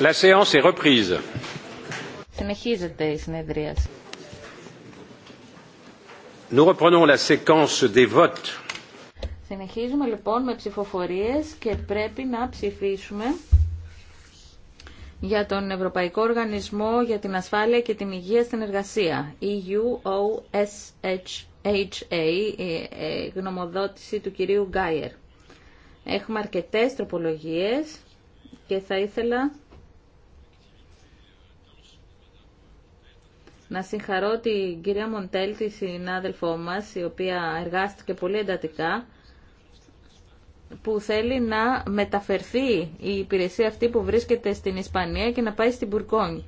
La séance est reprise. Συνεχίζεται η συνεδρίαση. Nous reprenons la séquence des Συνεχίζουμε λοιπόν με ψηφοφορίες και πρέπει να ψηφίσουμε για τον Ευρωπαϊκό Οργανισμό για την Ασφάλεια και την Υγεία στην Εργασία, EUOSHA, ε, ε, γνωμοδότηση του κυρίου Γκάιερ. Έχουμε αρκετές τροπολογίες και θα ήθελα να συγχαρώ την κυρία Μοντέλ, τη συνάδελφό μας, η οποία εργάστηκε πολύ εντατικά, που θέλει να μεταφερθεί η υπηρεσία αυτή που βρίσκεται στην Ισπανία και να πάει στην Μπουρκόνη.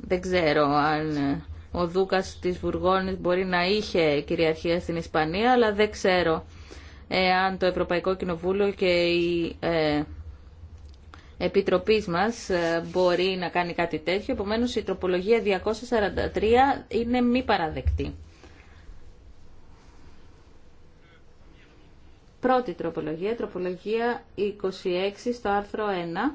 Δεν ξέρω αν ο Δούκας της Βουργόνης μπορεί να είχε κυριαρχία στην Ισπανία, αλλά δεν ξέρω εάν το Ευρωπαϊκό Κοινοβούλιο και η ε, μα μας ε, μπορεί να κάνει κάτι τέτοιο. Επομένως, η τροπολογία 243 είναι μη παραδεκτή. Πρώτη τροπολογία, τροπολογία 26 στο άρθρο 1.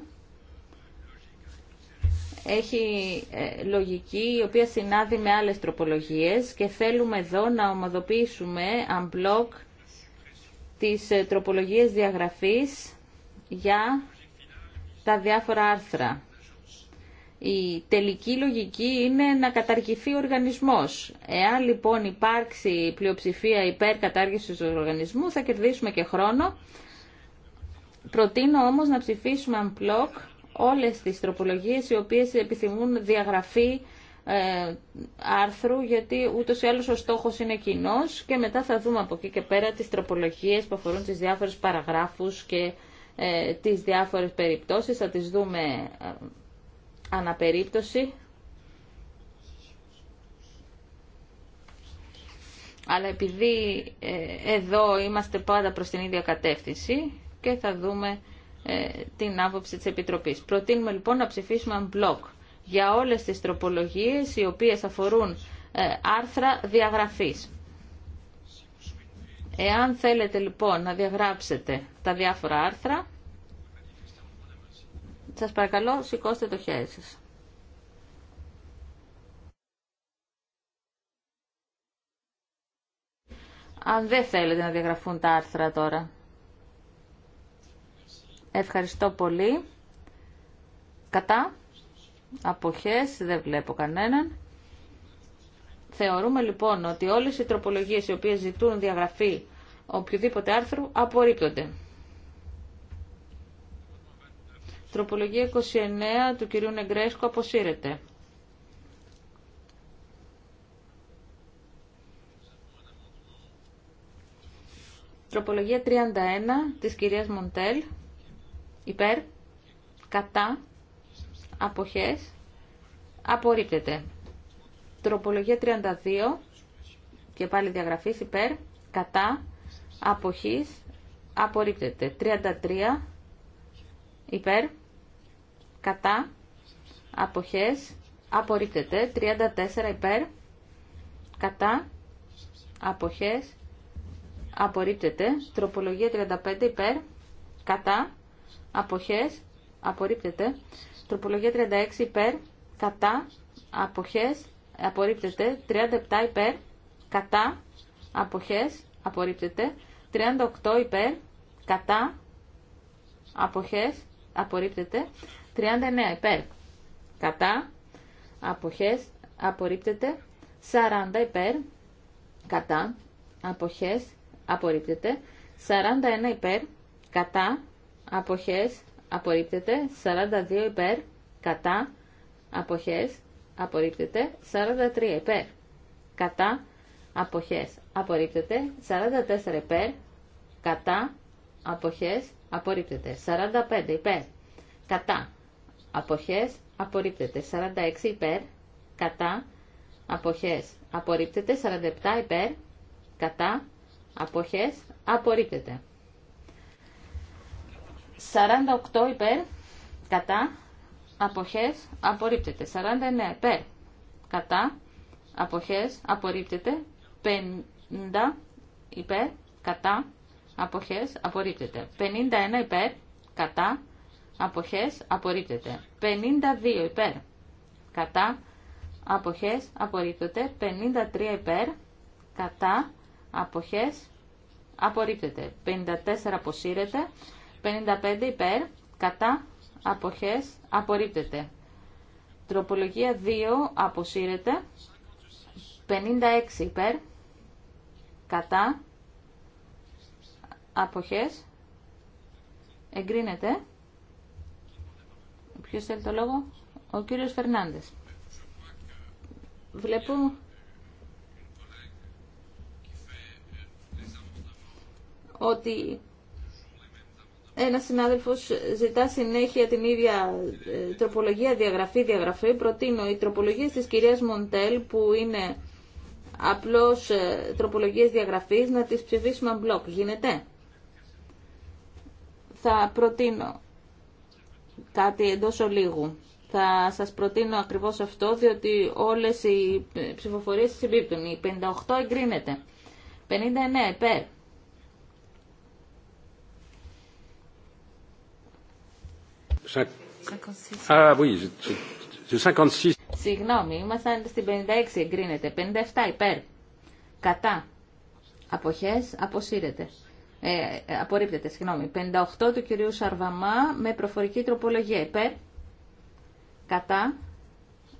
Έχει ε, λογική η οποία συνάδει με άλλες τροπολογίες και θέλουμε εδώ να ομοδοποιήσουμε unblock τις ε, τροπολογίες διαγραφής για τα διάφορα άρθρα. Η τελική λογική είναι να καταργηθεί ο οργανισμός. Εάν λοιπόν υπάρξει πλειοψηφία υπέρ κατάργησης του οργανισμού θα κερδίσουμε και χρόνο. Προτείνω όμως να ψηφίσουμε unblock όλες τις τροπολογίες οι οποίες επιθυμούν διαγραφή ε, άρθρου γιατί ούτως ή άλλως ο στόχος είναι κοινό και μετά θα δούμε από εκεί και πέρα τις τροπολογίες που αφορούν τις διάφορες παραγράφους και ε, τις διάφορες περιπτώσεις θα τις δούμε ε, αναπερίπτωση αλλά επειδή ε, εδώ είμαστε πάντα προς την ίδια κατεύθυνση και θα δούμε την άποψη της Επιτροπής. Προτείνουμε λοιπόν να ψηφίσουμε μπλοκ για όλες τις τροπολογίες οι οποίες αφορούν ε, άρθρα διαγραφής. Εάν θέλετε λοιπόν να διαγράψετε τα διάφορα άρθρα, σας παρακαλώ σηκώστε το χέρι σας. Αν δεν θέλετε να διαγραφούν τα άρθρα τώρα. Ευχαριστώ πολύ. Κατά. Αποχές δεν βλέπω κανέναν. Θεωρούμε λοιπόν ότι όλες οι τροπολογίες οι οποίες ζητούν διαγραφή οποιοδήποτε άρθρου απορρίπτονται. Τροπολογία 29 του κυρίου Νεγκρέσκου αποσύρεται. Τροπολογία 31 της κυρίας Μοντέλ. Υπέρ. Κατά αποχές απορρίπτεται. Τροπολογία 32 και πάλι διαγραφής υπέρ, κατά, αποχής, απορρίπτεται. 33 υπέρ, κατά, αποχές, απορρίπτεται. 34 υπέρ, κατά, αποχές, απορρίπτεται. Τροπολογία 35 υπέρ, κατά, αποχές, απορρίπτεται. Τροπολογία 36 υπέρ, κατά, αποχές, απορρίπτεται. 37 υπέρ, κατά, αποχές, απορρίπτεται. 38 υπέρ, κατά, αποχές, απορρίπτεται. 39 υπέρ, κατά, αποχές, απορρίπτεται. 40 υπέρ, κατά, αποχές, απορρίπτεται. 41 υπέρ, κατά, αποχές, απορρίπτεται, 42 υπέρ, κατά, αποχές, απορρίπτεται, 43 υπέρ, κατά, αποχές, απορρίπτεται, 44 υπέρ, κατά, αποχές, απορρίπτεται, 45 υπέρ, κατά, αποχές, απορρίπτεται, 46 υπέρ, κατά, αποχές, απορρίπτεται, 47 υπέρ, κατά, αποχές, απορρίπτεται. 48 υπέρ, κατά, αποχές, απορρίπτεται. 49 υπέρ, κατά, αποχές, απορρίπτεται. 50 υπέρ, κατά, αποχές, απορρίπτεται. 51 υπέρ, κατά, αποχές, απορρίπτεται. 52 υπέρ, κατά, αποχές, απορρίπτεται. 53 υπέρ, κατά, αποχές, απορρίπτεται. 54 αποσύρεται. 55 υπέρ, κατά, αποχές, απορρίπτεται. Τροπολογία 2 αποσύρεται. 56 υπέρ, κατά, αποχές, εγκρίνεται. Ποιος θέλει το λόγο? Ο κύριος Φερνάντες. Βλέπω ότι ένα συνάδελφο ζητά συνέχεια την ίδια ε, τροπολογία διαγραφή-διαγραφή. Προτείνω οι τροπολογίε της κυρία Μοντέλ που είναι απλώς ε, τροπολογίες διαγραφής να τις ψηφίσουμε μπλοκ. Γίνεται. Θα προτείνω κάτι εντό ολίγου. Θα σας προτείνω ακριβώς αυτό, διότι όλες οι ε, ψηφοφορίες συμπίπτουν. Η 58 εγκρίνεται. 59 υπέρ. Ah, συγγνώμη, ήμασταν στην 56 εγκρίνεται. 57 υπέρ. Κατά. Αποχές αποσύρεται. Ε, ε απορρίπτεται, συγγνώμη. 58 του κυρίου Σαρβαμά με προφορική τροπολογία υπέρ. Κατά.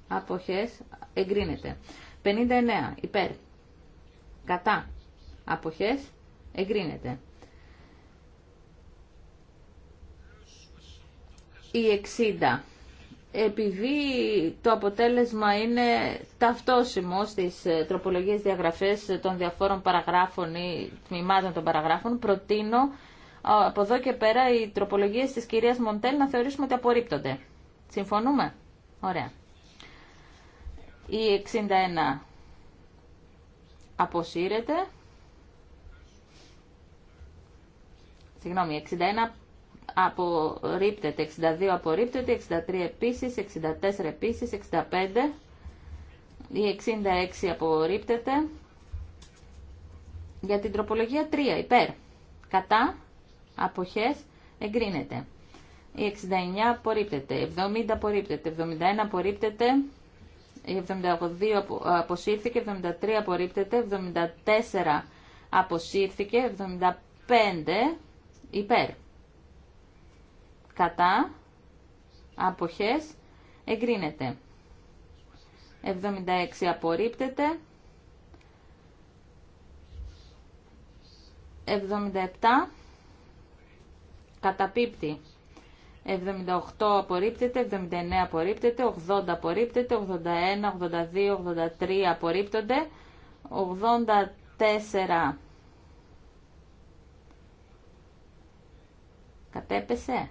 Αποχές εγκρίνεται. 59 υπέρ. Κατά. Αποχές εγκρίνεται. ή 60. Επειδή το αποτέλεσμα είναι ταυτόσιμο στις ε, τροπολογίες διαγραφές των διαφόρων παραγράφων ή τμήματων των παραγράφων, προτείνω από εδώ και πέρα οι τροπολογίες της κυρίας Μοντέλ να θεωρήσουμε ότι απορρίπτονται. Συμφωνούμε? Ωραία. Η 61 αποσύρεται. Συγγνώμη, 61 απορρίπτεται, 62 απορρίπτεται, 63 επίσης, 64 επίσης, 65, η 66 απορρίπτεται. Για την τροπολογία 3 υπέρ, κατά, αποχές, εγκρίνεται. Η 69 απορρίπτεται, 70 απορρίπτεται, 71 απορρίπτεται, η 72 αποσύρθηκε, 73 απορρίπτεται, 74 αποσύρθηκε, 75 υπέρ κατά, αποχές, εγκρίνεται. 76 απορρίπτεται. 77 καταπίπτει. 78 απορρίπτεται, 79 απορρίπτεται, 80 απορρίπτεται, 81, 82, 83 απορρίπτονται, 84 κατέπεσε.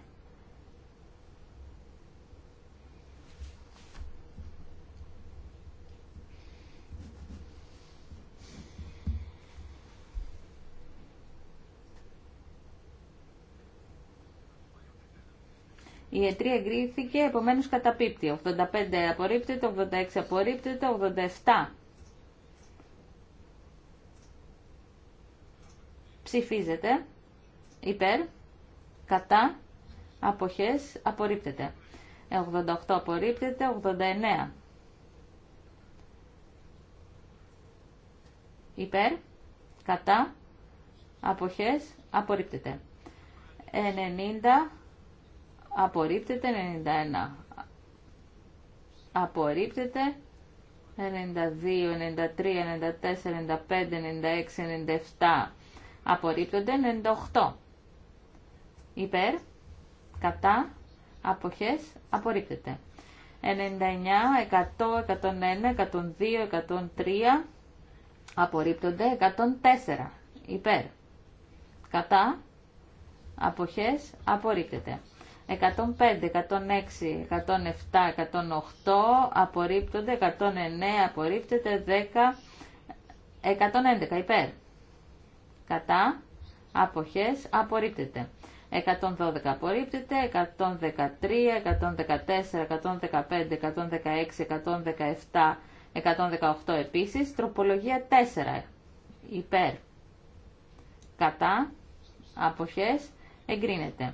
Η ετρία e εγκρίθηκε, επομένως καταπίπτει. 85 απορρίπτεται, 86 απορρίπτεται, 87. Ψηφίζεται. Υπέρ. Κατά. Αποχές. Απορρίπτεται. 88 ε, απορρίπτεται, 89. Υπέρ. Κατά. Αποχές. Απορρίπτεται. 90 Απορρίπτεται 91. Απορρίπτεται 92, 93, 94, 95, 96, 97. Απορρίπτονται 98. Υπέρ, κατά, αποχές, απορρίπτεται. 99, 100, 101, 102, 103, απορρίπτονται 104. Υπέρ, κατά, αποχές, απορρίπτεται. 105, 106, 107, 108 απορρίπτονται, 109 απορρίπτεται, 10, 111 υπέρ. Κατά, αποχές, απορρίπτεται. 112 απορρίπτεται, 113, 114, 115, 116, 117, 118 επίσης, τροπολογία 4 υπέρ. Κατά, αποχές, εγκρίνεται.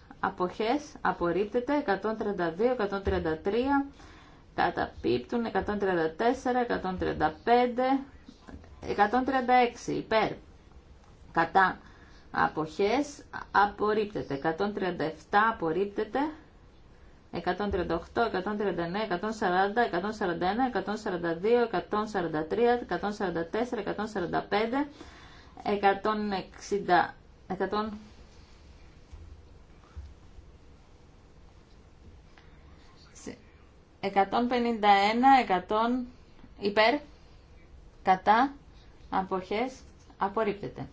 αποχές απορρίπτεται 132, 133 καταπίπτουν 134, 135 136 υπέρ κατά αποχές απορρίπτεται 137 απορρίπτεται 138, 139, 140, 141, 142, 143, 144, 145, 160, 151, 100 υπέρ, κατά, αποχές, απορρίπτεται.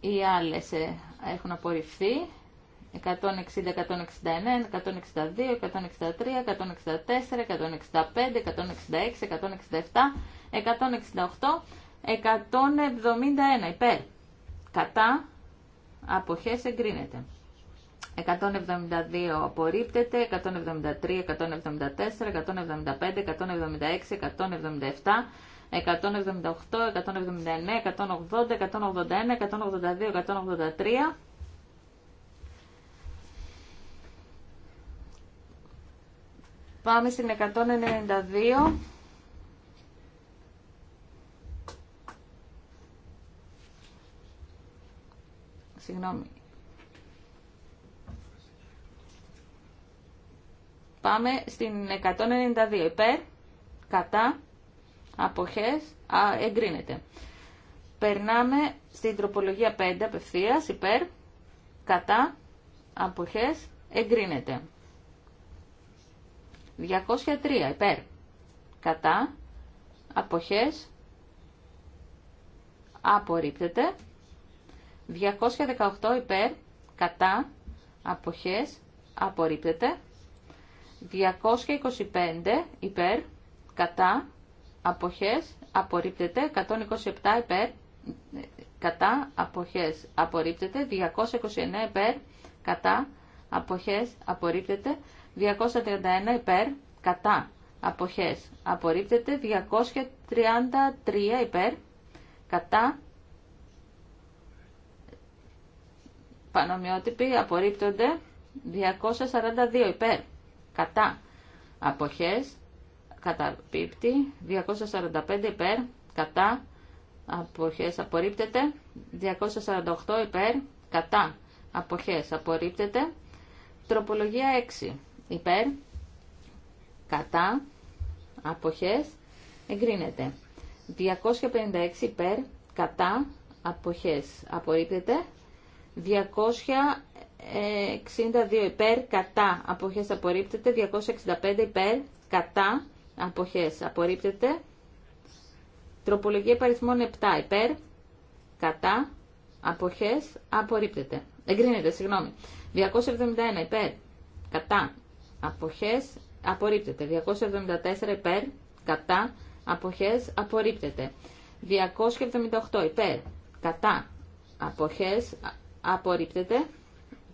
Οι άλλες ε, έχουν απορριφθεί. 160, 161, 162, 163, 164, 165, 166, 167, 168, 171 υπέρ. Κατά, αποχές εγκρίνεται. 172 απορρίπτεται, 173, 174, 175, 176, 177, 178, 179, 180, 181, 182, 183. Πάμε στην 192. Συγγνώμη, Πάμε στην 192 υπέρ, κατά, αποχές, α, εγκρίνεται. Περνάμε στην τροπολογία 5 απευθεία υπέρ, κατά, αποχές, εγκρίνεται. 203 υπέρ, κατά, αποχές, απορρίπτεται. 218 υπέρ, κατά, αποχές, απορρίπτεται. 225 υπέρ, κατά, αποχές, απορρίπτεται, 127 υπέρ, κατά, αποχές, απορρίπτεται, 229 υπέρ, κατά, αποχές, απορρίπτεται, 231 υπέρ, κατά, αποχές, απορρίπτεται, 233 υπέρ, κατά, πανομοιότυποι, απορρίπτονται, 242 υπέρ, κατά αποχές καταπίπτει 245 υπέρ κατά αποχές απορρίπτεται 248 υπέρ κατά αποχές απορρίπτεται τροπολογία 6 υπέρ κατά αποχές εγκρίνεται 256 υπέρ κατά αποχές απορρίπτεται 62 υπέρ, κατά, αποχές απορρίπτεται. 265 υπέρ, κατά, αποχές απορρίπτεται. Τροπολογία παριθμών 7 υπέρ, κατά, αποχές απορρίπτεται. Εγκρίνεται, συγγνώμη. 271 υπέρ, κατά, αποχές απορρίπτεται. 274 υπέρ, κατά, αποχές απορρίπτεται. 278 υπέρ, κατά, αποχές απορρίπτεται.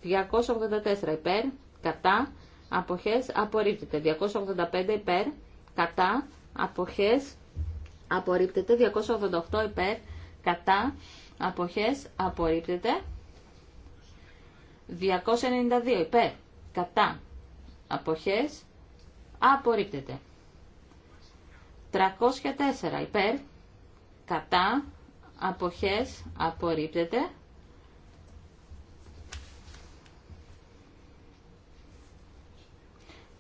284 υπέρ, κατά, αποχές, απορρίπτεται. 285 υπέρ, κατά, αποχές, απορρίπτεται. 288 υπέρ, κατά, αποχές, απορρίπτεται. 292 υπέρ, κατά, αποχές, απορρίπτεται. 304 υπέρ, κατά, αποχές, απορρίπτεται.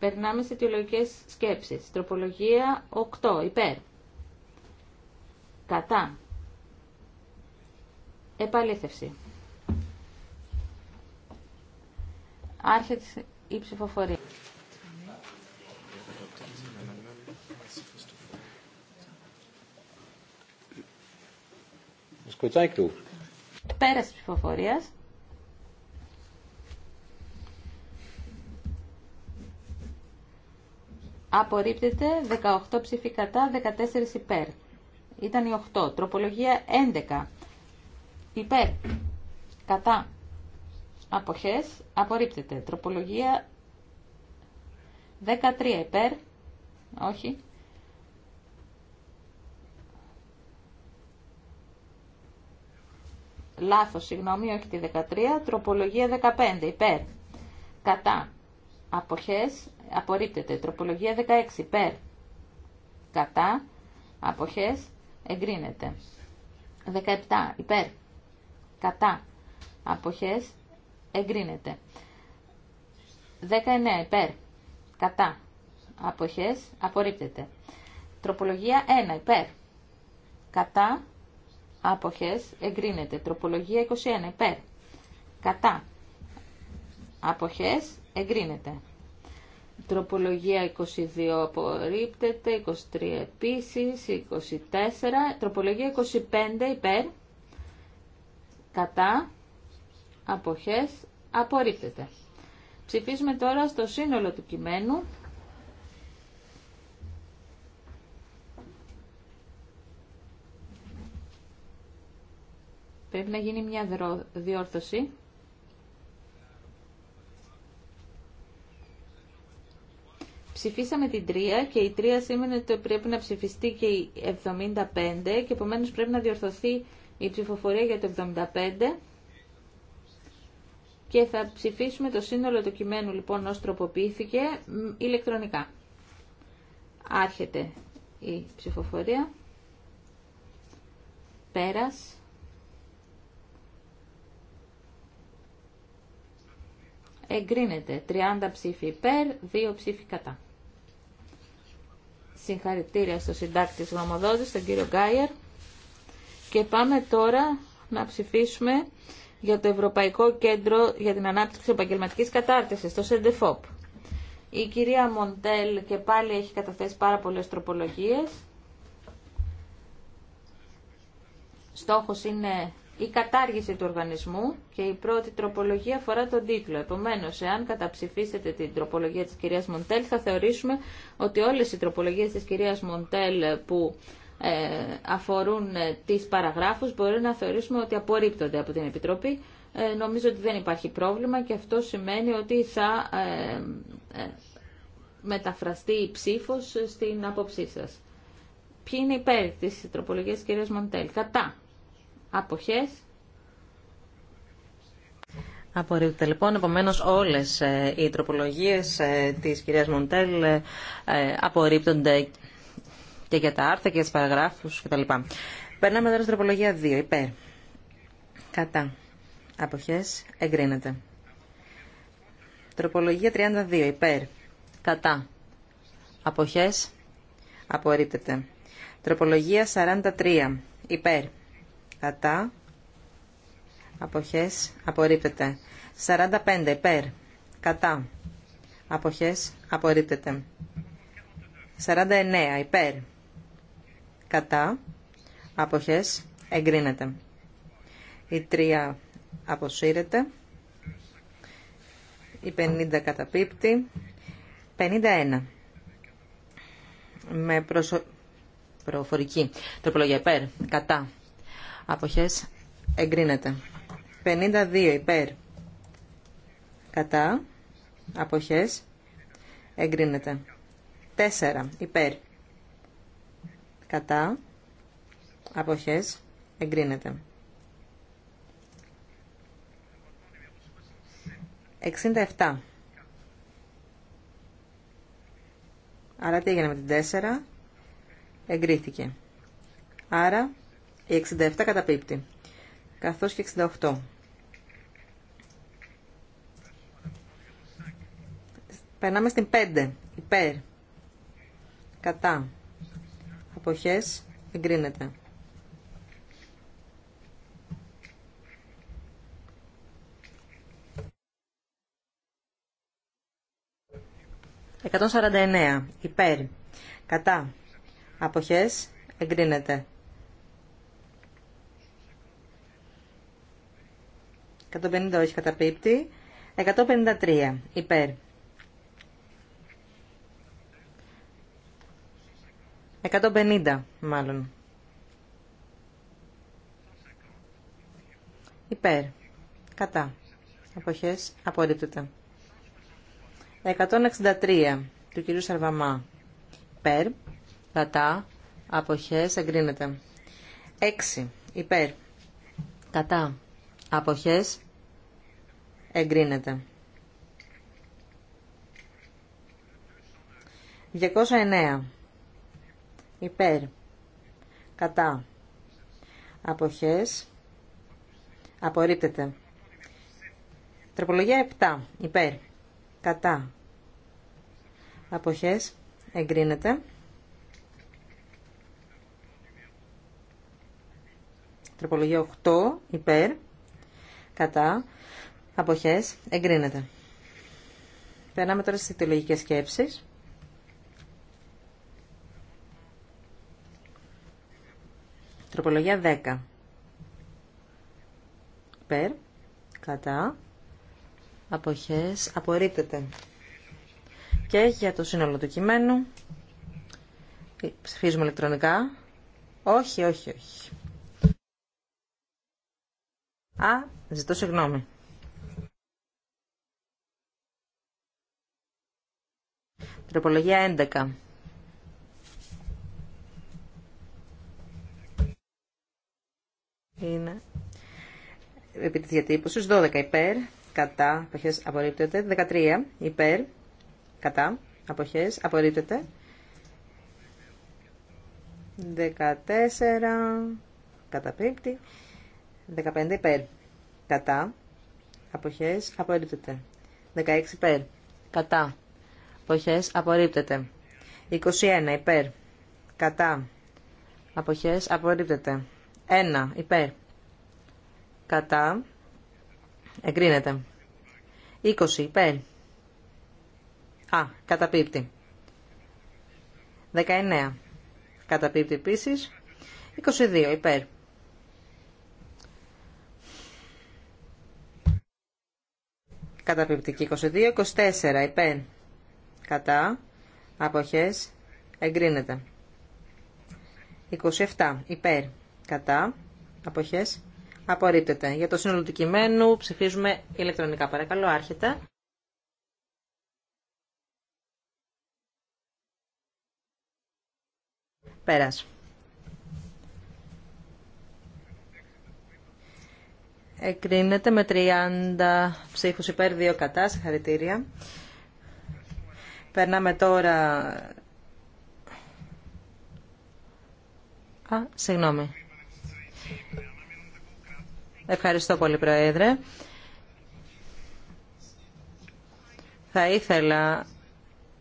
Περνάμε σε αιτιολογικές σκέψεις. Τροπολογία 8. Υπέρ. Κατά. Επαλήθευση. Άρχεται η ψηφοφορία. Πέραση ψηφοφορίας. Απορρίπτεται 18 ψήφοι κατά, 14 υπέρ. Ήταν η 8. Τροπολογία 11. Υπέρ. Κατά. Αποχές. Απορρίπτεται. Τροπολογία 13 υπέρ. Όχι. Λάθος, συγγνώμη, όχι τη 13. Τροπολογία 15 υπέρ. Κατά αποχές απορρίπτεται. Τροπολογία 16 υπέρ κατά αποχές εγκρίνεται. 17 υπέρ κατά αποχές εγκρίνεται. 19 υπέρ κατά αποχές απορρίπτεται. Τροπολογία 1 υπέρ κατά αποχές εγκρίνεται. Τροπολογία 21 υπέρ κατά αποχές εγκρίνεται. Τροπολογία 22 απορρίπτεται, 23 επίσης, 24. Τροπολογία 25 υπέρ, κατά, αποχές, απορρίπτεται. Ψηφίζουμε τώρα στο σύνολο του κειμένου. Πρέπει να γίνει μια διόρθωση. ψηφίσαμε την 3 και η 3 σήμαινε ότι πρέπει να ψηφιστεί και η 75 και επομένως πρέπει να διορθωθεί η ψηφοφορία για το 75 και θα ψηφίσουμε το σύνολο του κειμένου λοιπόν ως τροποποιήθηκε ηλεκτρονικά. Άρχεται η ψηφοφορία. Πέρας. Εγκρίνεται 30 ψήφοι υπέρ, 2 ψήφοι κατά. Συγχαρητήρια στο συντάκτη της γνωμοδότης, τον κύριο Γκάιερ. Και πάμε τώρα να ψηφίσουμε για το Ευρωπαϊκό Κέντρο για την Ανάπτυξη Επαγγελματικής Κατάρτισης, το ΣΕΝΤΕΦΟΠ. Η κυρία Μοντέλ και πάλι έχει καταθέσει πάρα πολλές τροπολογίες. Στόχος είναι η κατάργηση του οργανισμού και η πρώτη τροπολογία αφορά τον τίτλο. Επομένω, εάν καταψηφίσετε την τροπολογία τη κυρία Μοντέλ, θα θεωρήσουμε ότι όλε οι τροπολογίε τη κυρία Μοντέλ που ε, αφορούν ε, τι παραγράφου μπορεί να θεωρήσουμε ότι απορρίπτονται από την Επιτροπή. Ε, νομίζω ότι δεν υπάρχει πρόβλημα και αυτό σημαίνει ότι θα μεταφραστεί η ψήφος στην άποψή σας. Ποιοι είναι υπέρ της τροπολογίας της κυρίας Μοντέλ. Κατά. Αποχές. Απορρίπτεται λοιπόν, επομένω όλε ε, οι τροπολογίε ε, τη κυρία Μοντέλ ε, απορρίπτονται και για τα άρθρα και για τι παραγράφου κτλ. Περνάμε τώρα στην τροπολογία 2. Υπέρ. Κατά. Αποχέ. Εγκρίνεται. Τροπολογία 32. Υπέρ. Κατά. Αποχέ. Απορρίπτεται. Τροπολογία 43. Υπέρ κατά, αποχές, απορρίπτεται. 45 υπέρ, κατά, αποχές, απορρίπτεται. 49 υπέρ, κατά, αποχές, εγκρίνεται. Η 3 αποσύρεται. Η 50 καταπίπτει. 51. Με προφορική τροπολογία υπέρ, κατά, αποχές εγκρίνεται. 52 υπέρ κατά αποχές εγκρίνεται. 4 υπέρ κατά αποχές εγκρίνεται. 67. Άρα τι έγινε με την 4. Εγκρίθηκε. Άρα η 67 καταπίπτει. Καθώς και 68. Περνάμε στην 5. Υπέρ. Κατά. Αποχές. Εγκρίνεται. «149. Υπέρ. Κατά. Αποχές. Εγκρίνεται. 150 όχι καταπίπτει. 153 υπέρ. 150 μάλλον. Υπέρ. Κατά. Αποχές απορρίπτεται. 163 του κυρίου Σαρβαμά. Υπέρ. Κατά. Αποχές εγκρίνεται. 6. Υπέρ. Κατά. Αποχές εγκρίνεται. 209. Υπέρ. Κατά. Αποχές. Απορρίπτεται. Τροπολογία 7. Υπέρ. Κατά. Αποχές. Εγκρίνεται. Τροπολογία 8. Υπέρ. Κατά. Αποχές. Εγκρίνεται. Περνάμε τώρα στις αιτιολογικές σκέψεις. Τροπολογία 10. Περ. Κατά. Αποχές. Απορρίπτεται. Και για το σύνολο του κειμένου. Ψηφίζουμε ηλεκτρονικά. Όχι, όχι, όχι. Α, ζητώ συγγνώμη. Τροπολογία 11. Είναι επί της διατύπωσης 12 υπέρ, κατά, αποχές απορρίπτεται, 13 υπέρ, κατά, αποχές απορρίπτεται, 14 καταπίπτει, 15 υπέρ, κατά, αποχές απορρίπτεται, 16 υπέρ, κατά, αποχές απορρίπτεται. 21 υπέρ κατά αποχές απορρίπτεται. 1 υπέρ κατά εγκρίνεται. 20 υπέρ α καταπίπτει. 19 καταπίπτει επίσης. 22 υπέρ καταπληκτική 22, 24 υπέρ κατά, αποχές, εγκρίνεται. 27 υπέρ, κατά, αποχές, απορρίπτεται. Για το σύνολο του κειμένου ψηφίζουμε ηλεκτρονικά παρακαλώ, άρχεται. Πέρας. με 30 ψήφους υπέρ, 2 κατά, συγχαρητήρια. Περνάμε τώρα... Α, συγγνώμη. Ευχαριστώ πολύ, Πρόεδρε. Θα ήθελα,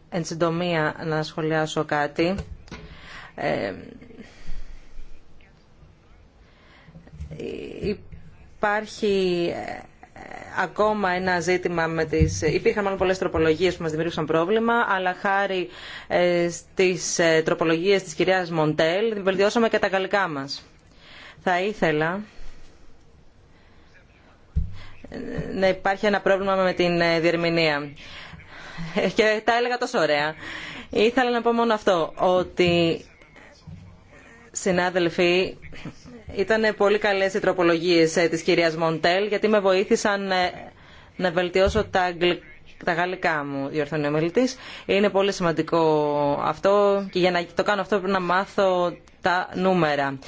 εν συντομία, να σχολιάσω κάτι. Ε, υπάρχει ε, ακόμα ένα ζήτημα με τις... Υπήρχαν μόνο πολλές τροπολογίες που μας δημιούργησαν πρόβλημα, αλλά χάρη ε, στις ε, τροπολογίες της κυρίας Μοντέλ βελτιώσαμε και τα γαλλικά μας. Θα ήθελα να υπάρχει ένα πρόβλημα με την ε, διερμηνία. Και τα έλεγα τόσο ωραία. Ήθελα να πω μόνο αυτό, ότι συνάδελφοι, ήταν πολύ καλέ οι τροπολογίε ε, τη κυρίας Μοντέλ γιατί με βοήθησαν ε, να βελτιώσω τα, τα γαλλικά μου, διορθώνει ο μιλητή. Είναι πολύ σημαντικό αυτό και για να το κάνω αυτό πρέπει να μάθω τα νούμερα.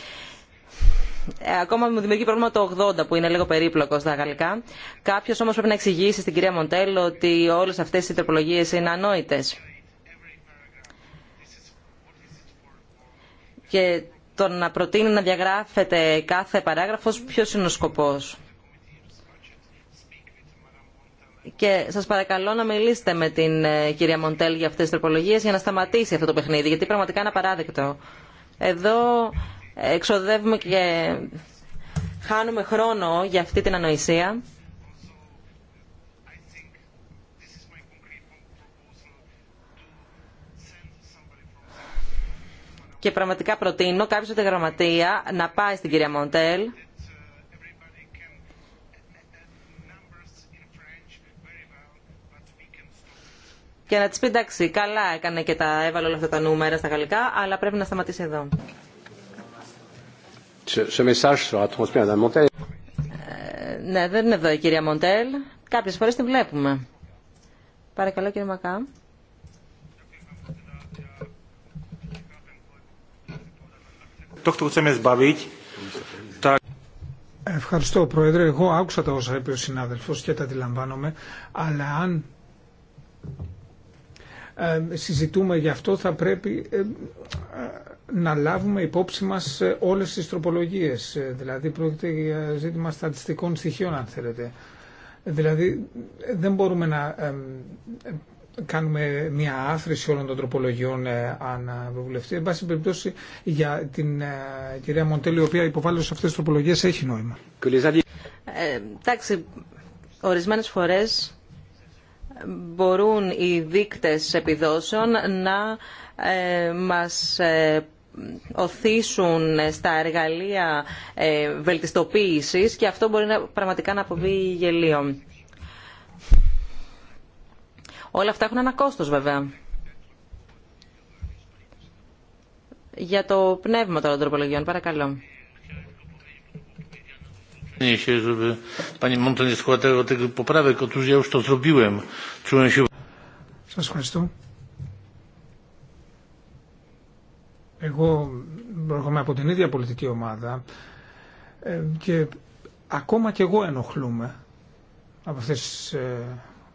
Ε, ακόμα μου δημιουργεί πρόβλημα το 80 που είναι λίγο περίπλοκο στα γαλλικά. Κάποιο όμω πρέπει να εξηγήσει στην κυρία Μοντέλ ότι όλε αυτέ οι τροπολογίε είναι ανόητε. Και το να προτείνει να διαγράφεται κάθε παράγραφος, ποιος είναι ο σκοπός. Και σας παρακαλώ να μιλήσετε με την ε, κυρία Μοντέλ για αυτές τις τροπολογίες για να σταματήσει αυτό το παιχνίδι, γιατί πραγματικά είναι απαράδεκτο. Εδώ εξοδεύουμε και χάνουμε χρόνο για αυτή την ανοησία. και πραγματικά προτείνω κάποιος από τη γραμματεία να πάει στην κυρία Μοντέλ και να της πει εντάξει καλά έκανε και τα έβαλε όλα αυτά τα νούμερα στα γαλλικά αλλά πρέπει να σταματήσει εδώ. Montel. Ε, ναι, δεν είναι εδώ η κυρία Μοντέλ. Κάποιες φορές την βλέπουμε. Παρακαλώ κύριε Μακά. Ευχαριστώ Πρόεδρε. Εγώ άκουσα τα όσα είπε ο συνάδελφο και τα αντιλαμβάνομαι. Αλλά αν συζητούμε γι' αυτό θα πρέπει ε, να λάβουμε υπόψη μας ε, όλες τις τροπολογίες. Ε, δηλαδή πρόκειται για ζήτημα στατιστικών στοιχείων αν θέλετε. Δηλαδή δεν μπορούμε να κάνουμε μια άθρηση όλων των τροπολογιών ε, αναβουλευτή. Εν πάση περιπτώσει για την ε, κυρία Μοντέλη, η οποία υποβάλλει σε αυτές τις τροπολογίες, έχει νόημα. Ε, εντάξει, ορισμένες φορές μπορούν οι δείκτες επιδόσεων να ε, μας ε, οθήσουν στα εργαλεία ε, βελτιστοποίησης και αυτό μπορεί να, πραγματικά να αποβεί γελίο. Όλα αυτά έχουν ένα κόστος βέβαια. Για το πνεύμα των τροπολογιών, παρακαλώ. Σας ευχαριστώ. Εγώ προέρχομαι από την ίδια πολιτική ομάδα ε, και ακόμα και εγώ ενοχλούμαι από αυτές τις ε,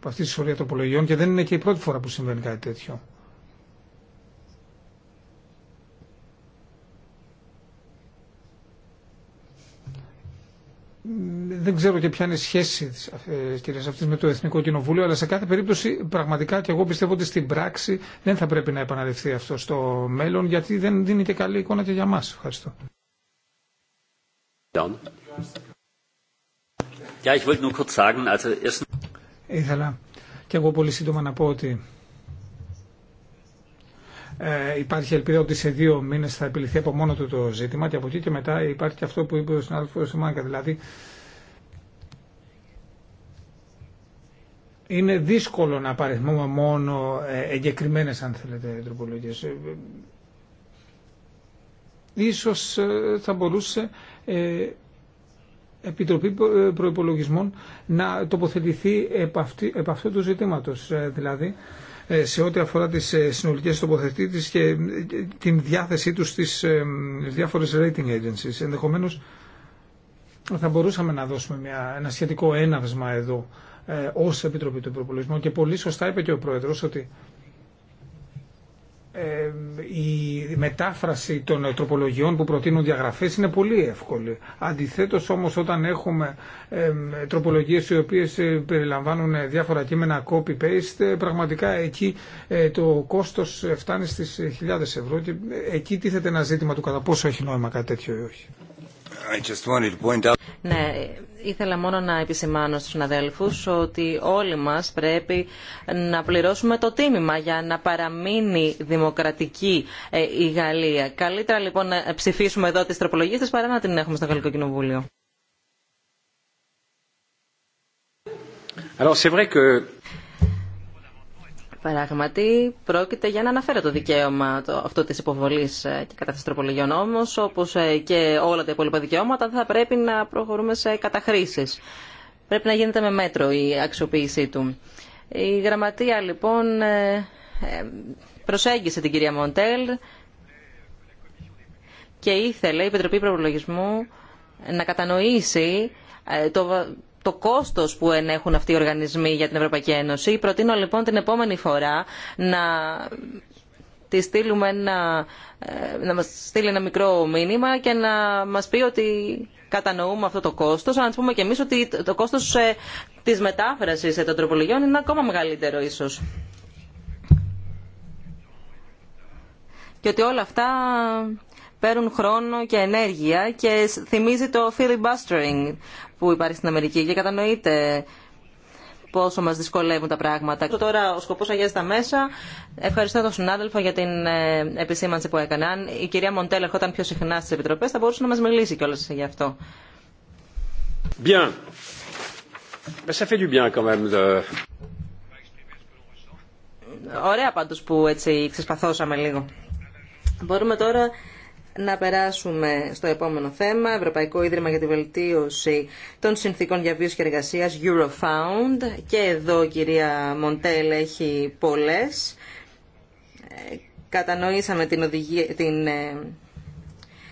από αυτή τη των τροπολογιών και δεν είναι και η πρώτη φορά που συμβαίνει κάτι τέτοιο. δεν ξέρω και ποια είναι η σχέση της ε, κυρίας αυτής με το Εθνικό Κοινοβούλιο, αλλά σε κάθε περίπτωση πραγματικά και εγώ πιστεύω ότι στην πράξη δεν θα πρέπει να επαναληφθεί αυτό στο μέλλον, γιατί δεν δίνει και καλή εικόνα και για μας. Ευχαριστώ. Ήθελα και εγώ πολύ σύντομα να πω ότι ε, υπάρχει ελπίδα ότι σε δύο μήνε θα επιληθεί από μόνο του το ζήτημα και από εκεί και μετά υπάρχει και αυτό που είπε ο συνάδελφο Σιμάνκα. Δηλαδή, είναι δύσκολο να παριθμούμε μόνο ε, εγκεκριμένε, αν θέλετε, τροπολογίε. Ε, ίσως θα μπορούσε Επιτροπή ε, Προϋπολογισμών να τοποθετηθεί επ, αυτού του ζητήματος ε, δηλαδή ε, σε ό,τι αφορά τις συνολικές τοποθετήσεις και την διάθεσή τους στις διάφορες rating agencies. Ενδεχομένως θα μπορούσαμε να δώσουμε μια, ένα σχετικό έναυσμα εδώ ως Επιτροπή του Προπολογισμού και πολύ σωστά είπε και ο Πρόεδρος ότι ε, η μετάφραση των τροπολογιών που προτείνουν διαγραφές είναι πολύ εύκολη. Αντιθέτως όμως όταν έχουμε τροπολογίες οι οποίες ε, περιλαμβάνουν διάφορα κείμενα copy-paste πραγματικά εκεί ε, το κόστος φτάνει στις χιλιάδες ευρώ και εκεί τίθεται ένα ζήτημα του κατά πόσο έχει νόημα κάτι τέτοιο ή όχι. Ναι, ήθελα μόνο να επισημάνω στους αδέλφους ότι όλοι μας πρέπει να πληρώσουμε το τίμημα για να παραμείνει δημοκρατική ε, η Γαλλία. Καλύτερα λοιπόν να ψηφίσουμε εδώ τις τροπολογίες παρά να την έχουμε στο Γαλλικό Κοινοβούλιο. Alors, vrai que... Πράγματι, πρόκειται για να αναφέρω το δικαίωμα το, αυτό της υποβολής ε, και κατάθεσης τροπολογιών όμως, όπως ε, και όλα τα υπόλοιπα δικαιώματα, θα πρέπει να προχωρούμε σε καταχρήσεις. Πρέπει να γίνεται με μέτρο η αξιοποίησή του. Η γραμματεία λοιπόν ε, προσέγγισε την κυρία Μοντέλ και ήθελε η Επιτροπή Προπολογισμού να κατανοήσει το το κόστος που ενέχουν αυτοί οι οργανισμοί για την Ευρωπαϊκή Ένωση. Προτείνω λοιπόν την επόμενη φορά να τη στείλουμε ένα, ε, να μας στείλει ένα μικρό μήνυμα και να μας πει ότι κατανοούμε αυτό το κόστος, αλλά να πούμε και εμείς ότι το κόστος ε, της μετάφρασης ε, των τροπολογιών είναι ακόμα μεγαλύτερο ίσως. Και ότι όλα αυτά παίρνουν χρόνο και ενέργεια και θυμίζει το filibustering που υπάρχει στην Αμερική και κατανοείται πόσο μας δυσκολεύουν τα πράγματα. Τώρα ο σκοπός αγιάζει τα μέσα. Ευχαριστώ τον συνάδελφο για την ε, επισήμανση που έκανε. Αν η κυρία Μοντέλ ερχόταν πιο συχνά στις επιτροπές θα μπορούσε να μας μιλήσει κιόλας γι' αυτό. Ωραία πάντως που έτσι ξεσπαθώσαμε λίγο. Μπορούμε τώρα να περάσουμε στο επόμενο θέμα, Ευρωπαϊκό Ίδρυμα για τη Βελτίωση των Συνθήκων Βίωση και Εργασία, Eurofound. Και εδώ κυρία Μοντέλ έχει πολλές. Κατανοήσαμε την, οδηγία, την, ε,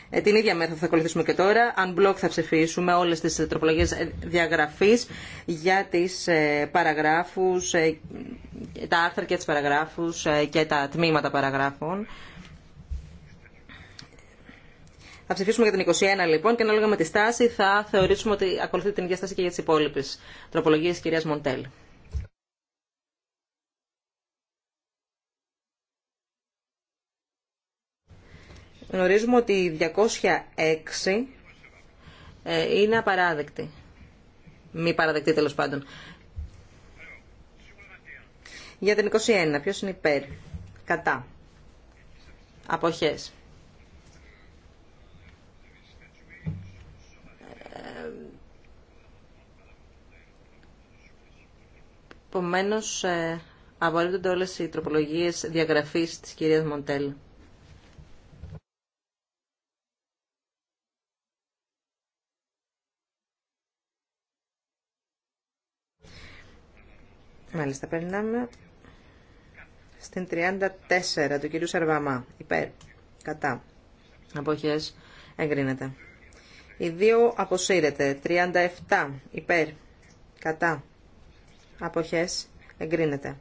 ε, την ίδια μέθοδο θα ακολουθήσουμε και τώρα. Αν μπλοκ θα ψηφίσουμε όλες τις τροπολογίες διαγραφής για τις ε, παραγράφους, τα άρθρα και τις παραγράφους και τα τμήματα παραγράφων. Θα ψηφίσουμε για την 21 λοιπόν και ανάλογα με τη στάση θα θεωρήσουμε ότι ακολουθεί την ίδια στάση και για τις υπόλοιπες τροπολογίες τη κυρίας Μοντέλ. Γνωρίζουμε ότι η 206 ε, είναι απαράδεκτη. Μη παραδεκτή τέλος πάντων. Για την 21, ποιος είναι υπέρ, κατά, αποχές, Επομένω, ε, απορρίπτονται όλε οι τροπολογίε διαγραφή τη κυρία Μοντέλ. Μάλιστα, περνάμε στην 34 του κυρίου Σαρβαμά. Υπέρ. Κατά. Αποχές. Εγκρίνεται. Οι δύο αποσύρεται. 37. Υπέρ. Κατά αποχές εγκρίνεται.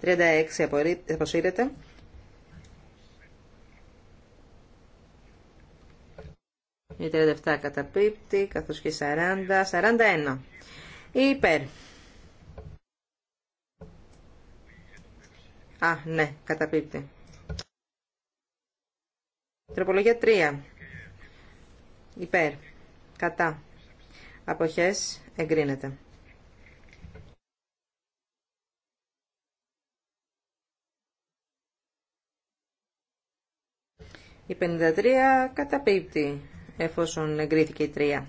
36 αποσύρεται. Η 37 καταπίπτει, καθώς και 40, 41. Υπέρ. Α, ναι, καταπίπτει. Τροπολογία 3. Υπέρ. Κατά. Αποχές εγκρίνεται. Η 53 καταπίπτει εφόσον εγκρίθηκε η 3.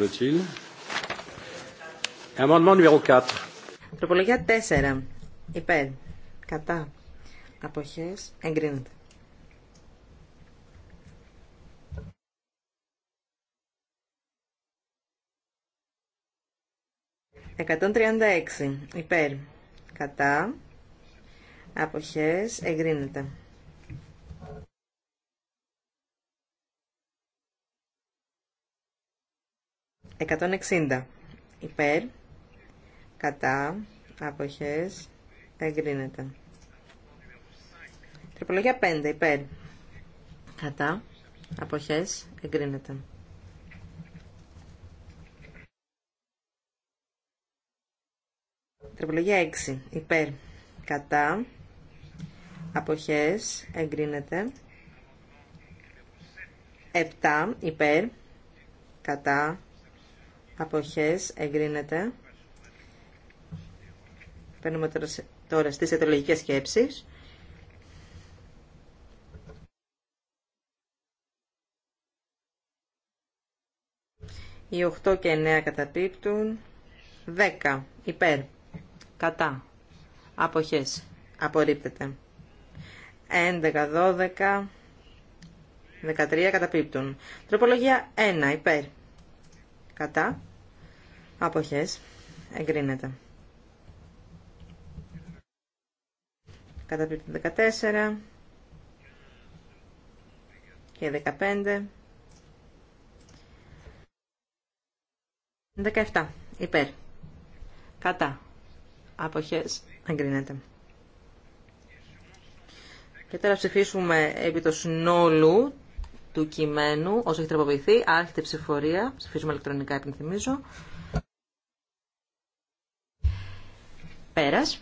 me t il Amendement numéro 4. Τροπολογία 4. Υπέρ. Κατά. Αποχές. Εγκρίνεται. 136 υπέρ κατά αποχές εγκρίνεται. Εκατόν υπέρ κατά αποχές εγκρίνεται. Τροπολογία 5 υπέρ κατά αποχές εγκρίνεται. Τροπολογία 6. Υπέρ. Κατά. Αποχές. Εγκρίνεται. 7. Υπέρ. Κατά. Αποχές. Εγκρίνεται. Παίρνουμε τώρα, τώρα στις αιτρολογικές σκέψεις. Οι 8 και 9 καταπίπτουν. 10. Υπέρ κατά, αποχές, απορρίπτεται. 11, 12, 13 καταπίπτουν. Τροπολογία 1 υπέρ, κατά, αποχές, εγκρίνεται. Καταπίπτουν 14 και 15. 17. Υπέρ. Κατά αποχές εγκρίνεται. Και τώρα ψηφίσουμε επί το συνόλου του κειμένου, όσο έχει τροποποιηθεί, άρχεται ψηφορία, ψηφίζουμε ηλεκτρονικά, επιθυμίζω. Πέρας.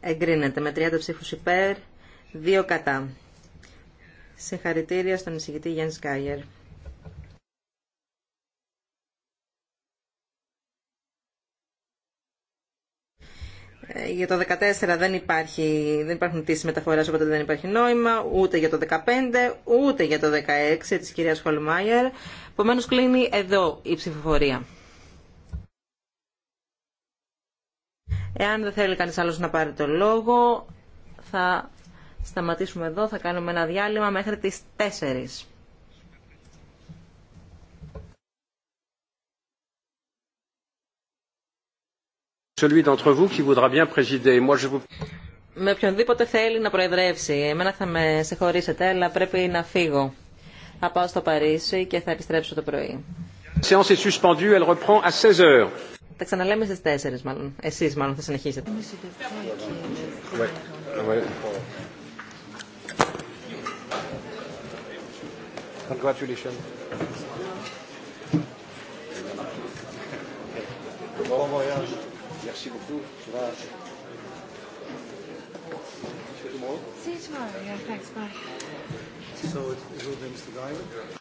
Εγκρίνεται με 30 ψήφους υπέρ, 2 κατά. Σε στον εισηγητή Γιάννη Σκάιερ. Ε, για το 14 δεν, υπάρχει, δεν υπάρχουν τήσεις μεταφοράς, οπότε δεν υπάρχει νόημα, ούτε για το 15, ούτε για το 16 της κυρίας Χολμάιερ. Επομένω κλείνει εδώ η ψηφοφορία. Εάν δεν θέλει κανείς άλλος να πάρει το λόγο, θα σταματήσουμε εδώ. Θα κάνουμε ένα διάλειμμα μέχρι τις 4. Με οποιονδήποτε θέλει να προεδρεύσει. Εμένα θα με συγχωρήσετε, αλλά πρέπει να φύγω. Θα πάω στο Παρίσι και θα επιστρέψω το πρωί. Τα ξαναλέμε στις 4 μάλλον. Εσείς μάλλον θα συνεχίσετε. Congratulations. Bon voyage. Merci beaucoup. Tu See you tomorrow. See you tomorrow. Yeah, thanks. Bye. So it's Mr. Diamond.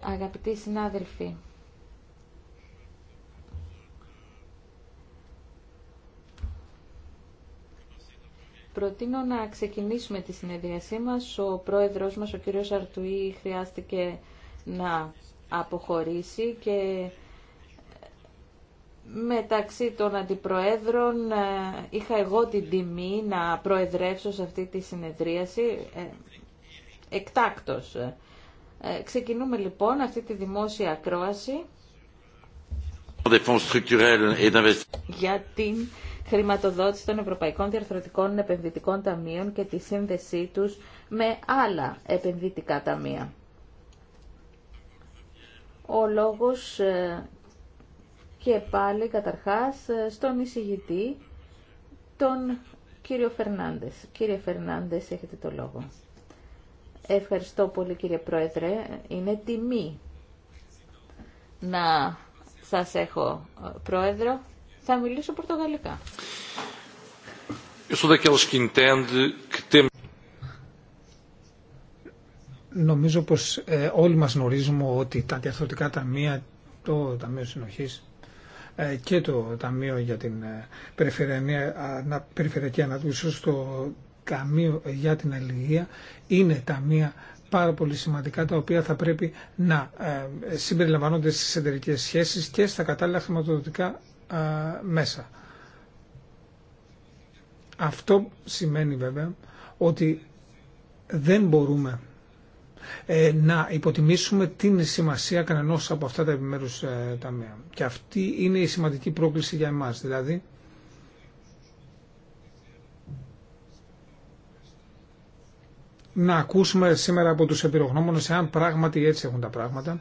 Αγαπητοί συνάδελφοι, προτείνω να ξεκινήσουμε τη συνεδρίασή μας. Ο πρόεδρος μας, ο κύριος Αρτουή, χρειάστηκε να αποχωρήσει και μεταξύ των αντιπροέδρων ε, είχα εγώ την τιμή να προεδρεύσω σε αυτή τη συνεδρίαση ε, εκτάκτος. Ε, ξεκινούμε λοιπόν αυτή τη δημόσια ακρόαση για την χρηματοδότηση των Ευρωπαϊκών Διαρθρωτικών Επενδυτικών Ταμείων και τη σύνδεσή τους με άλλα επενδυτικά ταμεία. Ο λόγος ε, και πάλι καταρχάς ε, στον εισηγητή, τον κύριο Φερνάντες. Κύριε Φερνάντες, έχετε το λόγο. Ευχαριστώ πολύ κύριε Πρόεδρε. Είναι τιμή να σας έχω ε, Πρόεδρο. Θα μιλήσω πορτογαλικά. Νομίζω πως ε, όλοι μας γνωρίζουμε ότι τα διαφορετικά ταμεία, το Ταμείο Συνοχής ε, και το Ταμείο για την Περιφερειακή Αναδούση στο Ταμείο για την Αλληλεία είναι ταμεία πάρα πολύ σημαντικά τα οποία θα πρέπει να ε, συμπεριλαμβάνονται στις εταιρικέ σχέσεις και στα κατάλληλα χρηματοδοτικά ε, μέσα. Αυτό σημαίνει βέβαια ότι δεν μπορούμε ε, να υποτιμήσουμε την σημασία κανένας από αυτά τα επιμέρους ταμεία. Και αυτή είναι η σημαντική πρόκληση για εμάς. Δηλαδή να ακούσουμε σήμερα από τους εμπειρογνώμονες εάν πράγματι έτσι έχουν τα πράγματα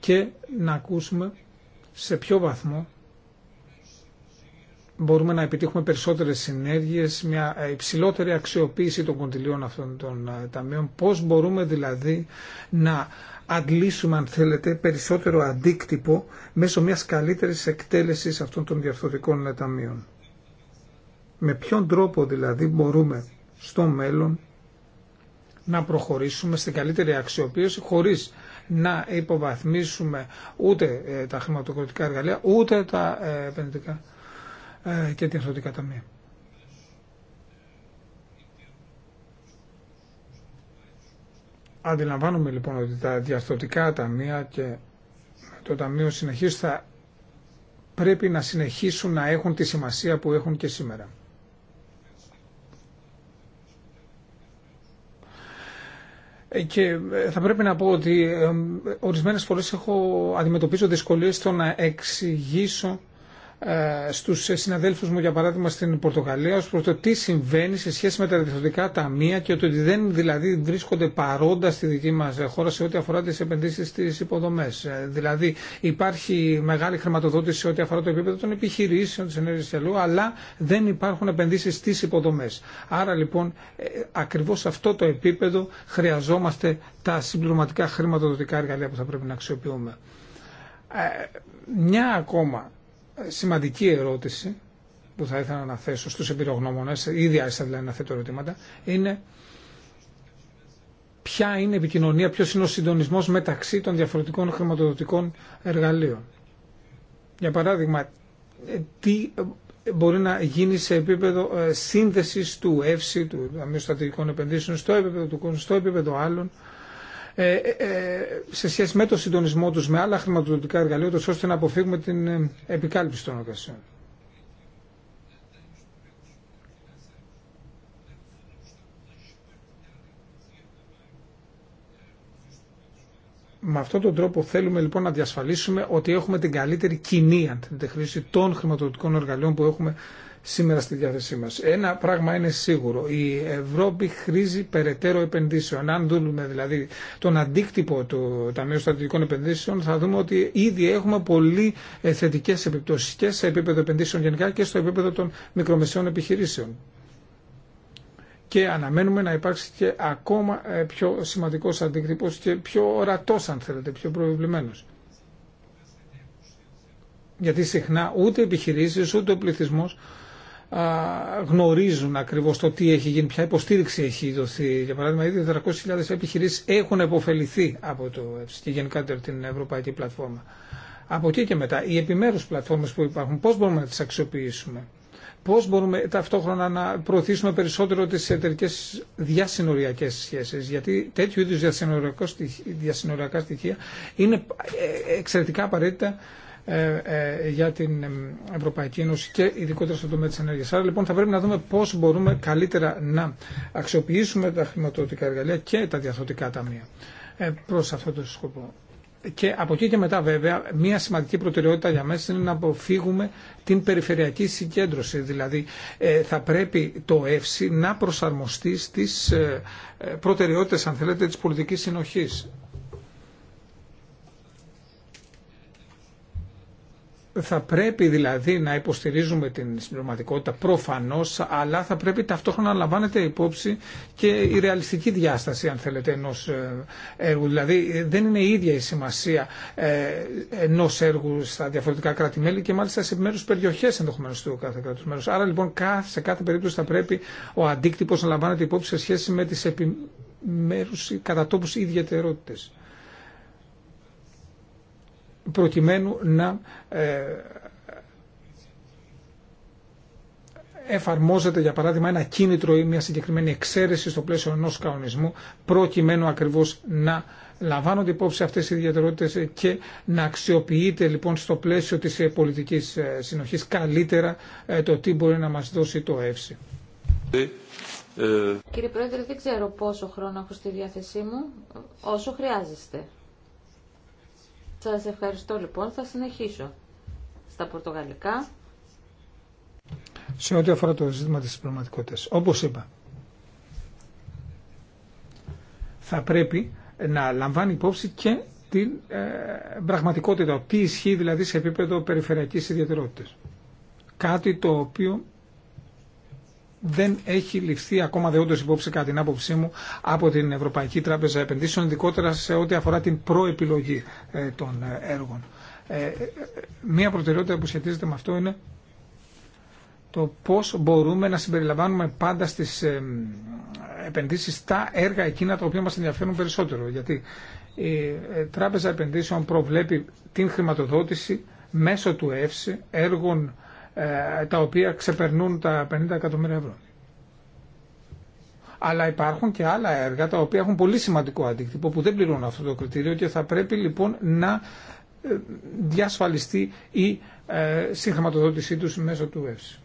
και να ακούσουμε σε ποιο βαθμό μπορούμε να επιτύχουμε περισσότερες συνέργειες, μια υψηλότερη αξιοποίηση των κοντιλίων αυτών των ε, ταμείων, πώς μπορούμε δηλαδή να αντλήσουμε αν θέλετε περισσότερο αντίκτυπο μέσω μιας καλύτερης εκτέλεσης αυτών των διαφθορτικών ε, ταμείων. Με ποιον τρόπο δηλαδή μπορούμε στο μέλλον να προχωρήσουμε στην καλύτερη αξιοποίηση χωρίς να υποβαθμίσουμε ούτε ε, τα χρηματοκροτικά εργαλεία, ούτε τα ε, επενδυτικά ε, και τη ταμεία. Αντιλαμβάνομαι λοιπόν ότι τα διαρθρωτικά ταμεία και το Ταμείο Συνεχής θα πρέπει να συνεχίσουν να έχουν τη σημασία που έχουν και σήμερα. Ε, και ε, θα πρέπει να πω ότι ε, ορισμένες φορές έχω αντιμετωπίσει δυσκολίες στο να εξηγήσω ε, Στου συναδέλφου μου για παράδειγμα στην Πορτογαλία ω προ το τι συμβαίνει σε σχέση με τα διευθυντικά ταμεία και ότι δεν δηλαδή βρίσκονται παρόντα στη δική μα χώρα σε ό,τι αφορά τις επενδύσεις στις υποδομές. Ε, δηλαδή υπάρχει μεγάλη χρηματοδότηση σε ό,τι αφορά το επίπεδο των επιχειρήσεων τη ενέργεια και αλλού, αλλά δεν υπάρχουν επενδύσει στι υποδομέ. Άρα λοιπόν ε, ακριβώς σε αυτό το επίπεδο χρειαζόμαστε τα συμπληρωματικά χρηματοδοτικά εργαλεία που θα πρέπει να αξιοποιούμε. μια ακόμα ε, σημαντική ερώτηση που θα ήθελα να θέσω στους εμπειρογνώμονες, ήδη άρχισα δηλαδή να θέτω ερωτήματα, είναι ποια είναι η επικοινωνία, ποιος είναι ο συντονισμός μεταξύ των διαφορετικών χρηματοδοτικών εργαλείων. Για παράδειγμα, ε, τι ε, μπορεί να γίνει σε επίπεδο σύνδεσης του ΕΦΣΙ, του Ταμείου Στατηγικών Επενδύσεων, στο επίπεδο του στο επίπεδο άλλων ε, ε, ε, σε σχέση με το συντονισμό τους με άλλα χρηματοδοτικά εργαλεία, ώστε να αποφύγουμε την επικάλυψη των εργασιών. Με αυτόν τον τρόπο θέλουμε λοιπόν να διασφαλίσουμε ότι έχουμε την καλύτερη κοινή αντιχρήση των χρηματοδοτικών εργαλείων που έχουμε σήμερα στη διάθεσή μας. Ένα πράγμα είναι σίγουρο, η Ευρώπη χρήζει περαιτέρω επενδύσεων. Αν δούμε δηλαδή τον αντίκτυπο του Ταμείου Στατικών Επενδύσεων θα δούμε ότι ήδη έχουμε πολύ ε, θετικές επιπτώσεις και σε επίπεδο επενδύσεων γενικά και στο επίπεδο των μικρομεσαίων επιχειρήσεων και αναμένουμε να υπάρξει και ακόμα ε, πιο σημαντικός αντίκτυπος και πιο ορατός αν θέλετε, πιο προβλημένος. Γιατί συχνά ούτε επιχειρήσεις ούτε ο πληθυσμός γνωρίζουν ακριβώ το τι έχει γίνει, ποια υποστήριξη έχει δοθεί. Για παράδειγμα, ήδη 400.000 επιχειρήσει έχουν επωφεληθεί από το ΕΦΣ και γενικά την Ευρωπαϊκή Πλατφόρμα. Από εκεί και μετά, οι επιμέρους πλατφόρμες που υπάρχουν, πώς μπορούμε να τις αξιοποιήσουμε. Πώς μπορούμε ταυτόχρονα να προωθήσουμε περισσότερο τις εταιρικέ διασυνοριακές σχέσεις, γιατί τέτοιου είδους διασυνοριακά στοιχεία είναι ε, ε, εξαιρετικά απαραίτητα ε, ε, για την Ευρωπαϊκή Ένωση και ειδικότερα στον τομέα τη ενέργεια. Άρα λοιπόν θα πρέπει να δούμε πώ μπορούμε καλύτερα να αξιοποιήσουμε τα χρηματοδοτικά εργαλεία και τα διαθωτικά ταμεία ε, προ αυτό το σκοπό. Και από εκεί και μετά βέβαια μια σημαντική προτεραιότητα για μέσα είναι να αποφύγουμε την περιφερειακή συγκέντρωση. Δηλαδή θα πρέπει το ΕΦΣΥ να προσαρμοστεί στις προτεραιότητες αν θέλετε της πολιτικής συνοχής. Θα πρέπει δηλαδή να υποστηρίζουμε την συμπληρωματικότητα προφανώς, αλλά θα πρέπει ταυτόχρονα να λαμβάνεται υπόψη και η ρεαλιστική διάσταση, αν θέλετε, ενός ε, έργου. Δηλαδή δεν είναι η ίδια η σημασία ε, ενός έργου στα διαφορετικά κράτη-μέλη και μάλιστα σε μέρους περιοχές ενδεχομένως του κάθε κράτους μέρους. Άρα λοιπόν σε κάθε περίπτωση θα πρέπει ο αντίκτυπος να λαμβάνεται υπόψη σε σχέση με τις επιμέρους κατά τόπου ιδιαιτερότητες προκειμένου να ε, εφαρμόζεται για παράδειγμα ένα κίνητρο ή μια συγκεκριμένη εξαίρεση στο πλαίσιο ενό κανονισμού προκειμένου ακριβώς να λαμβάνονται υπόψη αυτές οι ιδιαιτερότητες και να αξιοποιείται λοιπόν στο πλαίσιο της ε, πολιτικής ε, συνοχής καλύτερα το τι μπορεί να μας δώσει το ΕΦΣΥ. Κύριε Πρόεδρε, δεν ξέρω πόσο χρόνο έχω στη διάθεσή μου, όσο χρειάζεστε. Σας ευχαριστώ λοιπόν. Θα συνεχίσω στα πορτογαλικά. Σε ό,τι αφορά το ζήτημα της πραγματικότητας. Όπως είπα, θα πρέπει να λαμβάνει υπόψη και την ε, πραγματικότητα, τι ισχύει δηλαδή σε επίπεδο περιφερειακής ιδιαιτερότητας. Κάτι το οποίο δεν έχει ληφθεί ακόμα δεόντως υπόψη κατά την άποψή μου από την Ευρωπαϊκή Τράπεζα Επενδύσεων, ειδικότερα σε ό,τι αφορά την προεπιλογή ε, των ε, έργων. Ε, μία προτεραιότητα που σχετίζεται με αυτό είναι το πώς μπορούμε να συμπεριλαμβάνουμε πάντα στις επενδύσεις τα έργα εκείνα τα οποία μας ενδιαφέρουν περισσότερο. Γιατί η Τράπεζα Επενδύσεων προβλέπει την χρηματοδότηση μέσω του ΕΦΣ έργων ε, τα οποία ξεπερνούν τα 50 εκατομμύρια ευρώ. Αλλά υπάρχουν και άλλα έργα τα οποία έχουν πολύ σημαντικό αντίκτυπο που δεν πληρούν αυτό το κριτήριο και θα πρέπει λοιπόν να ε, διασφαλιστεί η ε, συγχρηματοδότησή τους μέσω του ΕΦΣΥ.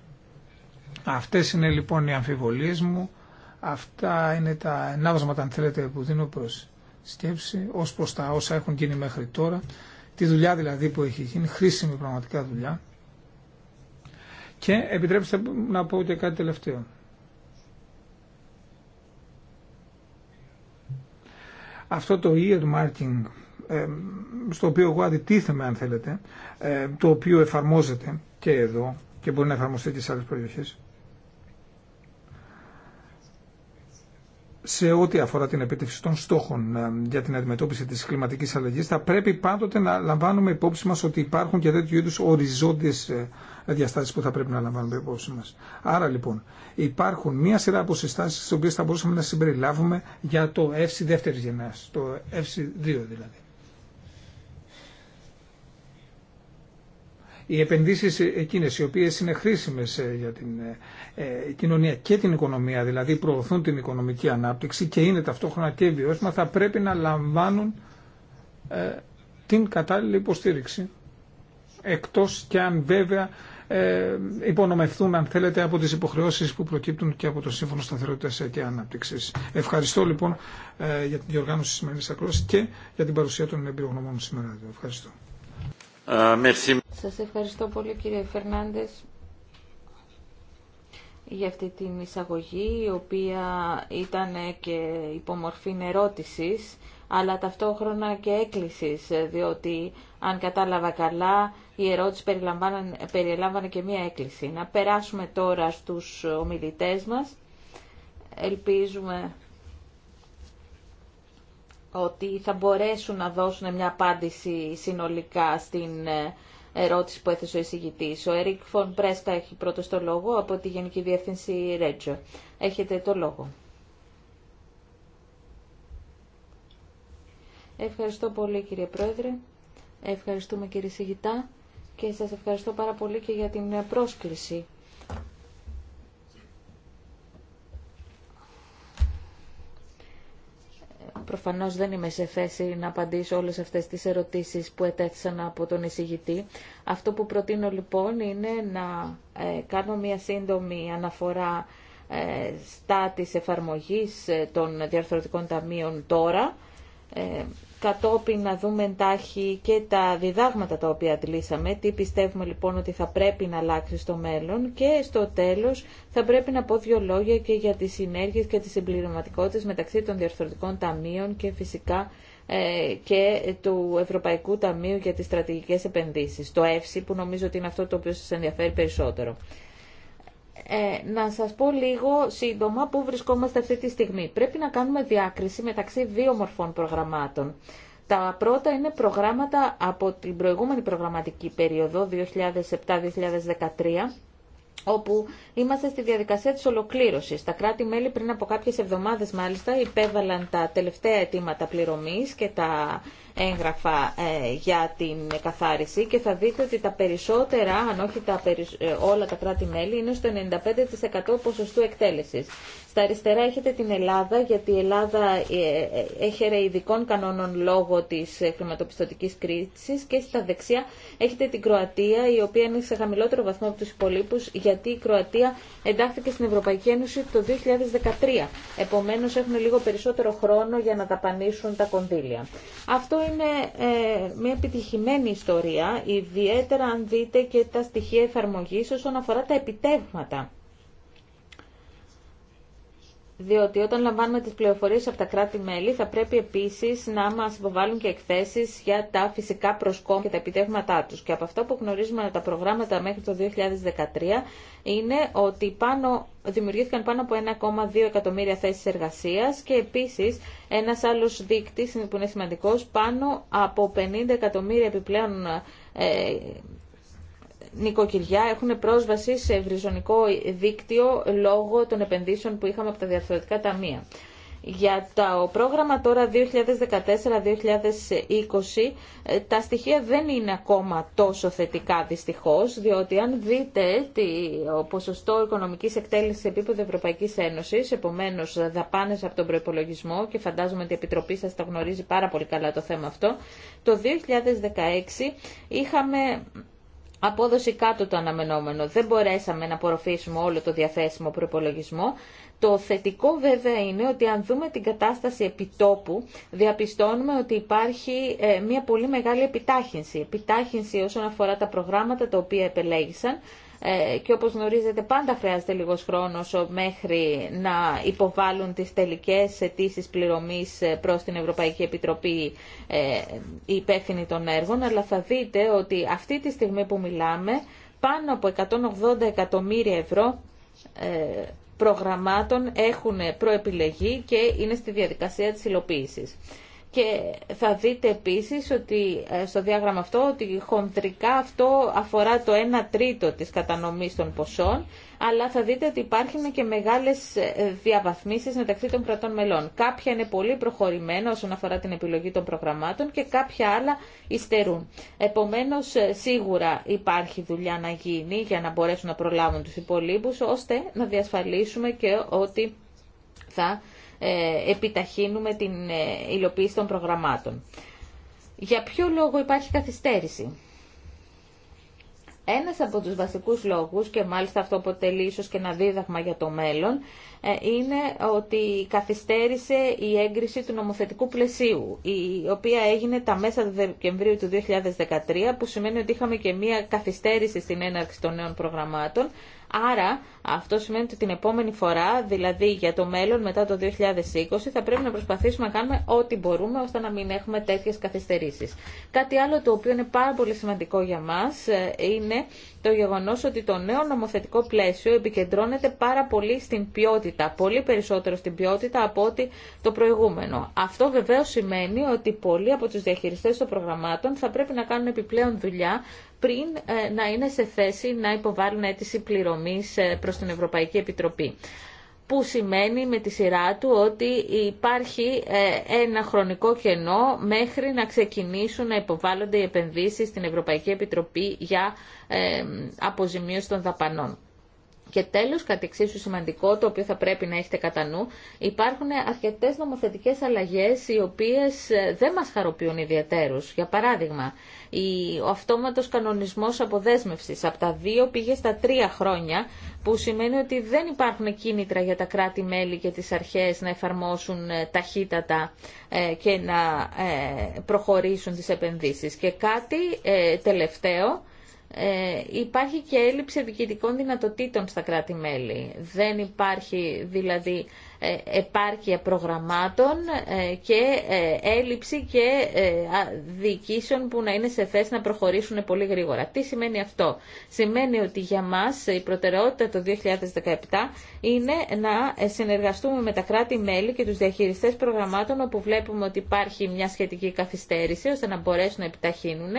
Αυτές είναι λοιπόν οι αμφιβολίες μου. Αυτά είναι τα ενάβασματα αν θέλετε που δίνω προς σκέψη ως προς τα όσα έχουν γίνει μέχρι τώρα. Τη δουλειά δηλαδή που έχει γίνει, χρήσιμη πραγματικά δουλειά και επιτρέψτε να πω και κάτι τελευταίο. Αυτό το earmarking στο οποίο εγώ αντιτίθεμαι αν θέλετε, το οποίο εφαρμόζεται και εδώ και μπορεί να εφαρμοστεί και σε άλλες περιοχές, σε ό,τι αφορά την επίτευξη των στόχων για την αντιμετώπιση της κλιματικής αλλαγής, θα πρέπει πάντοτε να λαμβάνουμε υπόψη μας ότι υπάρχουν και τέτοιου είδους οριζόντιες ε, διαστάσει που θα πρέπει να λαμβάνουμε υπόψη μα. Άρα λοιπόν υπάρχουν μία σειρά από συστάσει τι οποίε θα μπορούσαμε να συμπεριλάβουμε για το εύση δεύτερη γενιά, το εύση 2 δηλαδή. οι επενδύσεις εκείνες οι οποίες είναι χρήσιμες ε, για την ε, ε, κοινωνία και την οικονομία, δηλαδή προωθούν την οικονομική ανάπτυξη και είναι ταυτόχρονα και βιώσιμα, θα πρέπει να λαμβάνουν την κατάλληλη υποστήριξη. Εκτός και αν βέβαια ε, υπονομευθούν, αν θέλετε, από τις υποχρεώσεις που προκύπτουν και από το Σύμφωνο Σταθερότητας και Ανάπτυξης. Ευχαριστώ λοιπόν ε, για την διοργάνωση της σημερινής ακρόσης και για την παρουσία των εμπειρογνωμών σήμερα Ευχαριστώ. Ε, Σας ευχαριστώ πολύ κύριε Φερνάντες για αυτή την εισαγωγή, η οποία ήταν και υπομορφή ερώτησης, αλλά ταυτόχρονα και έκκλησης, διότι αν κατάλαβα καλά, η ερώτηση περιέλαμβανε και μία έκκληση. Να περάσουμε τώρα στους ομιλητές μας. Ελπίζουμε ότι θα μπορέσουν να δώσουν μια απάντηση συνολικά στην ε, ερώτηση που έθεσε ο εισηγητής. Ο Ερικ Φον Πρέσκα έχει πρώτο το λόγο από τη Γενική Διεύθυνση Ρέτζο. Έχετε το λόγο. Ευχαριστώ πολύ κύριε Πρόεδρε. Ευχαριστούμε κύριε Σιγητά και σας ευχαριστώ πάρα πολύ και για την πρόσκληση. Προφανώς δεν είμαι σε θέση να απαντήσω όλες αυτές τις ερωτήσεις που ετέθησαν από τον εισηγητή. Αυτό που προτείνω λοιπόν είναι να ε, κάνω μια σύντομη αναφορά ε, στα της εφαρμογής ε, των διαρθρωτικών ταμείων τώρα κατόπιν να δούμε εντάχει και τα διδάγματα τα οποία αντιλήσαμε, τι πιστεύουμε λοιπόν ότι θα πρέπει να αλλάξει στο μέλλον και στο τέλος θα πρέπει να πω δύο λόγια και για τις συνέργειες και τις συμπληρωματικότητες μεταξύ των διαρθρωτικών ταμείων και φυσικά ε, και του Ευρωπαϊκού Ταμείου για τις Στρατηγικές Επενδύσεις, το ΕΦΣΥ που νομίζω ότι είναι αυτό το οποίο σας ενδιαφέρει περισσότερο. Ε, να σας πω λίγο σύντομα πού βρισκόμαστε αυτή τη στιγμή. Πρέπει να κάνουμε διάκριση μεταξύ δύο μορφών προγραμμάτων. Τα πρώτα είναι προγράμματα από την προηγούμενη προγραμματική περίοδο 2007-2013 όπου είμαστε στη διαδικασία της ολοκλήρωσης. Τα κράτη-μέλη πριν από κάποιες εβδομάδες μάλιστα υπέβαλαν τα τελευταία αιτήματα πληρωμής και τα έγγραφα ε, για την καθάριση και θα δείτε ότι τα περισσότερα, αν όχι τα ε, όλα τα κράτη-μέλη, είναι στο 95% ποσοστού εκτέλεσης. Στα αριστερά έχετε την Ελλάδα, γιατί η Ελλάδα ε, έχερε ειδικών κανόνων λόγω της χρηματοπιστωτικής κρίσης και στα δεξιά έχετε την Κροατία, η οποία είναι σε χαμηλότερο βαθμό από τους υπολείπους, γιατί η Κροατία εντάχθηκε στην Ευρωπαϊκή Ένωση το 2013. Επομένως έχουν λίγο περισσότερο χρόνο για να ταπανίσουν τα κονδύλια. Αυτό είναι ε, μια επιτυχημένη ιστορία, ιδιαίτερα αν δείτε και τα στοιχεία εφαρμογής όσον αφορά τα επιτεύγματα διότι όταν λαμβάνουμε τις πληροφορίες από τα κράτη-μέλη θα πρέπει επίσης να μας υποβάλουν και εκθέσεις για τα φυσικά προσκόμματα και τα επιτεύγματά τους. Και από αυτό που γνωρίζουμε από τα προγράμματα μέχρι το 2013 είναι ότι πάνω, δημιουργήθηκαν πάνω από 1,2 εκατομμύρια θέσεις εργασίας και επίσης ένας άλλος δείκτης που είναι σημαντικός πάνω από 50 εκατομμύρια επιπλέον ε, νοικοκυριά έχουν πρόσβαση σε ευρυζωνικό δίκτυο λόγω των επενδύσεων που είχαμε από τα διαφορετικά ταμεία. Για το πρόγραμμα τώρα 2014-2020 ε, τα στοιχεία δεν είναι ακόμα τόσο θετικά δυστυχώς, διότι αν δείτε το ποσοστό οικονομικής εκτέλεσης σε επίπεδο Ευρωπαϊκής Ένωσης, επομένως δαπάνες από τον προϋπολογισμό και φαντάζομαι ότι η Επιτροπή σας τα γνωρίζει πάρα πολύ καλά το θέμα αυτό, το 2016 είχαμε απόδοση κάτω το αναμενόμενο. Δεν μπορέσαμε να απορροφήσουμε όλο το διαθέσιμο προπολογισμό. Το θετικό βέβαια είναι ότι αν δούμε την κατάσταση επιτόπου, διαπιστώνουμε ότι υπάρχει ε, μια πολύ μεγάλη επιτάχυνση. Επιτάχυνση όσον αφορά τα προγράμματα τα οποία επελέγησαν, ε, και όπως γνωρίζετε πάντα χρειάζεται λίγος χρόνος μέχρι να υποβάλουν τις τελικές αιτήσει πληρωμής ε, προς την Ευρωπαϊκή Επιτροπή ε, οι υπεύθυνοι των έργων, αλλά θα δείτε ότι αυτή τη στιγμή που μιλάμε πάνω από 180 εκατομμύρια ευρώ προγραμμάτων έχουν προεπιλεγεί και είναι στη διαδικασία της υλοποίησης και θα δείτε επίσης ότι ε, στο διάγραμμα αυτό ότι χοντρικά αυτό αφορά το 1 τρίτο της κατανομής των ποσών αλλά θα δείτε ότι υπάρχουν και μεγάλες ε, διαβαθμίσεις μεταξύ των κρατών μελών. Κάποια είναι πολύ προχωρημένα όσον αφορά την επιλογή των προγραμμάτων και κάποια άλλα υστερούν. Επομένως, ε, σίγουρα υπάρχει δουλειά να γίνει για να μπορέσουν να προλάβουν τους υπολείπους, ώστε να διασφαλίσουμε και ότι θα ε, επιταχύνουμε την ε, υλοποίηση των προγραμμάτων. Για ποιο λόγο υπάρχει καθυστέρηση. Ένας από τους βασικούς λόγους, και μάλιστα αυτό αποτελεί ίσως και ένα δίδαγμα για το μέλλον, ε, είναι ότι καθυστέρησε η έγκριση του νομοθετικού πλαισίου, η οποία έγινε τα μέσα Δεκεμβρίου του 2013, που σημαίνει ότι είχαμε και μία καθυστέρηση στην έναρξη των νέων προγραμμάτων, Άρα αυτό σημαίνει ότι την επόμενη φορά, δηλαδή για το μέλλον μετά το 2020, θα πρέπει να προσπαθήσουμε να κάνουμε ό,τι μπορούμε ώστε να μην έχουμε τέτοιες καθυστερήσεις. Κάτι άλλο το οποίο είναι πάρα πολύ σημαντικό για μας ε, είναι το γεγονός ότι το νέο νομοθετικό πλαίσιο επικεντρώνεται πάρα πολύ στην ποιότητα, πολύ περισσότερο στην ποιότητα από ότι το προηγούμενο. Αυτό βεβαίω σημαίνει ότι πολλοί από τους διαχειριστές των προγραμμάτων θα πρέπει να κάνουν επιπλέον δουλειά πριν ε, να είναι σε θέση να υποβάλουν αίτηση πληρωμής ε, προς την Ευρωπαϊκή Επιτροπή που σημαίνει με τη σειρά του ότι υπάρχει ε, ένα χρονικό κενό μέχρι να ξεκινήσουν να υποβάλλονται οι επενδύσεις στην Ευρωπαϊκή Επιτροπή για ε, αποζημίωση των δαπανών. Και τέλος, κάτι εξίσου σημαντικό, το οποίο θα πρέπει να έχετε κατά νου, υπάρχουν αρκετές νομοθετικές αλλαγές οι οποίες ε, δεν μας χαροποιούν ιδιαίτερους. Για παράδειγμα, ο αυτόματος κανονισμός αποδέσμευσης από τα δύο πήγε στα τρία χρόνια, που σημαίνει ότι δεν υπάρχουν κίνητρα για τα κράτη-μέλη και τις αρχές να εφαρμόσουν ε, ταχύτατα ε, και να προχωρήσουν τις επενδύσεις. Και κάτι τελευταίο, ε, υπάρχει και έλλειψη διοικητικών δυνατοτήτων στα κράτη-μέλη. Δεν υπάρχει δηλαδή ε, επάρκεια προγραμμάτων ε, και ε, έλλειψη και διοικήσεων που να είναι σε θέση να προχωρήσουν πολύ γρήγορα. Τι σημαίνει αυτό. Σημαίνει ότι για μας η προτεραιότητα το 2017 είναι να συνεργαστούμε με τα κράτη-μέλη και τους διαχειριστές προγραμμάτων όπου βλέπουμε ότι υπάρχει μια σχετική καθυστέρηση ώστε να μπορέσουν να επιταχύνουν.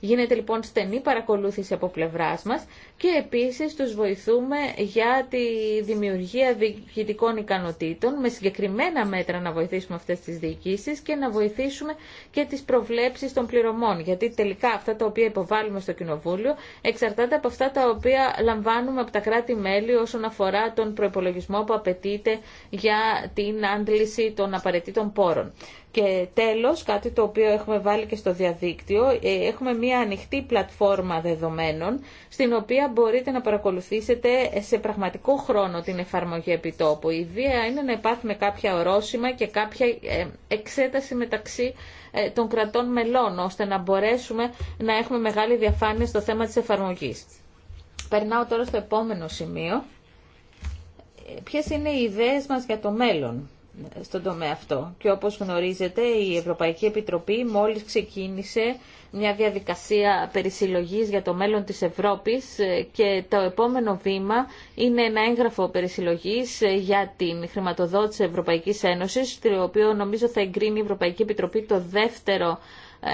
Γίνεται λοιπόν στενή παρακολούθηση από πλευρά μας και επίσης τους βοηθούμε για τη δημιουργία διοικητικών ικανοτήτων με συγκεκριμένα μέτρα να βοηθήσουμε αυτές τις διοικήσεις και να βοηθήσουμε και τις προβλέψεις των πληρωμών. Γιατί τελικά αυτά τα οποία υποβάλλουμε στο Κοινοβούλιο εξαρτάται από αυτά τα οποία λαμβάνουμε από τα κράτη-μέλη όσον αφορά τον προπολογισμό που απαιτείται για την άντληση των απαραίτητων πόρων. Και τέλος, κάτι το οποίο έχουμε βάλει και στο διαδίκτυο, ε, έχουμε μία ανοιχτή πλατφόρμα δεδομένων, στην οποία μπορείτε να παρακολουθήσετε ε, σε πραγματικό χρόνο την εφαρμογή επιτόπου. Η ιδέα είναι να υπάρχουν κάποια ορόσημα και κάποια ε, εξέταση μεταξύ των κρατών μελών, ώστε να μπορέσουμε να έχουμε μεγάλη διαφάνεια στο θέμα της εφαρμογής. Περνάω τώρα στο επόμενο σημείο. Ποιες είναι οι ιδέες μας για το μέλλον στον τομέα αυτό. Και όπως γνωρίζετε η Ευρωπαϊκή Επιτροπή μόλις ξεκίνησε μια διαδικασία περισυλλογής για το μέλλον της Ευρώπης και το επόμενο βήμα είναι ένα έγγραφο περισυλλογής για την χρηματοδότηση Ευρωπαϊκής Ένωσης, το οποίο νομίζω θα εγκρίνει η Ευρωπαϊκή Επιτροπή το δεύτερο 15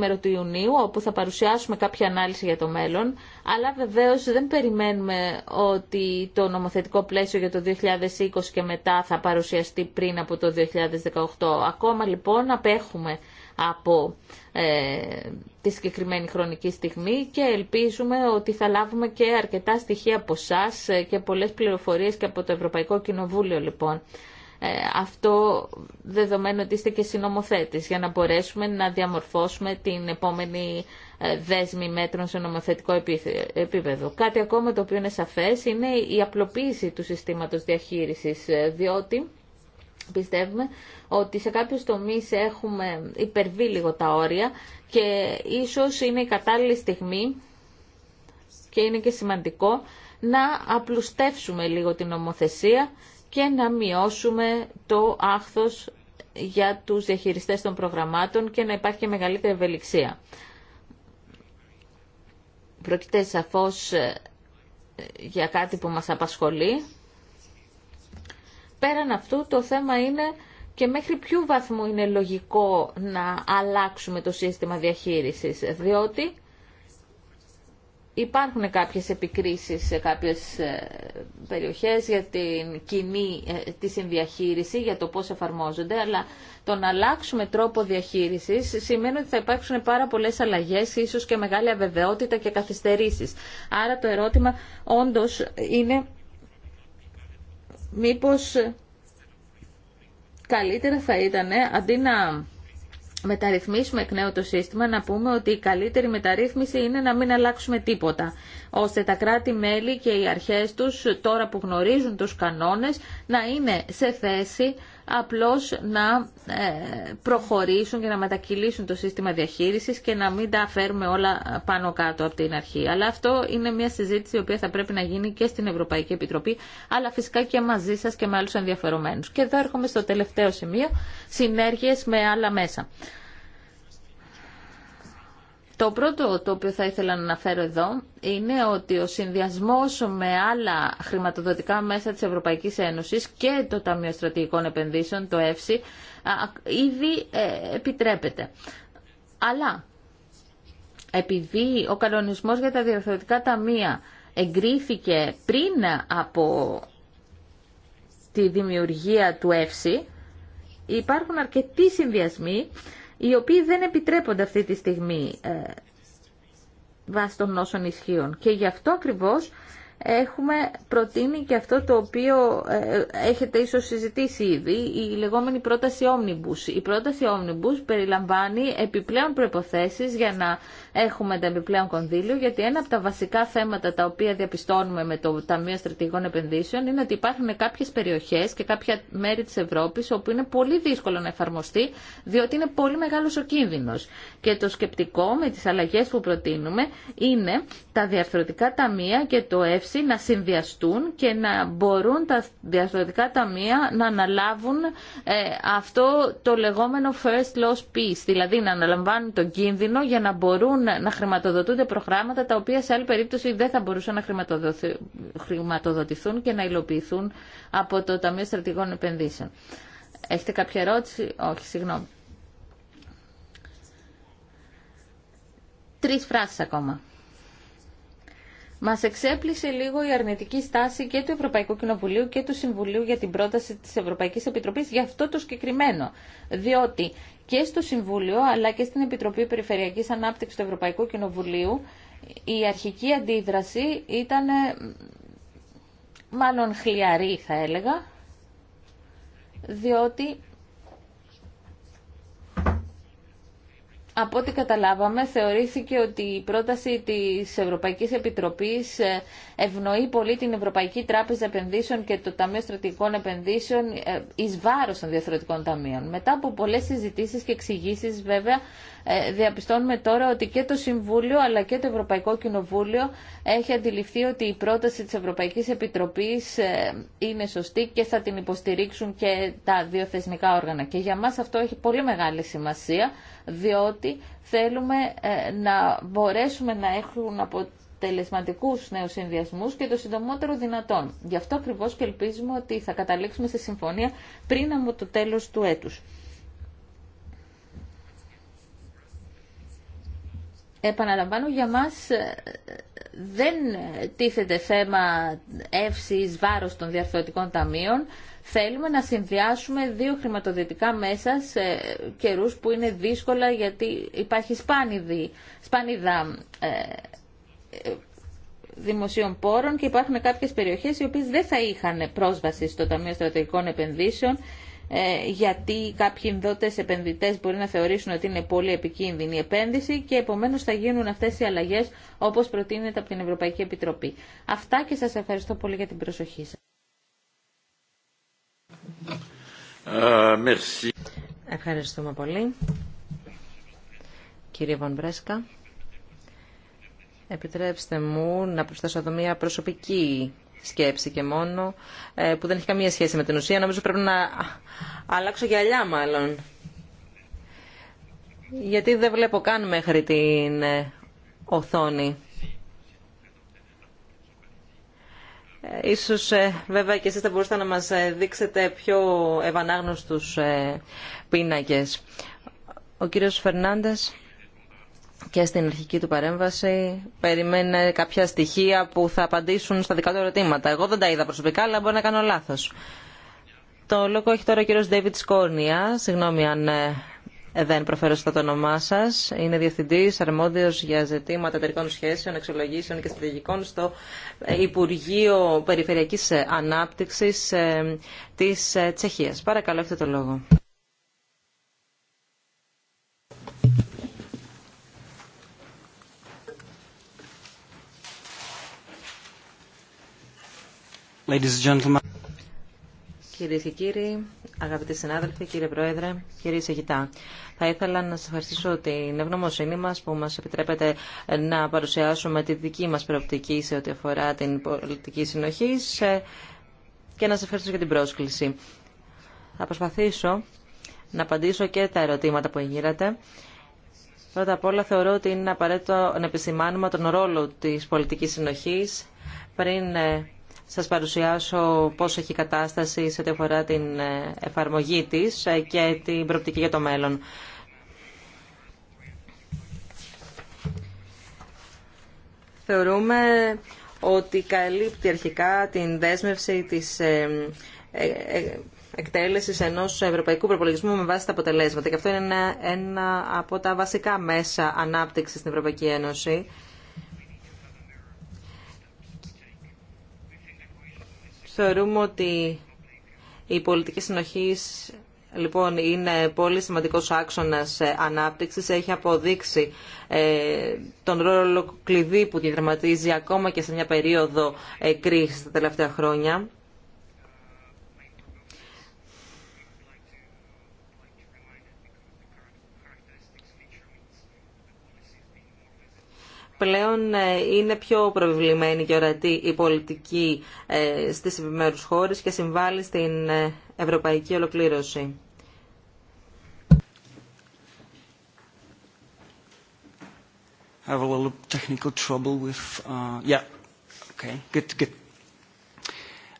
ε, του Ιουνίου, όπου θα παρουσιάσουμε κάποια ανάλυση για το μέλλον, αλλά βεβαίως δεν περιμένουμε ότι το νομοθετικό πλαίσιο για το 2020 και μετά θα παρουσιαστεί πριν από το 2018. Ακόμα λοιπόν απέχουμε από ε, τη συγκεκριμένη χρονική στιγμή και ελπίζουμε ότι θα λάβουμε και αρκετά στοιχεία από εσά και πολλές πληροφορίες και από το Ευρωπαϊκό Κοινοβούλιο λοιπόν ε, αυτό δεδομένου ότι είστε και συνομοθέτης για να μπορέσουμε να διαμορφώσουμε την επόμενη ε, δέσμη μέτρων σε νομοθετικό επίπεδο. Κάτι ακόμα το οποίο είναι σαφές είναι η απλοποίηση του συστήματος διαχείρισης, ε, διότι πιστεύουμε ότι σε κάποιους τομείς έχουμε υπερβεί λίγο τα όρια και ίσως είναι η κατάλληλη στιγμή και είναι και σημαντικό να απλουστεύσουμε λίγο την νομοθεσία και να μειώσουμε το άχθος για τους διαχειριστές των προγραμμάτων και να υπάρχει και μεγαλύτερη ευελιξία. Πρόκειται σαφώς ε, για κάτι που μας απασχολεί. Πέραν αυτού το θέμα είναι και μέχρι ποιο βαθμό είναι λογικό να αλλάξουμε το σύστημα διαχείρισης, διότι Υπάρχουν κάποιες επικρίσεις σε κάποιες ε, περιοχές για την κοινή ε, τη συνδιαχείριση, για το πώς εφαρμόζονται, αλλά το να αλλάξουμε τρόπο διαχείρισης σημαίνει ότι θα υπάρξουν πάρα πολλές αλλαγές, ίσως και μεγάλη αβεβαιότητα και καθυστερήσεις. Άρα το ερώτημα όντως είναι μήπως καλύτερα θα ήταν αντί να μεταρρυθμίσουμε εκ νέου το σύστημα, να πούμε ότι η καλύτερη μεταρρύθμιση είναι να μην αλλάξουμε τίποτα, ώστε τα κράτη-μέλη και οι αρχές τους, τώρα που γνωρίζουν τους κανόνες, να είναι σε θέση απλώς να ε, προχωρήσουν και να μετακυλήσουν το σύστημα διαχείρισης και να μην τα φέρουμε όλα πάνω κάτω από την αρχή. Αλλά αυτό είναι μια συζήτηση η οποία θα πρέπει να γίνει και στην Ευρωπαϊκή Επιτροπή, αλλά φυσικά και μαζί σας και με άλλους ενδιαφερομένους. Και εδώ έρχομαι στο τελευταίο σημείο, συνέργειες με άλλα μέσα. Το πρώτο το οποίο θα ήθελα να αναφέρω εδώ είναι ότι ο συνδυασμός με άλλα χρηματοδοτικά μέσα της Ευρωπαϊκής Ένωσης και το Ταμείο Στρατηγικών Επενδύσεων, το ΕΦΣΥ, ήδη ε, επιτρέπεται. Αλλά επειδή ο κανονισμός για τα διορθωτικά ταμεία εγκρίθηκε πριν από τη δημιουργία του ΕΦΣΥ, υπάρχουν αρκετοί συνδυασμοί οι οποίοι δεν επιτρέπονται αυτή τη στιγμή ε, βάσει των νόσων ισχύων. Και γι' αυτό ακριβώς έχουμε προτείνει και αυτό το οποίο ε, έχετε ίσως συζητήσει ήδη, η λεγόμενη πρόταση Omnibus. Η πρόταση Omnibus περιλαμβάνει επιπλέον προϋποθέσεις για να έχουμε τα επιπλέον κονδύλια, γιατί ένα από τα βασικά θέματα τα οποία διαπιστώνουμε με το Ταμείο Στρατηγικών Επενδύσεων είναι ότι υπάρχουν κάποιε περιοχέ και κάποια μέρη τη Ευρώπη όπου είναι πολύ δύσκολο να εφαρμοστεί, διότι είναι πολύ μεγάλο ο κίνδυνο. Και το σκεπτικό με τι αλλαγέ που προτείνουμε είναι τα διαρθρωτικά ταμεία και το ΕΦΣΥ να συνδυαστούν και να μπορούν τα διαρθρωτικά ταμεία να αναλάβουν ε, αυτό το λεγόμενο first loss piece, δηλαδή να αναλαμβάνουν τον κίνδυνο για να μπορούν να χρηματοδοτούνται προγράμματα τα οποία σε άλλη περίπτωση δεν θα μπορούσαν να χρηματοδοτηθούν και να υλοποιηθούν από το Ταμείο Στρατηγών Επενδύσεων. Έχετε κάποια ερώτηση? Όχι, συγγνώμη. Τρεις φράσεις ακόμα. Μας εξέπλησε λίγο η αρνητική στάση και του Ευρωπαϊκού Κοινοβουλίου και του Συμβουλίου για την πρόταση τη Ευρωπαϊκή Επιτροπή για αυτό το συγκεκριμένο. Διότι και στο Συμβούλιο αλλά και στην Επιτροπή Περιφερειακής Ανάπτυξης του Ευρωπαϊκού Κοινοβουλίου η αρχική αντίδραση ήταν μάλλον χλιαρή θα έλεγα διότι από ό,τι καταλάβαμε, θεωρήθηκε ότι η πρόταση της Ευρωπαϊκής Επιτροπής ε, ευνοεί πολύ την Ευρωπαϊκή Τράπεζα Επενδύσεων και το Ταμείο Στρατηγικών Επενδύσεων ε, εις βάρος των διαθροτικών ταμείων. Μετά από πολλές συζητήσεις και εξηγήσει, βέβαια, ε, διαπιστώνουμε τώρα ότι και το Συμβούλιο αλλά και το Ευρωπαϊκό Κοινοβούλιο έχει αντιληφθεί ότι η πρόταση της Ευρωπαϊκής Επιτροπής είναι σωστή και θα την υποστηρίξουν και τα δύο θεσμικά όργανα. Και για μας αυτό έχει πολύ μεγάλη σημασία διότι θέλουμε ε, να μπορέσουμε να έχουν αποτελεσματικούς νέους συνδυασμούς και το συντομότερο δυνατόν. Γι' αυτό ακριβώς και ελπίζουμε ότι θα καταλήξουμε σε συμφωνία πριν από το τέλος του έτους. Επαναλαμβάνω, για μας ε, δεν τίθεται θέμα εύσης βάρος των διαρθρωτικών ταμείων. Θέλουμε να συνδυάσουμε δύο χρηματοδοτικά μέσα σε καιρούς που είναι δύσκολα γιατί υπάρχει σπάνιδη, σπάνιδα ε, ε, δημοσίων πόρων και υπάρχουν κάποιες περιοχές οι οποίες δεν θα είχαν πρόσβαση στο Ταμείο Στρατηγικών Επενδύσεων ε, γιατί κάποιοι ενδότες επενδυτές μπορεί να θεωρήσουν ότι είναι πολύ επικίνδυνη η επένδυση και επομένως θα γίνουν αυτές οι αλλαγές όπως προτείνεται από την Ευρωπαϊκή Επιτροπή. Αυτά και σας ευχαριστώ πολύ για την προσοχή σας. Ε, Ευχαριστούμε πολύ. Κύριε Βονμπρέσκα, επιτρέψτε μου να προσθέσω εδώ μια προσωπική σκέψη και μόνο, ε, που δεν έχει καμία σχέση με την ουσία. Νομίζω πρέπει να αλλάξω γυαλιά μάλλον. Γιατί δεν βλέπω καν μέχρι την ε, οθόνη. Ε, ίσως ε, βέβαια και εσείς θα μπορούσατε να μας ε, δείξετε πιο ευανάγνωστους πίνακες. Ο κύριος Φερνάντες και στην αρχική του παρέμβαση περιμένει κάποια στοιχεία που θα απαντήσουν στα δικά του ερωτήματα. Εγώ δεν τα είδα προσωπικά, αλλά μπορεί να κάνω λάθος. Το λόγο έχει τώρα ο κύριος Ντέιβιτ Σκόρνια. Συγγνώμη αν ε, δεν προφέρω στο το όνομά σα. Είναι διευθυντή αρμόδιο για ζητήματα εταιρικών σχέσεων, εξολογήσεων και στρατηγικών στο ε, Υπουργείο Περιφερειακή ε, Ανάπτυξη τη Τσεχία. Παρακαλώ, έχετε το λόγο. Ladies and gentlemen. Κυρίε και κύριοι, αγαπητοί συνάδελφοι, κύριε Πρόεδρε, κύριε Σεγητά, θα ήθελα να σα ευχαριστήσω την ευγνωμοσύνη μα που μα επιτρέπετε να παρουσιάσουμε τη δική μα προοπτική σε ό,τι αφορά την πολιτική συνοχή και να σα ευχαριστήσω για την πρόσκληση. Θα προσπαθήσω να απαντήσω και τα ερωτήματα που εγείρατε. Πρώτα απ' όλα θεωρώ ότι είναι απαραίτητο να επισημάνουμε τον ρόλο της πολιτικής συνοχής πριν ε, σας παρουσιάσω πώς έχει κατάσταση σε ό,τι αφορά την ε, εφαρμογή της ε, και την προοπτική για το μέλλον. Θεωρούμε ότι καλύπτει αρχικά την δέσμευση της ε, εκτέλεσης ενός ευρωπαϊκού προπολογισμού με βάση τα αποτελέσματα. Και αυτό είναι ένα από τα βασικά μέσα ανάπτυξης στην Ευρωπαϊκή Ένωση Θεωρούμε ότι η πολιτική συνοχής λοιπόν είναι πολύ σημαντικός άξονας ε, ανάπτυξης. Έχει αποδείξει ε, τον ρόλο κλειδί που διαδραματίζει ακόμα και σε μια περίοδο ε, κρίσης τα τελευταία χρόνια. πλέον ε, είναι πιο προβλημένη και ορατή η πολιτική ε, στις επιμέρους χώρες και συμβάλλει στην ε, ευρωπαϊκή ολοκλήρωση. Have a little technical trouble with... Uh, yeah, okay, good, good.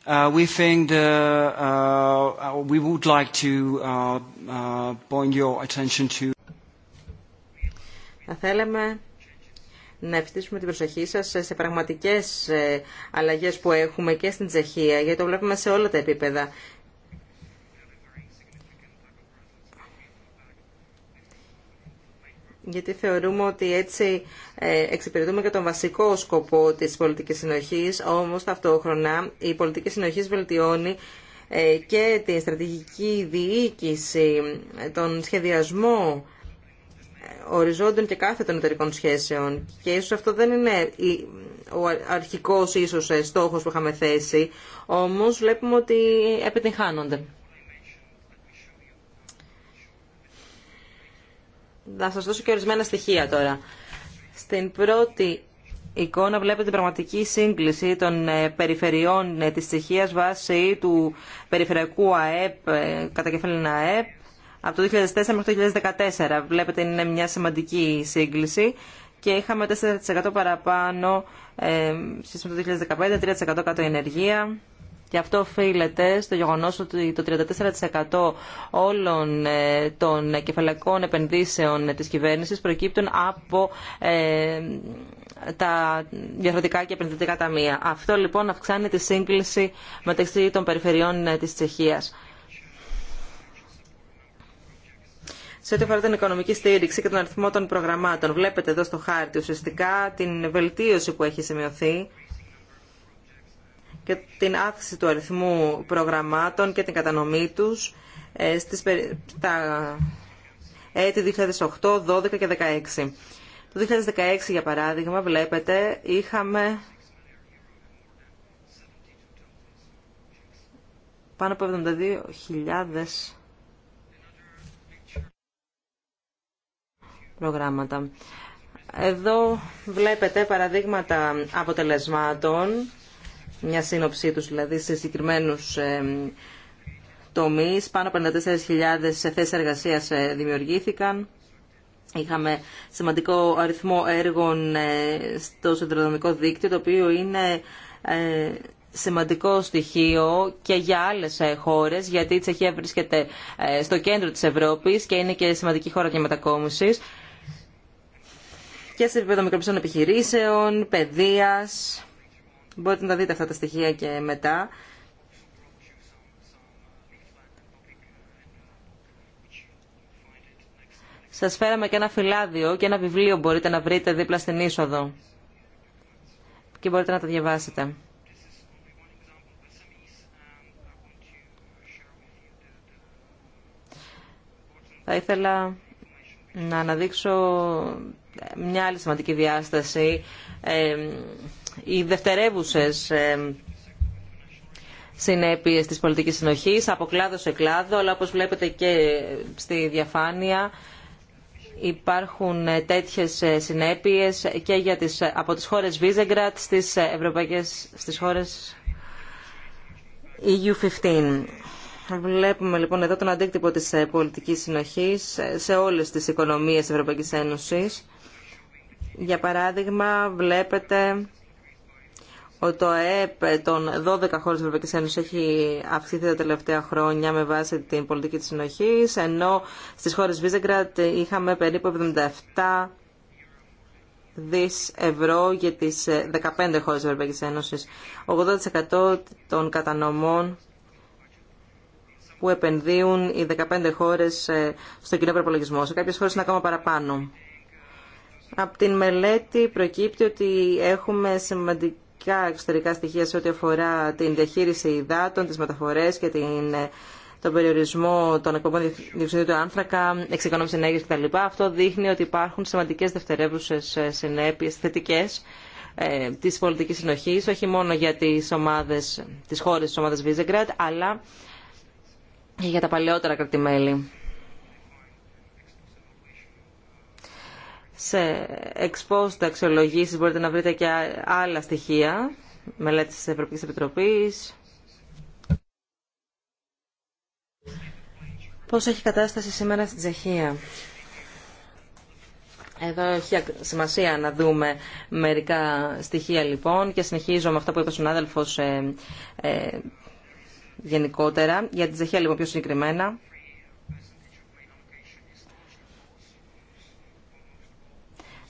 Uh, we think the, uh, uh we would like to uh, uh, point your attention to... Θα θέλαμε να ευχηθήσουμε την προσοχή σας σε πραγματικές ε, αλλαγές που έχουμε και στην Τσεχία, γιατί το βλέπουμε σε όλα τα επίπεδα. γιατί θεωρούμε ότι έτσι ε, εξυπηρετούμε και τον βασικό σκοπό της πολιτικής συνοχής, όμως ταυτόχρονα η πολιτική συνοχής βελτιώνει ε, και τη στρατηγική διοίκηση, τον σχεδιασμό οριζόντων και των εταιρικών σχέσεων. Και ίσως αυτό δεν είναι ο αρχικός ίσως ε, στόχος που είχαμε θέσει, όμως βλέπουμε ότι επιτυγχάνονται. Θα σας δώσω και ορισμένα στοιχεία τώρα. Στην πρώτη εικόνα βλέπετε την πραγματική σύγκληση των ε, περιφερειών ε, της στοιχείας βάσει του περιφερειακού ΑΕΠ, κατά ΑΕΠ, από το 2004 μέχρι το 2014. Βλέπετε είναι μια σημαντική σύγκληση και είχαμε 4% παραπάνω ε, με το 2015, 3% κάτω ενεργεία. Και αυτό οφείλεται στο γεγονός ότι το 34% όλων ε, των κεφαλακών επενδύσεων της κυβέρνησης προκύπτουν από ε, τα διαφορετικά και επενδυτικά ταμεία. Αυτό λοιπόν αυξάνει τη σύγκληση μεταξύ των περιφερειών ε, της Τσεχίας. σε ό,τι αφορά την οικονομική στήριξη και τον αριθμό των προγραμμάτων. Βλέπετε εδώ στο χάρτη ουσιαστικά την βελτίωση που έχει σημειωθεί και την αύξηση του αριθμού προγραμμάτων και την κατανομή τους ε, στις, τα έτη 2008, 2012 και 2016. Το 2016, για παράδειγμα, βλέπετε, είχαμε πάνω από 72.000 προγράμματα. Εδώ βλέπετε παραδείγματα αποτελεσμάτων, μια σύνοψή τους δηλαδή σε συγκεκριμένους ε, τομείς. Πάνω από 54.000 θέσεις εργασίας ε, δημιουργήθηκαν. Είχαμε σημαντικό αριθμό έργων ε, στο συνδρομικό δίκτυο, το οποίο είναι σημαντικό στοιχείο και για άλλες χώρες, γιατί η Τσεχία βρίσκεται στο κέντρο της Ευρώπης και είναι και σημαντική χώρα και μετακόμισης και σε επίπεδο μικροπιστών επιχειρήσεων, παιδείας. Μπορείτε να τα δείτε αυτά τα στοιχεία και μετά. Σας φέραμε και ένα φυλάδιο και ένα βιβλίο μπορείτε να βρείτε δίπλα στην είσοδο. Και μπορείτε να τα διαβάσετε. Θα ήθελα να αναδείξω μια άλλη σημαντική διάσταση, οι δευτερεύουσες συνέπειες της πολιτικής συνοχής, από κλάδο σε κλάδο, αλλά όπως βλέπετε και στη διαφάνεια υπάρχουν τέτοιες ε, συνέπειες και για τις, από τις χώρες Βίζεγκρατ στις, ευρωπαϊκές, στις χώρες EU15. Βλέπουμε λοιπόν εδώ τον αντίκτυπο της ε, πολιτικής συνοχής ε, σε όλες τις οικονομίες της Ευρωπαϊκής Ένωσης για παράδειγμα, βλέπετε ότι το ΕΕΠ των 12 χώρων της Ευρωπαϊκής Ένωσης έχει αυξηθεί τα τελευταία χρόνια με βάση την πολιτική της συνοχής, ενώ στις χώρες Βίζεγκρατ είχαμε περίπου 77 δις ευρώ για τις 15 χώρες της Ευρωπαϊκής Ένωσης. 80% των κατανομών που επενδύουν οι 15 χώρες ε, στο κοινό προπολογισμό. Σε κάποιες χώρες είναι ακόμα παραπάνω. Από την μελέτη προκύπτει ότι έχουμε σημαντικά εξωτερικά στοιχεία σε ό,τι αφορά την διαχείριση υδάτων, τις μεταφορές και την, τον περιορισμό των εκπομπών διοξιδίου του άνθρακα, εξοικονόμηση ενέργειας κτλ. Αυτό δείχνει ότι υπάρχουν σημαντικές δευτερεύουσες συνέπειες θετικές ε, της πολιτικής συνοχής, όχι μόνο για τις, ομάδες, τις χώρες της ομάδας Βίζεγκρατ, αλλά και για τα παλαιότερα κρατημέλη. Σε εξπόστα αξιολογήσεις μπορείτε να βρείτε και άλλα στοιχεία μελέτη της Ευρωπαϊκής Επιτροπής. Πώς έχει κατάσταση σήμερα στην Τσεχία. Εδώ έχει σημασία να δούμε μερικά στοιχεία λοιπόν και συνεχίζω με αυτά που είπε ο συνάδελφος ε, ε, γενικότερα. Για την Τσεχία λοιπόν πιο συγκεκριμένα.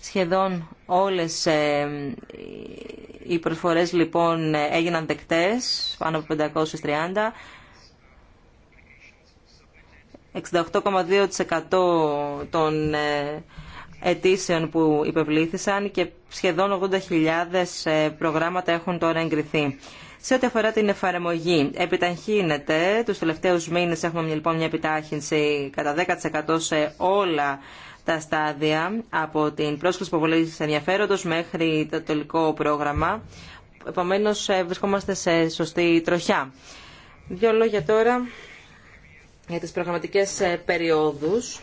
Σχεδόν όλες ε, οι προσφορές λοιπόν έγιναν δεκτές, πάνω από 530. 68,2% των ε, αιτήσεων που υπευλήθησαν και σχεδόν 80.000 ε, προγράμματα έχουν τώρα εγκριθεί. Σε ό,τι αφορά την εφαρμογή, επιταχύνεται. Τους τελευταίους μήνες έχουμε λοιπόν μια επιτάχυνση κατά 10% σε όλα τα στάδια από την πρόσκληση υποβολή ενδιαφέροντο μέχρι το τελικό πρόγραμμα. Επομένω, ε, βρισκόμαστε σε σωστή τροχιά. Δύο λόγια τώρα για τις προγραμματικές ε, περιόδους.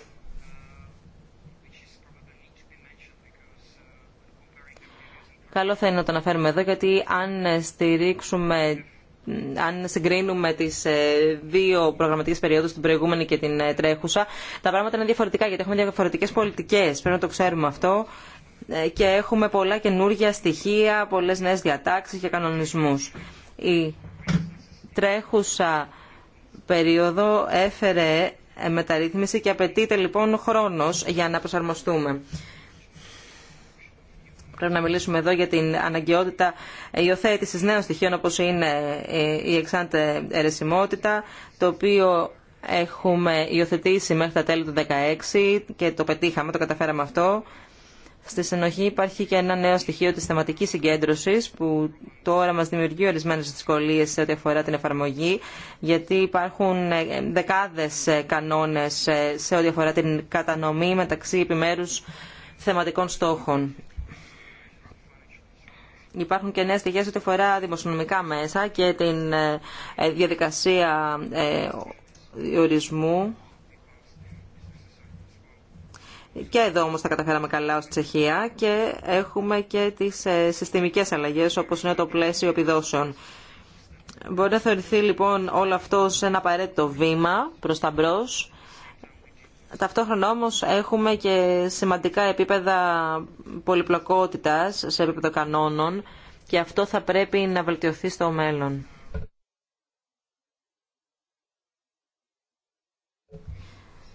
Καλό θα είναι να το αναφέρουμε εδώ, γιατί αν ε, στηρίξουμε αν συγκρίνουμε τι ε, δύο προγραμματικέ περιόδου, την προηγούμενη και την ε, τρέχουσα, τα πράγματα είναι διαφορετικά γιατί έχουμε διαφορετικέ πολιτικέ. Πρέπει να το ξέρουμε αυτό. Ε, και έχουμε πολλά καινούργια στοιχεία, πολλέ νέε διατάξει και κανονισμού. Η τρέχουσα περίοδο έφερε μεταρρύθμιση και απαιτείται λοιπόν χρόνο για να προσαρμοστούμε. Πρέπει να μιλήσουμε εδώ για την αναγκαιότητα υιοθέτηση νέων στοιχείων όπω είναι ε, η εξάντε αιρεσιμότητα, το οποίο έχουμε υιοθετήσει μέχρι τα τέλη του 2016 και το πετύχαμε, το καταφέραμε αυτό. Στη συνοχή υπάρχει και ένα νέο στοιχείο της θεματικής συγκέντρωσης που τώρα μας δημιουργεί ορισμένες δυσκολίες σε ό,τι αφορά την εφαρμογή γιατί υπάρχουν ε, δεκάδες ε, κανόνες σε ό,τι αφορά την κατανομή μεταξύ επιμέρους θεματικών στόχων υπάρχουν και νέες στοιχεία ό,τι φορά δημοσιονομικά μέσα και την ε, ε, διαδικασία ε, ορισμού. Και εδώ όμως τα καταφέραμε καλά ως Τσεχία και έχουμε και τις συστημικές αλλαγές όπως είναι το πλαίσιο επιδόσεων. Μπορεί να θεωρηθεί λοιπόν όλο αυτό σε ένα απαραίτητο βήμα προς τα μπρος Ταυτόχρονα όμως έχουμε και σημαντικά επίπεδα πολυπλοκότητας σε επίπεδο κανόνων και αυτό θα πρέπει να βελτιωθεί στο μέλλον.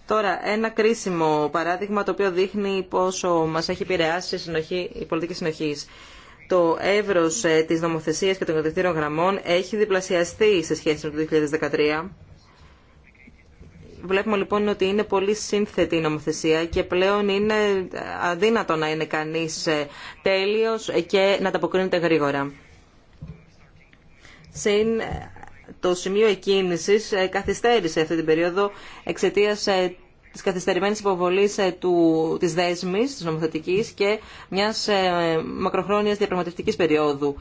Τώρα, ένα κρίσιμο παράδειγμα το οποίο δείχνει πόσο μας έχει επηρεάσει η, συνοχή, η πολιτική συνοχής. Το εύρος ε, της νομοθεσίας και των κατευθύνων γραμμών έχει διπλασιαστεί σε σχέση με το 2013 Βλέπουμε λοιπόν ότι είναι πολύ σύνθετη η νομοθεσία και πλέον είναι αδύνατο να είναι κανείς ε, τέλειος και να τα αποκρίνεται γρήγορα. Συν ε, το σημείο εκκίνησης ε, καθυστέρησε αυτή την περίοδο εξαιτίας της καθυστερημένη υποβολή του, της τη νομοθετική νομοθετικής και μιας μακροχρόνιας διαπραγματευτικής περίοδου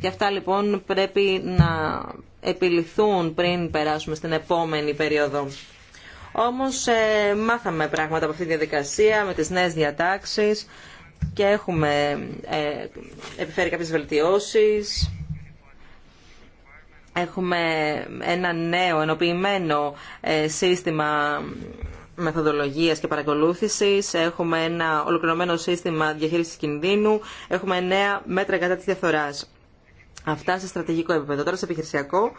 και αυτά λοιπόν πρέπει να επιληθούν πριν περάσουμε στην επόμενη περίοδο. Όμως ε, μάθαμε πράγματα από αυτή τη διαδικασία με τις νέες διατάξεις και έχουμε ε, επιφέρει κάποιες βελτιώσεις. Έχουμε ένα νέο ενοποιημένο ε, σύστημα μεθοδολογίας και παρακολούθησης, έχουμε ένα ολοκληρωμένο σύστημα διαχείρισης κινδύνου, έχουμε νέα μέτρα κατά της διαφθοράς. Αυτά σε στρατηγικό επίπεδο. Τώρα σε επιχειρησιακό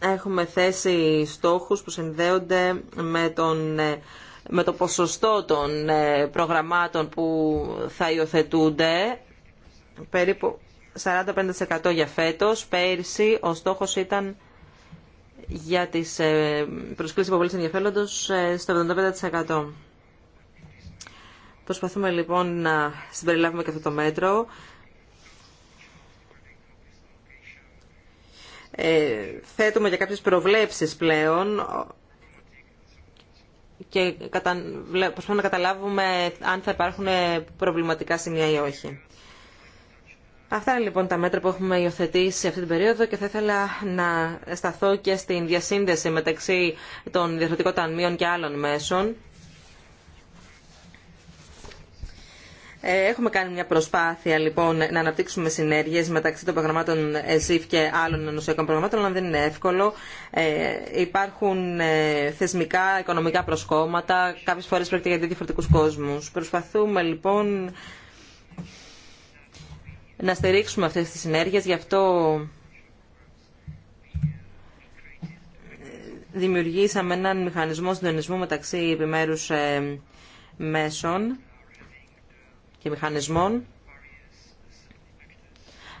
έχουμε θέσει στόχους που συνδέονται με, τον, ε, με το ποσοστό των ε, προγραμμάτων που θα υιοθετούνται, περίπου 45% για φέτος. Πέρσι ο στόχος ήταν για τις ε, προσκλήσεις υποβολής ενδιαφέροντος στο 75%. Προσπαθούμε λοιπόν να συμπεριλάβουμε και αυτό το μέτρο. Ε, θέτουμε για κάποιες προβλέψεις πλέον και προσπαθούμε να καταλάβουμε αν θα υπάρχουν προβληματικά σημεία ή όχι. Αυτά είναι λοιπόν τα μέτρα που έχουμε υιοθετήσει αυτή την περίοδο και θα ήθελα να σταθώ και στην διασύνδεση μεταξύ των διευθυντικών ταμείων και άλλων μέσων Ε, έχουμε κάνει μια προσπάθεια λοιπόν να αναπτύξουμε συνέργειες μεταξύ των προγραμμάτων ΕΣΥΦ και άλλων ενωσιακών προγραμμάτων, αλλά δεν είναι εύκολο. Ε, υπάρχουν ε, θεσμικά, οικονομικά προσκόμματα, κάποιες φορές πρέπει για διαφορετικούς κόσμους. Προσπαθούμε λοιπόν να στηρίξουμε αυτές τις συνέργειες, γι' αυτό δημιουργήσαμε έναν μηχανισμό συντονισμού μεταξύ επιμέρους μέσων και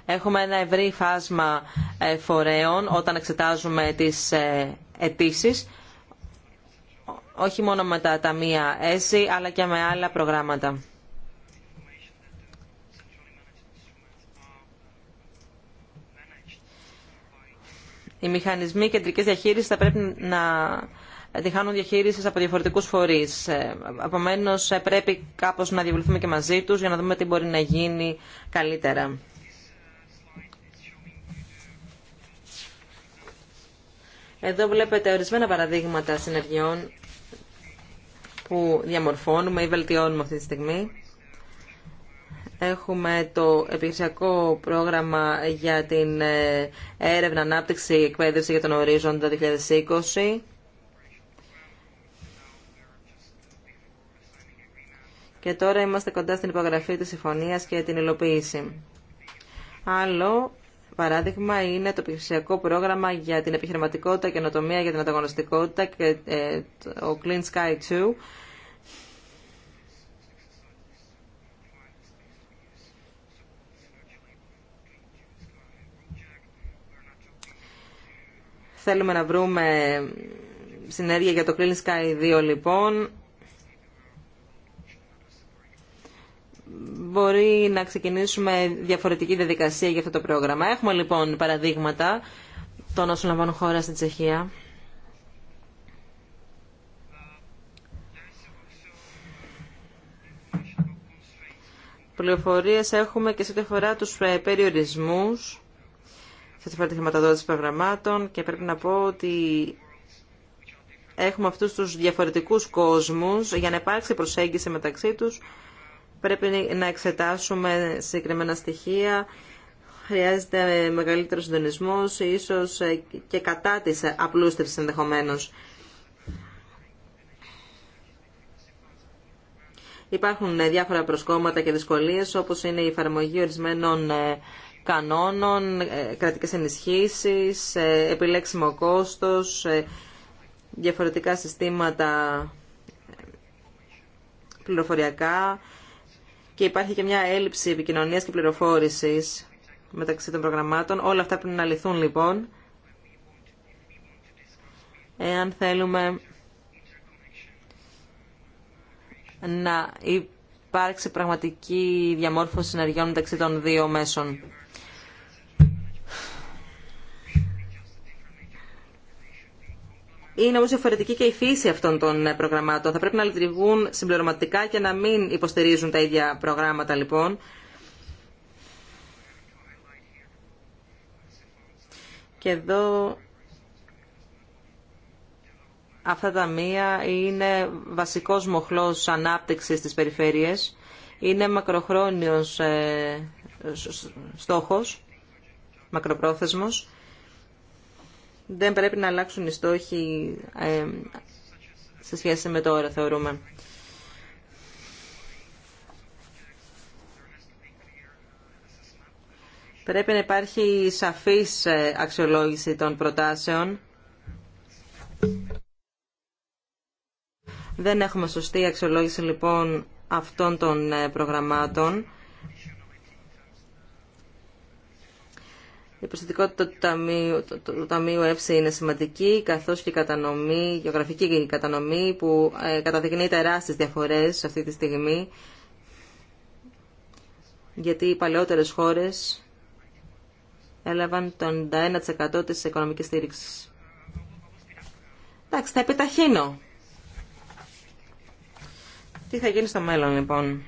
Έχουμε ένα ευρύ φάσμα ε, φορέων όταν εξετάζουμε τις ε, αιτήσει, όχι μόνο με τα ταμεία ΕΣΥ, αλλά και με άλλα προγράμματα. Οι μηχανισμοί κεντρικής διαχείρισης θα πρέπει να τη διαχείριση από διαφορετικού φορεί. Ε, Επομένω, ε, πρέπει κάπω να διαβουλευτούμε και μαζί του για να δούμε τι μπορεί να γίνει καλύτερα. Εδώ βλέπετε ορισμένα παραδείγματα συνεργειών που διαμορφώνουμε ή βελτιώνουμε αυτή τη στιγμή. Έχουμε το επιχειρησιακό πρόγραμμα για την ε, έρευνα, ανάπτυξη, εκπαίδευση για τον ορίζοντα 2020. και τώρα είμαστε κοντά στην υπογραφή της συμφωνίας και την υλοποίηση. Άλλο παράδειγμα είναι το ψηφιακό πρόγραμμα για την επιχειρηματικότητα, και καινοτομία για την ανταγωνιστικότητα και ε, το Clean Sky 2 Θέλουμε να βρούμε συνέργεια για το Clean Sky 2 λοιπόν μπορεί να ξεκινήσουμε διαφορετική διαδικασία για αυτό το πρόγραμμα. Έχουμε λοιπόν παραδείγματα των όσων λαμβάνουν χώρα στην Τσεχία. Πληροφορίες έχουμε και σε ό,τι αφορά τους ε, περιορισμούς, σε ό,τι αφορά τη χρηματοδότηση προγραμμάτων και πρέπει να πω ότι έχουμε αυτούς τους διαφορετικούς κόσμους για να υπάρξει προσέγγιση μεταξύ τους Πρέπει να εξετάσουμε συγκεκριμένα στοιχεία. Χρειάζεται μεγαλύτερο συντονισμό, ίσως ε, και κατά τη απλούστευση ενδεχομένως. Υπάρχουν ε, διάφορα προσκόμματα και δυσκολίες, όπως είναι η εφαρμογή ορισμένων ε, κανόνων, κρατικέ ενισχύσει, επιλέξιμο κόστος, διαφορετικά συστήματα πληροφοριακά, και υπάρχει και μια έλλειψη επικοινωνία και πληροφόρησης μεταξύ των προγραμμάτων. Όλα αυτά πρέπει να λυθούν λοιπόν. Εάν θέλουμε να υπάρξει πραγματική διαμόρφωση συνεργειών μεταξύ των δύο μέσων. Είναι όμω διαφορετική και η φύση αυτών των ε, προγραμμάτων. Θα πρέπει να λειτουργούν συμπληρωματικά και να μην υποστηρίζουν τα ίδια προγράμματα λοιπόν. Και εδώ αυτά τα μία είναι βασικός μοχλός ανάπτυξης της περιφέρειας. Είναι μακροχρόνιος ε, στόχος, μακροπρόθεσμος δεν πρέπει να αλλάξουν οι στόχοι ε, σε σχέση με τώρα, θεωρούμε. Πρέπει να υπάρχει σαφής ε, αξιολόγηση των προτάσεων. Δεν έχουμε σωστή αξιολόγηση λοιπόν αυτών των ε, προγραμμάτων. Η προστατικότητα του Ταμείου, το, είναι σημαντική, καθώς και η κατανομή, η γεωγραφική κατανομή που ε, καταδεικνύει τεράστιες διαφορές αυτή τη στιγμή, γιατί οι παλαιότερες χώρες έλαβαν το 91% της οικονομικής στήριξης. Εντάξει, θα επιταχύνω. Τι θα γίνει στο μέλλον, λοιπόν.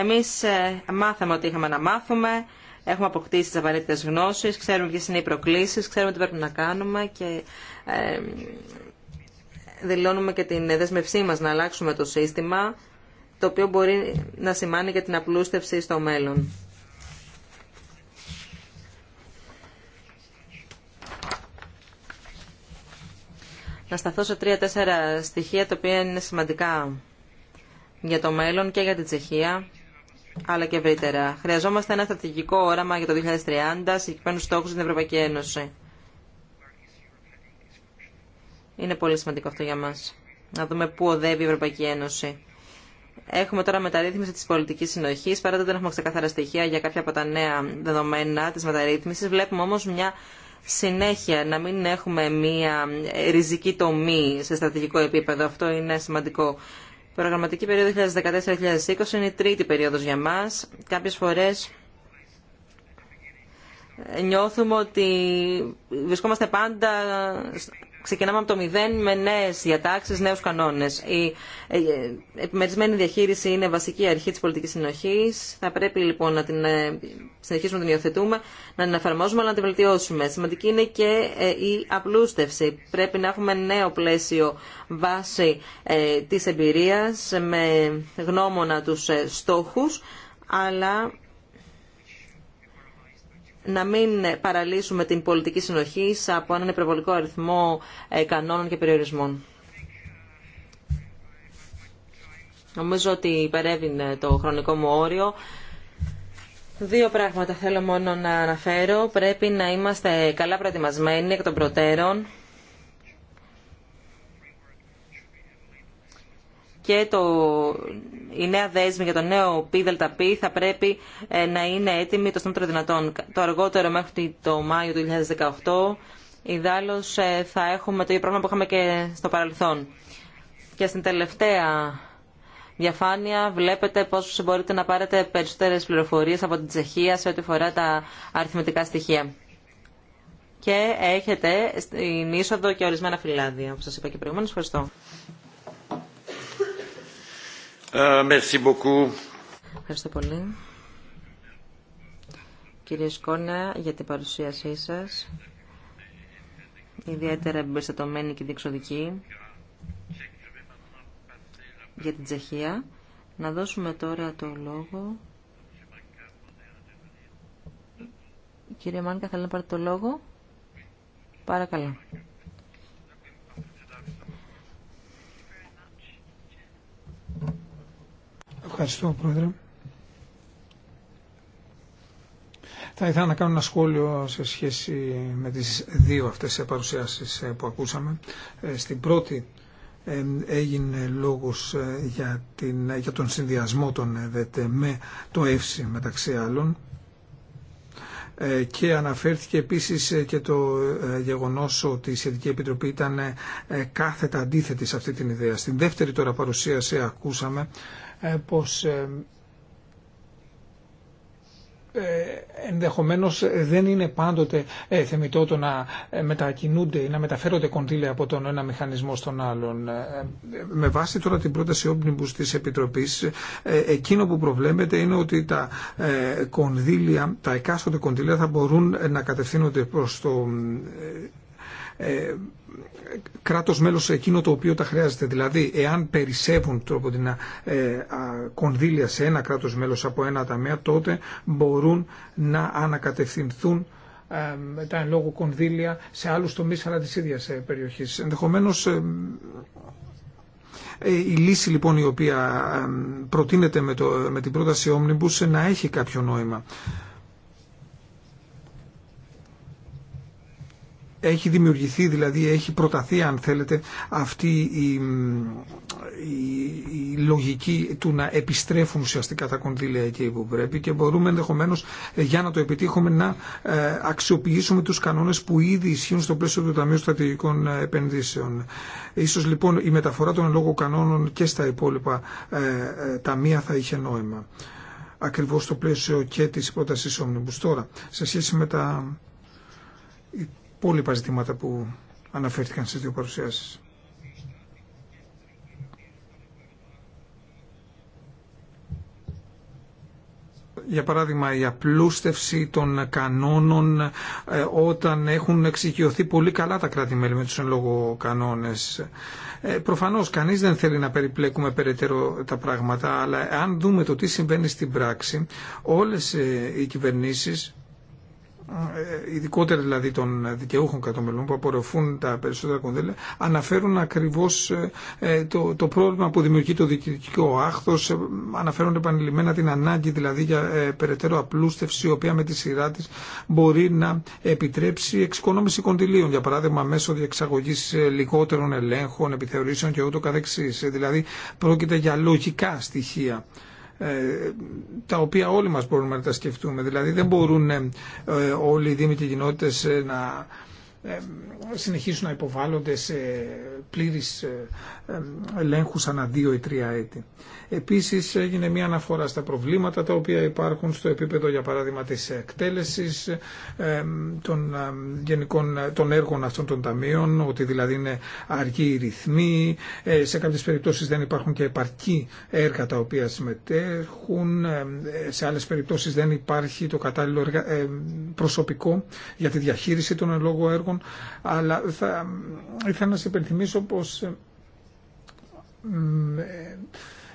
Εμείς ε, μάθαμε ότι είχαμε να μάθουμε, έχουμε αποκτήσει τις απαραίτητε γνώσεις, ξέρουμε ποιες είναι οι προκλήσεις, ξέρουμε τι πρέπει να κάνουμε και δηλώνουμε και την δέσμευσή μας να αλλάξουμε το σύστημα, το οποίο μπορεί να σημάνει και την απλούστευση στο μέλλον. Να σταθώ σε τρία-τέσσερα στοιχεία, τα οποία είναι σημαντικά για το μέλλον και για την Τσεχία αλλά και ευρύτερα. Χρειαζόμαστε ένα στρατηγικό όραμα για το 2030, συγκεκριμένου στόχου στην Ευρωπαϊκή Ένωση. Είναι πολύ σημαντικό αυτό για μα. Να δούμε πού οδεύει η Ευρωπαϊκή Ένωση. Έχουμε τώρα μεταρρύθμιση τη πολιτική συνοχή. Παρά ότι δεν έχουμε ξεκαθαρά στοιχεία για κάποια από τα νέα δεδομένα τη μεταρρύθμιση, βλέπουμε όμω μια συνέχεια, να μην έχουμε μια ριζική τομή σε στρατηγικό επίπεδο. Αυτό είναι σημαντικό προγραμματική περίοδο 2014-2020 είναι η τρίτη περίοδος για μας. Κάποιες φορές νιώθουμε ότι βρισκόμαστε πάντα ξεκινάμε από το μηδέν με νέε διατάξει, νέου κανόνε. Η ε, ε, επιμερισμένη διαχείριση είναι βασική αρχή τη πολιτική συνοχή. Θα πρέπει λοιπόν να την ε, συνεχίσουμε να την υιοθετούμε, να την εφαρμόζουμε αλλά να την βελτιώσουμε. Σημαντική είναι και η απλούστευση. Πρέπει να έχουμε νέο πλαίσιο βάση τη εμπειρία με γνώμονα του στόχου αλλά να μην παραλύσουμε την πολιτική συνοχή από έναν υπερβολικό αριθμό ε, κανόνων και περιορισμών. Νομίζω ότι υπερεύει το χρονικό μου όριο. Δύο πράγματα θέλω μόνο να αναφέρω. Πρέπει να είμαστε καλά προετοιμασμένοι εκ των προτέρων και το, η νέα δέσμη για το νέο ΠΔΠ θα πρέπει ε, να είναι έτοιμη το στόμα δυνατόν. Το αργότερο μέχρι το Μάιο του 2018, ιδάλλως ε, θα έχουμε το ίδιο πρόβλημα που είχαμε και στο παρελθόν. Και στην τελευταία διαφάνεια βλέπετε πώς μπορείτε να πάρετε περισσότερες πληροφορίες από την Τσεχία σε ό,τι φορά τα αριθμητικά στοιχεία. Και έχετε στην είσοδο και ορισμένα φυλάδια, όπως σας είπα και προηγουμένως. Ευχαριστώ. Ε, Ευχαριστώ πολύ. Κύριε Σκόνα, για την παρουσίασή σας, ιδιαίτερα εμπεριστατωμένη και διεξοδική, για την Τσεχία. Να δώσουμε τώρα το λόγο. Κύριε Μάνκα, θέλει να πάρει το λόγο. Παρακαλώ. Ευχαριστώ, Πρόεδρε. Θα ήθελα να κάνω ένα σχόλιο σε σχέση με τις δύο αυτές παρουσιάσεις ε, που ακούσαμε. Ε, στην πρώτη ε, έγινε λόγος για, την, για τον συνδυασμό των ΕΔΕΤ με το ΕΦΣΙ μεταξύ άλλων και αναφέρθηκε επίσης και το γεγονός ότι η Σχετική Επιτροπή ήταν κάθετα αντίθετη σε αυτή την ιδέα. Στην δεύτερη τώρα παρουσίαση ακούσαμε ε, πως ε, ε, ενδεχομένως δεν είναι πάντοτε θεμητό το να μετακινούνται ή να μεταφέρονται κονδύλια από τον ένα μηχανισμό στον άλλον. Με βάση τώρα την πρόταση όμπνιμπους της Επιτροπής, εκείνο που προβλέπεται είναι ότι τα κονδύλια, τα εκάστοτε κονδύλια θα μπορούν να κατευθύνονται προς το κράτος μέλος εκείνο το οποίο τα χρειάζεται. Δηλαδή, εάν περισσεύουν τρόπο την, ε, ε, κονδύλια σε ένα κράτος μέλος από ένα ταμείο, τότε μπορούν να ανακατευθυνθούν τα εν λόγω κονδύλια σε άλλους τομείς αλλά της ίδιας ε, περιοχής. Ενδεχομένως η λύση λοιπόν η οποία προτείνεται με, το, με την πρόταση Omnibus να έχει κάποιο νόημα. έχει δημιουργηθεί, δηλαδή έχει προταθεί αν θέλετε αυτή η, η, λογική του να επιστρέφουν ουσιαστικά τα κονδύλια εκεί που πρέπει και μπορούμε ενδεχομένω ε, για να το επιτύχουμε να ε, αξιοποιήσουμε τους κανόνες που ήδη ισχύουν στο πλαίσιο του Ταμείου Στρατηγικών ε, Επενδύσεων. Ίσως λοιπόν η μεταφορά των λόγω κανόνων και στα υπόλοιπα ε, ταμεία θα είχε νόημα. Ακριβώς στο πλαίσιο και της πρότασης Όμνιμπους. Τώρα, σε σχέση με τα υπόλοιπα ζητήματα που αναφέρθηκαν στις δύο παρουσιάσεις. για παράδειγμα η απλούστευση των κανόνων ε, όταν έχουν εξοικειωθεί πολύ καλά τα κράτη-μέλη με τους εν λόγω κανόνες. Ε, προφανώς κανείς δεν θέλει να περιπλέκουμε περαιτέρω τα πράγματα, αλλά αν δούμε το τι συμβαίνει στην πράξη, όλες ε, οι κυβερνήσεις ε, ειδικότερα δηλαδή των δικαιούχων κατομελών που απορροφούν τα περισσότερα κονδύλια, αναφέρουν ακριβώς ε, το, το πρόβλημα που δημιουργεί το διοικητικό άχθος, ε, αναφέρουν επανειλημμένα την ανάγκη δηλαδή για περαιτέρω απλούστευση, η οποία με τη σειρά της μπορεί να επιτρέψει εξοικονόμηση κονδυλίων, για παράδειγμα μέσω διεξαγωγής λιγότερων ελέγχων, επιθεωρήσεων και ούτω καθεξής. Δηλαδή πρόκειται για λογικά στοιχεία ε, τα οποία όλοι μας μπορούμε να τα σκεφτούμε. Δηλαδή δεν μπορούν ε, ε, όλοι οι δήμοι και οι κοινότητες να ε, συνεχίσουν να υποβάλλονται σε πλήρης ε, ε, ελέγχους ανά δύο ή τρία έτη. Επίσης έγινε μια αναφορά στα προβλήματα τα οποία υπάρχουν στο επίπεδο για παράδειγμα της εκτέλεσης των, γενικών, των έργων αυτών των ταμείων, ότι δηλαδή είναι αργοί οι ρυθμοί, σε κάποιες περιπτώσεις δεν υπάρχουν και επαρκή έργα τα οποία συμμετέχουν, σε άλλες περιπτώσεις δεν υπάρχει το κατάλληλο προσωπικό για τη διαχείριση των λόγω έργων αλλά θα, ήθελα να σας υπενθυμίσω πως ε, ε,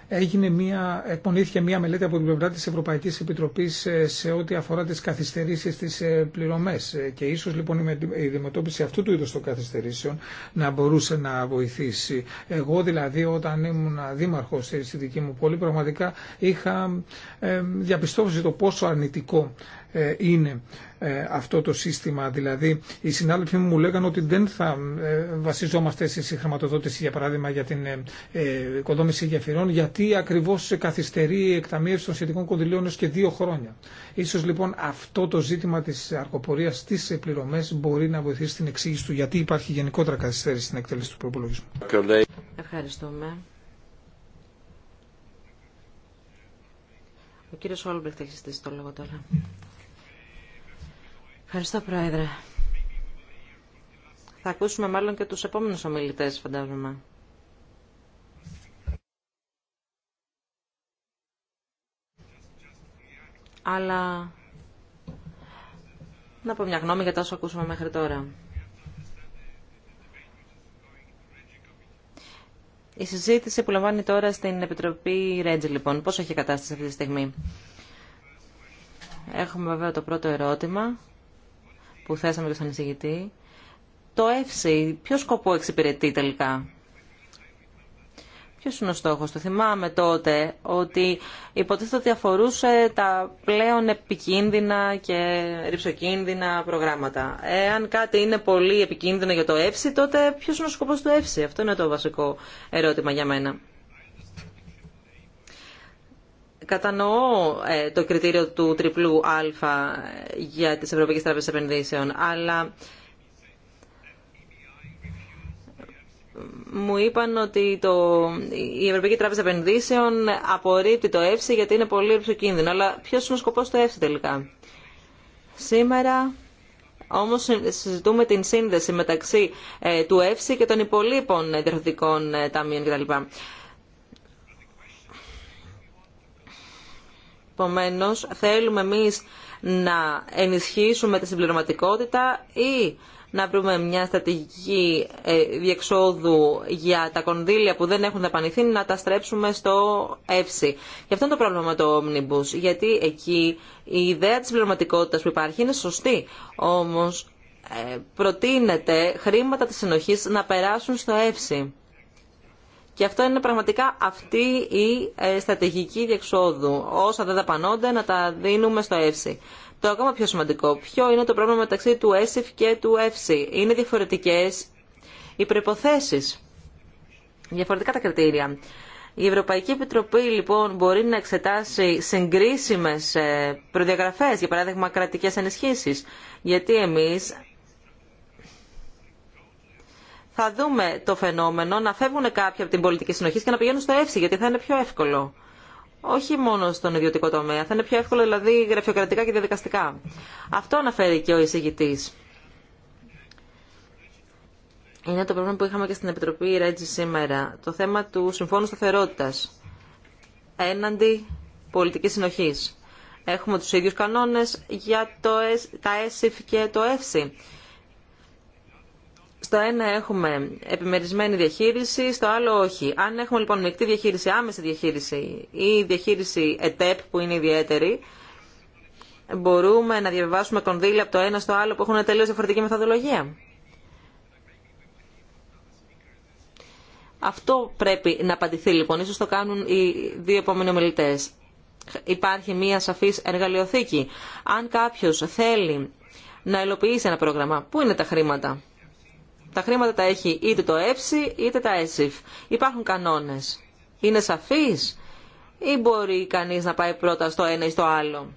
έγινε μια, εκπονήθηκε μια μελέτη από την πλευρά της Ευρωπαϊκής Επιτροπής ε, σε ό,τι αφορά τις καθυστερήσεις της πληρωμές και ίσως λοιπόν η δημοτόπιση αυτού του είδους των καθυστερήσεων να μπορούσε να βοηθήσει. Εγώ δηλαδή όταν ήμουν δήμαρχος στη δική μου πόλη πραγματικά είχα διαπιστώσει το πόσο αρνητικό ε, είναι ε, αυτό το σύστημα. Δηλαδή, οι συνάδελφοί μου μου λέγανε ότι δεν θα ε, βασιζόμαστε σε συγχρηματοδότηση, για παράδειγμα, για την οικοδόμηση γεφυρών, γιατί ακριβώ καθυστερεί η εκταμείευση των σχετικών κονδυλίων έως και δύο χρόνια. Ίσως λοιπόν αυτό το ζήτημα τη αρκοπορία στι πληρωμέ μπορεί να βοηθήσει στην εξήγηση του γιατί υπάρχει γενικότερα καθυστέρηση στην εκτέλεση του προπολογισμού. Ευχαριστούμε. Ο κύριος Όλμπερτ έχει στήσει το λόγο τώρα. Ευχαριστώ, Πρόεδρε. Θα ακούσουμε μάλλον και τους επόμενους ομιλητές, φαντάζομαι. Αλλά να πω μια γνώμη για τα όσα ακούσαμε μέχρι τώρα. Η συζήτηση που λαμβάνει τώρα στην Επιτροπή Ρέντζη, λοιπόν, πώς έχει κατάσταση αυτή τη στιγμή. Έχουμε βέβαια το πρώτο ερώτημα που θέσαμε και στον εισηγητή. Το ΕΦΣΙ, ποιο σκοπό εξυπηρετεί τελικά. Ποιο είναι ο στόχο, το θυμάμαι τότε ότι υποτίθεται ότι αφορούσε τα πλέον επικίνδυνα και ρηψοκίνδυνα προγράμματα. Εάν κάτι είναι πολύ επικίνδυνο για το ΕΦΣΙ, τότε ποιο είναι ο σκοπό του ΕΦΣΙ. Αυτό είναι το βασικό ερώτημα για μένα κατανοώ ε, το κριτήριο του τριπλού α για τις Ευρωπαϊκές Τράπεζες Επενδύσεων, αλλά μου είπαν ότι το, η Ευρωπαϊκή Τράπεζα Επενδύσεων απορρίπτει το ΕΦΣΙ γιατί είναι πολύ ρίψο Αλλά ποιο είναι ο σκοπό του ΕΦΣΙ τελικά. Σήμερα όμω συζητούμε την σύνδεση μεταξύ ε, του ΕΦΣΙ και των υπολείπων ε, ταμείων κτλ. Επομένω, θέλουμε εμεί να ενισχύσουμε τη συμπληρωματικότητα ή να βρούμε μια στρατηγική ε, διεξόδου για τα κονδύλια που δεν έχουν δαπανηθεί να τα στρέψουμε στο ΕΦΣΥ. Γι' αυτό είναι το πρόβλημα με το Omnibus, γιατί εκεί η ιδέα της συμπληρωματικότητα που υπάρχει είναι σωστή, όμως ε, προτείνεται χρήματα της συνοχής να περάσουν στο ΕΦΣΥ. Και αυτό είναι πραγματικά αυτή η ε, στρατηγική διεξόδου. Όσα δεν δαπανώνται να τα δίνουμε στο ΕΦΣΥ. Το ακόμα πιο σημαντικό, ποιο είναι το πρόβλημα μεταξύ του ΕΣΥΦ και του ΕΦΣΥ. Είναι διαφορετικές οι προϋποθέσεις, διαφορετικά τα κριτήρια. Η Ευρωπαϊκή Επιτροπή λοιπόν μπορεί να εξετάσει συγκρίσιμες ε, προδιαγραφές, για παράδειγμα κρατικές ενισχύσεις, γιατί εμείς θα δούμε το φαινόμενο να φεύγουν κάποιοι από την πολιτική συνοχή και να πηγαίνουν στο ΕΦΣΙ, γιατί θα είναι πιο εύκολο. Όχι μόνο στον ιδιωτικό τομέα, θα είναι πιο εύκολο δηλαδή γραφειοκρατικά και διαδικαστικά. Αυτό αναφέρει και ο εισηγητή. Είναι το πρόβλημα που είχαμε και στην Επιτροπή Ρέτζη σήμερα. Το θέμα του Συμφώνου Σταθερότητα έναντι πολιτική συνοχή. Έχουμε του ίδιου κανόνε για τα ΕΣΥΦ και το ΕΦΣΙ. Στο ένα έχουμε επιμερισμένη διαχείριση, στο άλλο όχι. Αν έχουμε λοιπόν μεικτή διαχείριση, άμεση διαχείριση ή διαχείριση ΕΤΕΠ που είναι ιδιαίτερη, μπορούμε να διαβιβάσουμε κονδύλια από το ένα στο άλλο που έχουν τελείως διαφορετική μεθοδολογία. Αυτό πρέπει να απαντηθεί λοιπόν. Ίσως το κάνουν οι δύο επόμενοι ομιλητέ. Υπάρχει μία σαφής εργαλειοθήκη. Αν κάποιος θέλει να ελοποιήσει ένα πρόγραμμα, πού είναι τα χρήματα. Τα χρήματα τα έχει είτε το ΕΦΣΙ είτε τα ΕΣΥΦ. Υπάρχουν κανόνες. Είναι σαφείς ή μπορεί κανείς να πάει πρώτα στο ένα ή στο άλλο.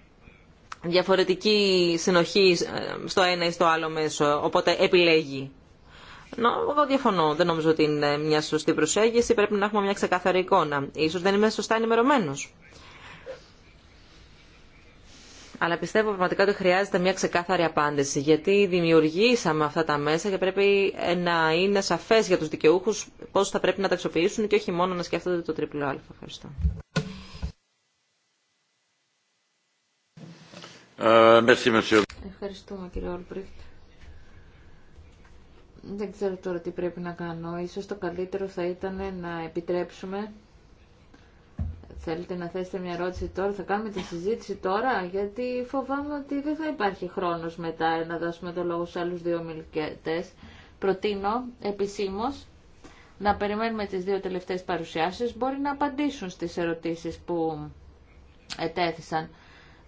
Διαφορετική συνοχή ε, στο ένα ή στο άλλο μέσο, οπότε επιλέγει. Εγώ διαφωνώ. Δεν νομίζω ότι είναι μια σωστή προσέγγιση. Πρέπει να έχουμε μια ξεκαθαρή εικόνα. Ίσως δεν είμαι σωστά ενημέρωμένο αλλά πιστεύω πραγματικά ότι χρειάζεται μια ξεκάθαρη απάντηση, γιατί δημιουργήσαμε αυτά τα μέσα και πρέπει ε, να είναι σαφές για τους δικαιούχου πώς θα πρέπει να τα αξιοποιήσουν και όχι μόνο να σκέφτονται το τριπλό α. Ευχαριστώ. Ε, Ευχαριστούμε κύριε Όλπριχτ. Δεν ξέρω τώρα τι πρέπει να κάνω. Ίσως το καλύτερο θα ήταν να επιτρέψουμε Θέλετε να θέσετε μια ερώτηση τώρα, θα κάνουμε τη συζήτηση τώρα, γιατί φοβάμαι ότι δεν θα υπάρχει χρόνος μετά να δώσουμε το λόγο στους άλλους δύο μιλικέτες. Προτείνω επισήμως να περιμένουμε τις δύο τελευταίες παρουσιάσεις, μπορεί να απαντήσουν στις ερωτήσεις που ετέθησαν.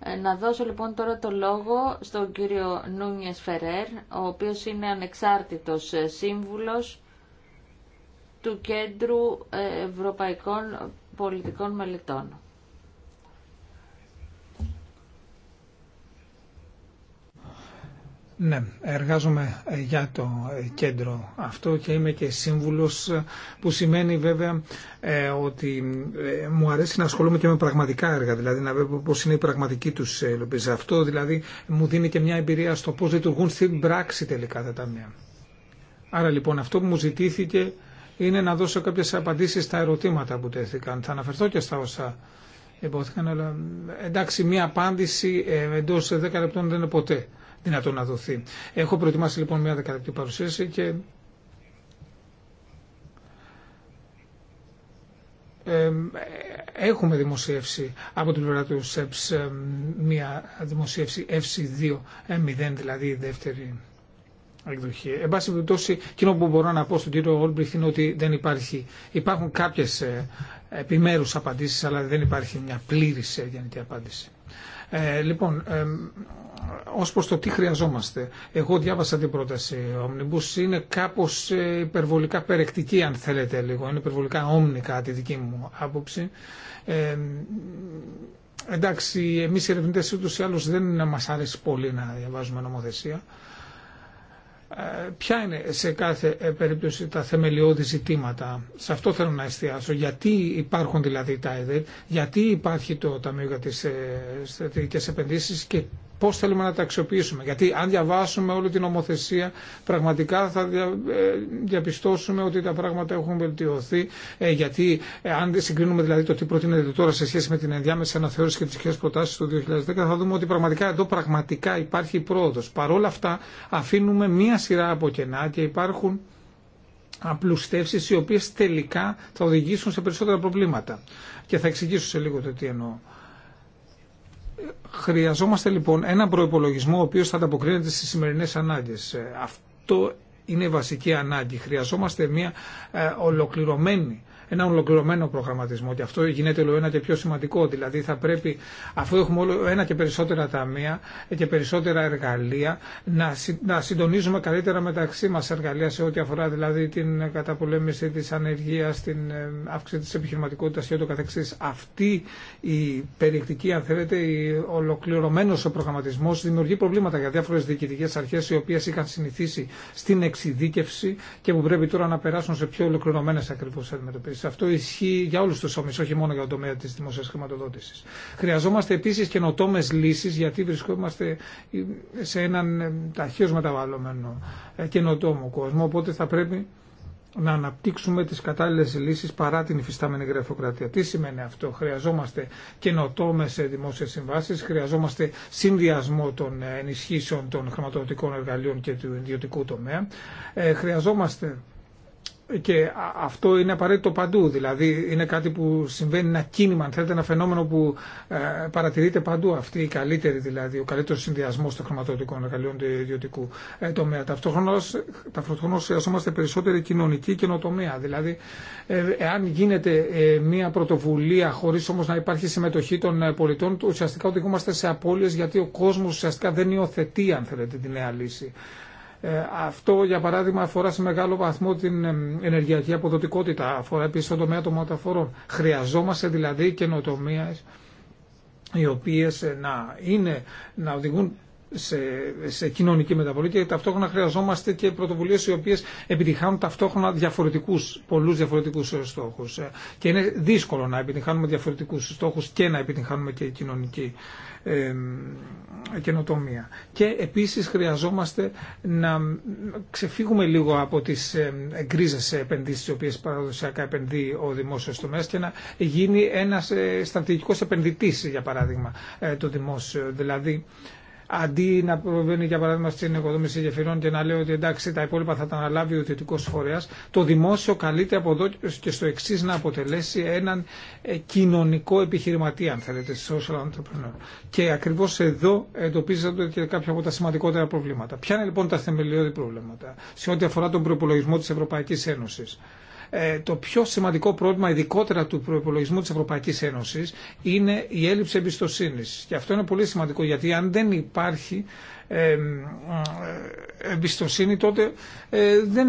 Ε, να δώσω λοιπόν τώρα το λόγο στον κύριο Νούνιες Φερέρ, ο οποίος είναι ανεξάρτητος ε, σύμβουλος του Κέντρου ε, Ευρωπαϊκών πολιτικών μελετών. Ναι, εργάζομαι ε, για το ε, κέντρο αυτό και είμαι και σύμβουλος ε, που σημαίνει βέβαια ότι μου αρέσει να ασχολούμαι και με πραγματικά έργα, δηλαδή να βλέπω πώς είναι η πραγματική τους ελοπίση. Αυτό δηλαδή μου δίνει και μια εμπειρία στο πώς λειτουργούν στην πράξη τελικά τα ταμεία. Άρα λοιπόν αυτό που μου ζητήθηκε είναι να δώσω κάποιες απαντήσεις στα ερωτήματα που τέθηκαν. Θα αναφερθώ και στα όσα υπόθηκαν, αλλά εντάξει, μία απάντηση ε, εντός 10 λεπτών δεν είναι ποτέ δυνατόν να δοθεί. Έχω προετοιμάσει λοιπόν μία δεκαλεπτή παρουσίαση και έχουμε δημοσιεύσει από την πλευρά του ΣΕΠΣ μία δημοσίευση FC2-0, ε, δηλαδή η δεύτερη εκδοχή. Εν πάση περιπτώσει, εκείνο που μπορώ να πω στον κύριο Όλμπριχτ είναι ότι δεν υπάρχει. Υπάρχουν κάποιε επιμέρου απαντήσει, αλλά δεν υπάρχει μια πλήρη ε, γενική απάντηση. Ε, λοιπόν, ε, ω προ το τι χρειαζόμαστε, εγώ διάβασα την πρόταση. Ο είναι κάπω ε, υπερβολικά περεκτική, αν θέλετε λίγο. Είναι υπερβολικά όμνικα, τη δική μου άποψη. Ε, εντάξει, εμεί οι ερευνητέ ούτω ή άλλω δεν μα αρέσει πολύ να διαβάζουμε νομοθεσία. Ε, ποια είναι σε κάθε ε, περίπτωση τα θεμελιώδη ζητήματα. Σε αυτό θέλω να εστιάσω. Γιατί υπάρχουν δηλαδή τα ΕΔΕΤ, γιατί υπάρχει το Ταμείο για τις ε, Στρατηγικές Επενδύσεις και πώς θέλουμε να τα αξιοποιήσουμε. Γιατί αν διαβάσουμε όλη την νομοθεσία, πραγματικά θα ε, διαπιστώσουμε ότι τα πράγματα έχουν βελτιωθεί. Ε, γιατί ε, αν συγκρίνουμε δηλαδή το τι προτείνεται τώρα σε σχέση με την ενδιάμεση αναθεώρηση και τις χειρές προτάσεις του 2010, θα δούμε ότι πραγματικά εδώ πραγματικά υπάρχει πρόοδος. Παρ' όλα αυτά αφήνουμε μία σειρά από κενά και υπάρχουν απλουστεύσεις οι οποίες τελικά θα οδηγήσουν σε περισσότερα προβλήματα. Και θα εξηγήσω σε λίγο το τι εννοώ. Χρειαζόμαστε λοιπόν ένα προπολογισμό ο οποίο θα ανταποκρίνεται στι σημερινέ ανάγκε. Ε, αυτό είναι βασική ανάγκη. Χρειαζόμαστε μια ε, ολοκληρωμένη ένα ολοκληρωμένο προγραμματισμό και αυτό γίνεται όλο ένα και πιο σημαντικό. Δηλαδή θα πρέπει, αφού έχουμε όλο ένα και περισσότερα ταμεία και περισσότερα εργαλεία, να, να συντονίζουμε καλύτερα μεταξύ μα εργαλεία σε ό,τι αφορά δηλαδή την καταπολέμηση τη ανεργία, την ε, αύξηση τη επιχειρηματικότητα και ό,τι καθεξή. Αυτή η περιεκτική, αν θέλετε, ολοκληρωμένο ο προγραμματισμό δημιουργεί προβλήματα για διάφορε διοικητικέ αρχέ οι οποίε είχαν συνηθίσει στην εξειδίκευση και που πρέπει τώρα να περάσουν σε πιο ολοκληρωμένε ακριβώ αντιμετωπίσει. Αυτό ισχύει για όλου του τομεί, όχι μόνο για το τομέα τη δημόσια χρηματοδότηση. Χρειαζόμαστε επίση καινοτόμε λύσει, γιατί βρισκόμαστε σε έναν ε, ταχύω μεταβαλλόμενο ε, καινοτόμο κόσμο. Οπότε θα πρέπει να αναπτύξουμε τις κατάλληλες λύσεις παρά την υφιστάμενη γραφειοκρατία. Τι σημαίνει αυτό. Χρειαζόμαστε καινοτόμε ε, δημόσιες συμβάσεις, χρειαζόμαστε συνδυασμό των ενισχύσεων των χρηματοδοτικών εργαλείων και του ιδιωτικού τομέα. χρειαζόμαστε και αυτό είναι απαραίτητο παντού, δηλαδή είναι κάτι που συμβαίνει ένα κίνημα, αν θέλετε, ένα φαινόμενο που ε, παρατηρείται παντού αυτή η καλύτερη, δηλαδή ο καλύτερο συνδυασμό των χρηματοδοτικών εργαλείων του ιδιωτικού ε, τομέα. Ταυτόχρονα χρειαζόμαστε περισσότερη κοινωνική καινοτομία, δηλαδή ε, εάν γίνεται μια πρωτοβουλία χωρί όμω να υπάρχει συμμετοχή των πολιτών, ουσιαστικά οδηγούμαστε σε απώλειε γιατί ο κόσμο ουσιαστικά δεν υιοθετεί, αν θέλετε, τη νέα λύση. Ε, αυτό, για παράδειγμα, αφορά σε μεγάλο βαθμό την ε, ενεργειακή αποδοτικότητα, αφορά επίση το τομέα των μεταφορών. Χρειαζόμαστε δηλαδή καινοτομίε οι οποίες ε, να, είναι, να οδηγούν σε, σε κοινωνική μεταβολή και ταυτόχρονα χρειαζόμαστε και πρωτοβουλίες οι οποίες επιτυχάνουν ταυτόχρονα διαφορετικούς, πολλούς διαφορετικούς στόχους. Ε, και είναι δύσκολο να επιτυχάνουμε διαφορετικούς στόχους και να επιτυχάνουμε και κοινωνική ε, καινοτομία. Και επίσης χρειαζόμαστε να ξεφύγουμε λίγο από τις ε, γκρίζες επενδύσεις τις οποίες παραδοσιακά επενδύει ο δημόσιο τομέα, και να γίνει ένας ε, στρατηγικός επενδυτής για παράδειγμα ε, το δημόσιο. Δηλαδή αντί να προβαίνει για παράδειγμα στην οικοδόμηση γεφυρών και να λέει ότι εντάξει τα υπόλοιπα θα τα αναλάβει ο ιδιωτικό φορέα, το δημόσιο καλείται από εδώ και στο εξή να αποτελέσει έναν ε, κοινωνικό επιχειρηματία, αν θέλετε, social entrepreneur. Και ακριβώ εδώ εντοπίζονται και κάποια από τα σημαντικότερα προβλήματα. Ποια είναι λοιπόν τα θεμελιώδη προβλήματα σε ό,τι αφορά τον προπολογισμό τη Ευρωπαϊκή Ένωση. Ε, το πιο σημαντικό πρόβλημα, ειδικότερα του προπολογισμού τη Ευρωπαϊκή Ένωση, είναι η έλλειψη εμπιστοσύνη. Και αυτό είναι πολύ σημαντικό γιατί αν δεν υπάρχει ε, εμπιστοσύνη τότε ε, δεν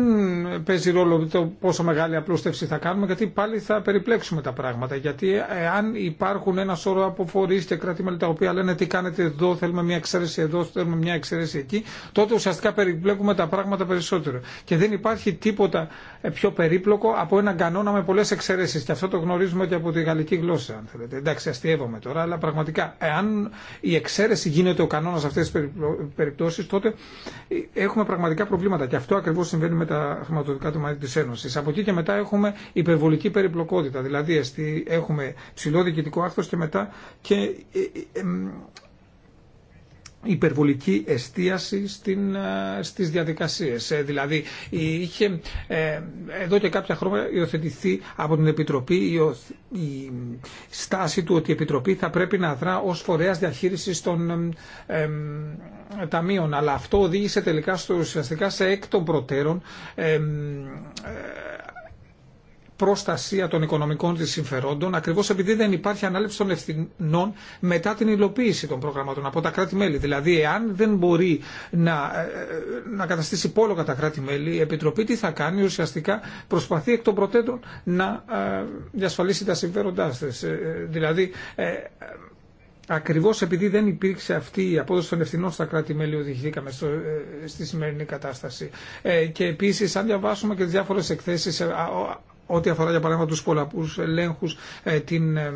παίζει ρόλο το πόσο μεγάλη απλούστευση θα κάνουμε γιατί πάλι θα περιπλέξουμε τα πράγματα. Γιατί ε, αν υπάρχουν ένα σώρο από φορεί και κράτη-μέλη τα οποία λένε τι κάνετε εδώ, θέλουμε μια εξαίρεση εδώ, θέλουμε μια εξαίρεση εκεί, τότε ουσιαστικά περιπλέκουμε τα πράγματα περισσότερο. Και δεν υπάρχει τίποτα ε, πιο περίπλοκο από έναν κανόνα με πολλέ εξαιρέσει. Και αυτό το γνωρίζουμε και από τη γαλλική γλώσσα, αν θέλετε. Εντάξει, αστείευομαι τώρα, αλλά πραγματικά, εάν η εξαίρεση γίνεται ο κανόνα σε αυτέ τι περιπτώσει, τότε έχουμε πραγματικά προβλήματα. Και αυτό ακριβώ συμβαίνει με τα χρηματοδοτικά του μάτια τη Ένωση. Από εκεί και μετά έχουμε υπερβολική περιπλοκότητα. Δηλαδή έχουμε ψηλό διοικητικό άκθο και μετά και ε, ε, ε, υπερβολική εστίαση στην, ε, στις διαδικασίες. Ε, δηλαδή είχε ε, εδώ και κάποια χρόνια υιοθετηθεί από την Επιτροπή η, στάση του ότι η Επιτροπή θα πρέπει να δρά ως φορέας διαχείρισης των ταμείων. Αλλά αυτό οδήγησε τελικά στο ουσιαστικά σε εκ προτέρων προστασία των οικονομικών τη συμφερόντων, ακριβώ επειδή δεν υπάρχει ανάληψη των ευθυνών μετά την υλοποίηση των προγραμμάτων από τα κράτη-μέλη. Δηλαδή, εάν δεν μπορεί να, ε, ε, να καταστήσει υπόλογα τα κράτη-μέλη, η Επιτροπή τι θα κάνει, ουσιαστικά προσπαθεί εκ των προτέτων να ε, διασφαλίσει τα συμφέροντά της. Δηλαδή, Ακριβώ επειδή δεν υπήρξε αυτή η απόδοση των ευθυνών στα κράτη-μέλη, οδηγηθήκαμε στο, στη σημερινή κατάσταση. και επίση, αν διαβάσουμε και διάφορε εκθέσει ό,τι αφορά για παράδειγμα τους πολλαπούς ελέγχους, ε, την, ε,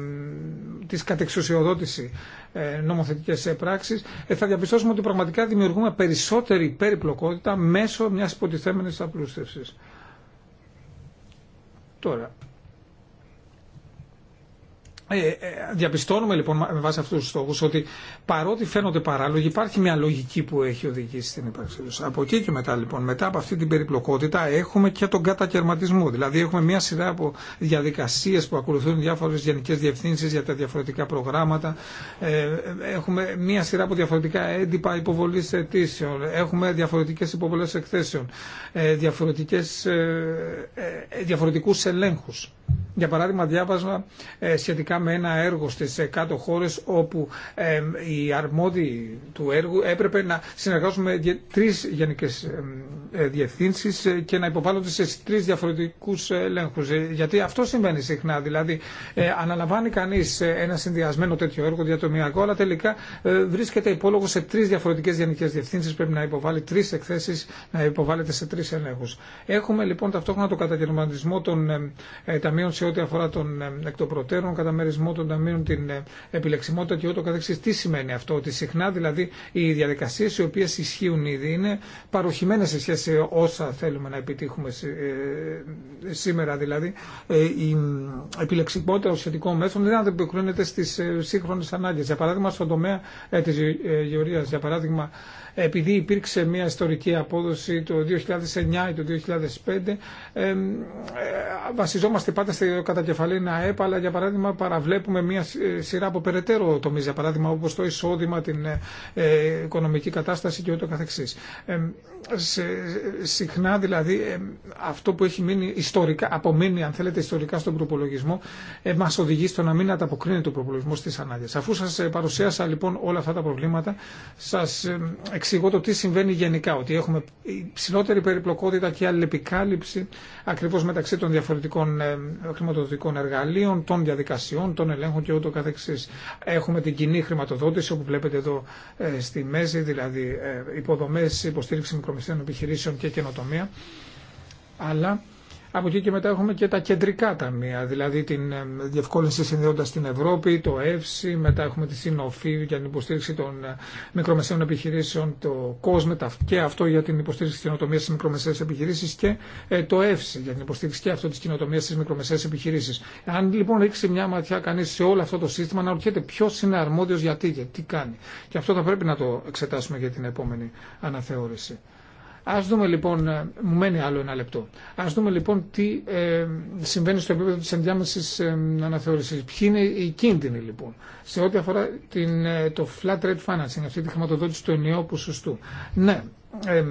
της κατεξουσιοδότηση ε, νομοθετικές πράξεις, θα διαπιστώσουμε ότι πραγματικά δημιουργούμε περισσότερη περιπλοκότητα μέσω μιας υποτιθέμενης απλούστευσης. Τώρα, ε, ε, διαπιστώνουμε λοιπόν με βάση αυτού του στόχου ότι παρότι φαίνονται παράλογοι, υπάρχει μια λογική που έχει οδηγήσει στην ύπαρξή του. Από εκεί και μετά λοιπόν, μετά από αυτή την περιπλοκότητα, έχουμε και τον κατακαιρματισμό. Δηλαδή, έχουμε μια σειρά από διαδικασίε που ακολουθούν διάφορε γενικέ διευθύνσει για τα διαφορετικά προγράμματα. Ε, έχουμε μια σειρά από διαφορετικά έντυπα υποβολή αιτήσεων. Έχουμε διαφορετικέ υποβολέ εκθέσεων. Διαφορετικού ελέγχου για παράδειγμα, διάβαζα ε, σχετικά με ένα έργο στις ε, κάτω χώρε όπου οι αρμόδιοι του έργου έπρεπε να συνεργάζονται με τρεις γενικές ε, διευθύνσεις και να υποβάλλονται σε τρεις διαφορετικούς ελέγχους. Γιατί αυτό συμβαίνει συχνά. Δηλαδή, αναλαμβάνει κανείς ένα συνδυασμένο τέτοιο έργο διατομιακό, αλλά τελικά βρίσκεται υπόλογο σε τρει διαφορετικέ γενικέ διευθύνσει, Πρέπει να υποβάλει τρει εκθέσεις, να υποβάλλεται σε τρει έλέγχου. Έχουμε λοιπόν ταυτόχρονα το καταγερματισμό των ταμείων σε ό,τι αφορά τον ε, εκ των προτέρων καταμερισμό των ταμείων, την ε, επιλεξιμότητα και ούτω καθεξής. Τι σημαίνει αυτό, ότι συχνά δηλαδή οι διαδικασίε οι οποίες ισχύουν ήδη είναι παροχημένε σε σχέση με όσα θέλουμε να επιτύχουμε ε, σήμερα δηλαδή. Η επιλεξιμότητα των σχετικών μέσων δεν ανταποκρίνεται στις σύγχρονες ανάγκες. Για παράδειγμα στον τομέα της γεωρίας, για παράδειγμα επειδή υπήρξε μια ιστορική απόδοση το 2009 ή το 2005, ε, βασιζόμαστε πάντα στο κατακεφαλήν ΑΕΠ, αλλά για παράδειγμα παραβλέπουμε μια ε, σειρά από περαιτέρω τομείς, για παράδειγμα όπως το εισόδημα, την ε, ε, οικονομική κατάσταση και ούτω καθεξής. Ε, σε, συχνά δηλαδή αυτό που έχει μείνει ιστορικά, απομείνει αν θέλετε ιστορικά στον προπολογισμό, ε, μας οδηγεί στο να μην ανταποκρίνεται ο προπολογισμό στις ανάγκες. Αφού σας παρουσιάσα λοιπόν όλα αυτά τα προβλήματα, σας εξηγώ το τι συμβαίνει γενικά, ότι έχουμε υψηλότερη περιπλοκότητα και αλληλεπικάλυψη ακριβώς μεταξύ των διαφορετικών ε, χρηματοδοτικών εργαλείων, των διαδικασιών, των ελέγχων και ούτω καθεξής. Έχουμε την κοινή χρηματοδότηση όπου βλέπετε εδώ ε, στη μέση, δηλαδή ε, υποδομές, υποστήριξη μικρομεσαίων επιχειρήσεων και καινοτομία. Αλλά από εκεί και μετά έχουμε και τα κεντρικά ταμεία, δηλαδή την ε, διευκόλυνση συνδέοντα την Ευρώπη, το ΕΦΣΥ, μετά έχουμε τη ΣΥΝΟΦΗ για την υποστήριξη των ε, μικρομεσαίων επιχειρήσεων, το COSME και αυτό για την υποστήριξη της κοινοτομία στι μικρομεσαίε επιχειρήσει και ε, το ΕΦΣΥ για την υποστήριξη και αυτό της κοινοτομία στι μικρομεσαίε επιχειρήσει. Αν λοιπόν ρίξει μια ματιά κανεί σε όλο αυτό το σύστημα, να ρωτιέται ποιο είναι αρμόδιο γιατί και τι κάνει. Και αυτό θα πρέπει να το εξετάσουμε για την επόμενη αναθεώρηση. Ας δούμε λοιπόν, ε, μου μένει άλλο ένα λεπτό, ας δούμε λοιπόν τι ε, συμβαίνει στο επίπεδο της ενδιάμεσης ε, αναθεώρησης. Ποιοι είναι οι κίνδυνοι λοιπόν σε ό,τι αφορά την, ε, το flat rate financing, αυτή τη χρηματοδότηση του ενιαίου ποσοστού. Ναι, ε,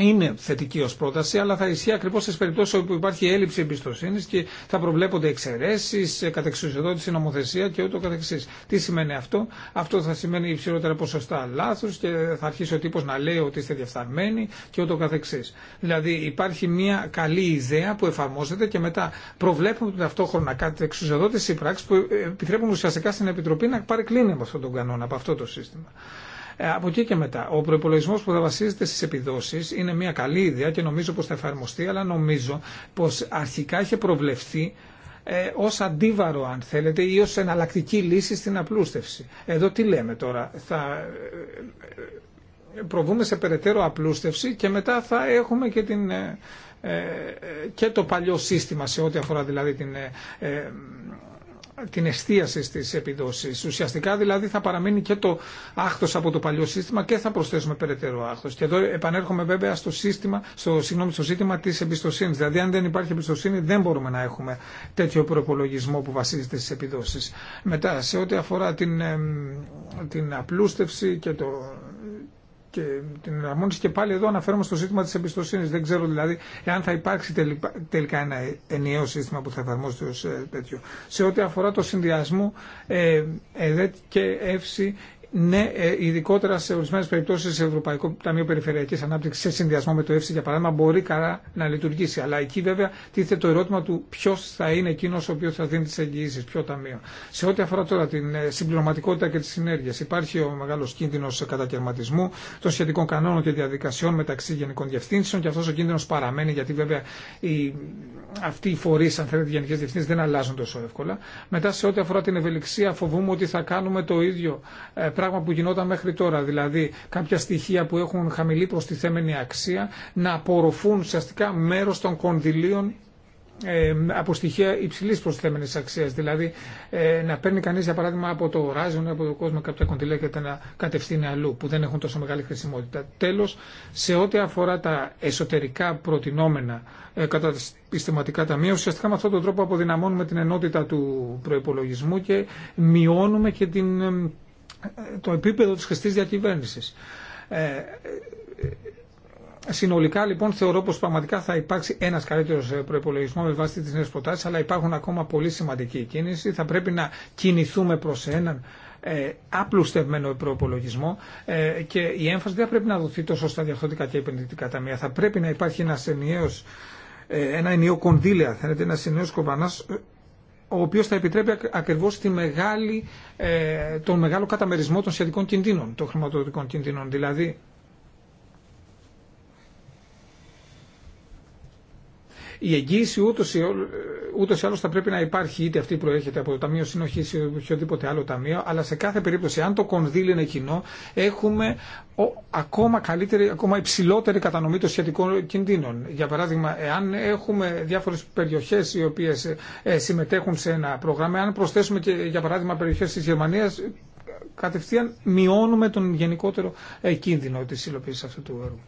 είναι θετική ω πρόταση, αλλά θα ισχύει ακριβώ στι περιπτώσει όπου υπάρχει έλλειψη εμπιστοσύνη και θα προβλέπονται εξαιρέσει, ε, κατεξουσιοδότηση νομοθεσία και ούτω καθεξή. Τι σημαίνει αυτό, Αυτό θα σημαίνει υψηλότερα ποσοστά λάθου και θα αρχίσει ο τύπο να λέει ότι είστε διαφθαρμένοι και ούτω καθεξή. Δηλαδή υπάρχει μια καλή ιδέα που εφαρμόζεται και μετά προβλέπουν ταυτόχρονα κατεξουσιοδότηση πράξη που ε, επιτρέπουν ουσιαστικά στην Επιτροπή να πάρει κλίνη από αυτόν τον κανόνα, από αυτό το σύστημα. Ε, από εκεί και μετά. Ο προπολογισμό που θα βασίζεται στι επιδόσει είναι μια καλή ιδέα και νομίζω πω θα εφαρμοστεί, αλλά νομίζω πω αρχικά είχε προβλεφθεί ε, ως αντίβαρο αν θέλετε ή ω εναλλακτική λύση στην απλούστευση. Εδώ τι λέμε τώρα, θα ε, προβούμε σε περαιτέρω απλούστευση και μετά θα έχουμε και, την, ε, και το παλιό σύστημα σε ό,τι αφορά δηλαδή την την εστίαση στις επιδόσεις. Ουσιαστικά δηλαδή θα παραμείνει και το άχθος από το παλιό σύστημα και θα προσθέσουμε περαιτέρω άχθος. Και εδώ επανέρχομαι βέβαια στο, σύστημα, στο, συγγνώμη, στο ζήτημα της εμπιστοσύνης. Δηλαδή αν δεν υπάρχει εμπιστοσύνη δεν μπορούμε να έχουμε τέτοιο προπολογισμό που βασίζεται στι επιδόσεις. Μετά σε ό,τι αφορά την, την απλούστευση και το και την εναρμόνιση και πάλι εδώ αναφέρομαι στο ζήτημα της εμπιστοσύνης. Δεν ξέρω δηλαδή εάν θα υπάρξει τελικά, ένα ενιαίο σύστημα που θα εφαρμόσετε ως ε, τέτοιο. Σε ό,τι αφορά το συνδυασμό ΕΔΕΤ ε, και ΕΦΣΙ ναι, ε, ειδικότερα σε ορισμένε περιπτώσει σε Ευρωπαϊκό Ταμείο Περιφερειακή Ανάπτυξη, σε συνδυασμό με το ΕΦΣΥ για παράδειγμα, μπορεί καλά να λειτουργήσει. Αλλά εκεί βέβαια τίθεται το ερώτημα του ποιο θα είναι εκείνο ο οποίο θα δίνει τι εγγυήσει, ποιο ταμείο. Σε ό,τι αφορά τώρα την ε, συμπληρωματικότητα και τι συνέργειε, υπάρχει ο μεγάλο κίνδυνο κατακαιρματισμού των σχετικών κανόνων και διαδικασιών μεταξύ γενικών διευθύνσεων και αυτό ο κίνδυνο παραμένει γιατί βέβαια οι, αυτοί οι φορεί, αν θέλετε, γενικέ διευθύνσει δεν αλλάζουν τόσο εύκολα. Μετά σε ό,τι αφορά την ευελιξία, φοβούμε ότι θα κάνουμε το ίδιο ε, πράγμα που γινόταν μέχρι τώρα. Δηλαδή κάποια στοιχεία που έχουν χαμηλή προστιθέμενη αξία να απορροφούν ουσιαστικά μέρος των κονδυλίων ε, από στοιχεία υψηλή προστιθέμενη αξία. Δηλαδή, ε, να παίρνει κανεί, για παράδειγμα, από το Horizon ή από το κόσμο κάποια κονδυλία και να κατευθύνει αλλού, που δεν έχουν τόσο μεγάλη χρησιμότητα. Τέλο, σε ό,τι αφορά τα εσωτερικά προτινόμενα ε, επιστηματικά ταμεία, ουσιαστικά με αυτόν τον τρόπο αποδυναμώνουμε την ενότητα του προπολογισμού και μειώνουμε και την ε, το επίπεδο της χρηστής διακυβέρνησης. Ε, ε, συνολικά λοιπόν θεωρώ πως πραγματικά θα υπάρξει ένας καλύτερος ε, προπολογισμό με βάση τις νέες προτάσεις αλλά υπάρχουν ακόμα πολύ σημαντική κίνηση. Θα πρέπει να κινηθούμε προς έναν ε, απλουστευμένο προπολογισμό και η έμφαση δεν πρέπει να δοθεί τόσο στα διαφθορτικά και επενδυτικά ταμεία. Θα πρέπει να υπάρχει ένας ενιαίος, ένα ενιαίο κονδύλια, θέλετε, ένα ενιαίο κομπανάς ο οποίος θα επιτρέπει ακριβώς τη μεγάλη, ε, τον μεγάλο καταμερισμό των σχετικών κινδύνων, των χρηματοδοτικών κινδύνων. Δηλαδή, η εγγύηση ούτω ή, άλλω θα πρέπει να υπάρχει, είτε αυτή προέρχεται από το Ταμείο συνοχή ή οποιοδήποτε άλλο ταμείο, αλλά σε κάθε περίπτωση, αν το κονδύλι είναι κοινό, έχουμε ακόμα καλύτερη, ακόμα υψηλότερη κατανομή των σχετικών κινδύνων. Για παράδειγμα, εάν έχουμε διάφορε περιοχέ οι οποίες ε, συμμετέχουν σε ένα πρόγραμμα, αν προσθέσουμε και για παράδειγμα περιοχέ τη Γερμανία κατευθείαν μειώνουμε τον γενικότερο ε, κίνδυνο τη υλοποίηση αυτού του έργου.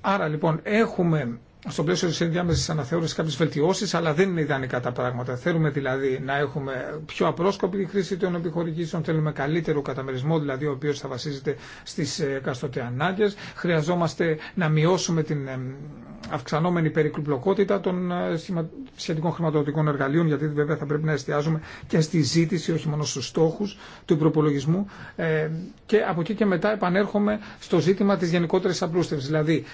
άρα λοιπόν έχουμε στο πλαίσιο τη ενδιάμεση αναθεώρηση κάποιε βελτιώσει, αλλά δεν είναι ιδανικά τα πράγματα. Θέλουμε δηλαδή να έχουμε πιο απρόσκοπη χρήση των επιχορηγήσεων, θέλουμε καλύτερο καταμερισμό, δηλαδή ο οποίο θα βασίζεται στι ε, εκαστοτε ανάγκε. Χρειαζόμαστε να μειώσουμε την ε, αυξανόμενη περικλουπλοκότητα των ε, σχετικών χρηματοδοτικών εργαλείων, γιατί βέβαια θα πρέπει να εστιάζουμε και στη ζήτηση, όχι μόνο στου στόχου του προπολογισμού. Και από εκεί και μετά επανέρχομαι στο ζήτημα τη γενικότερη απλούστευση, δηλαδή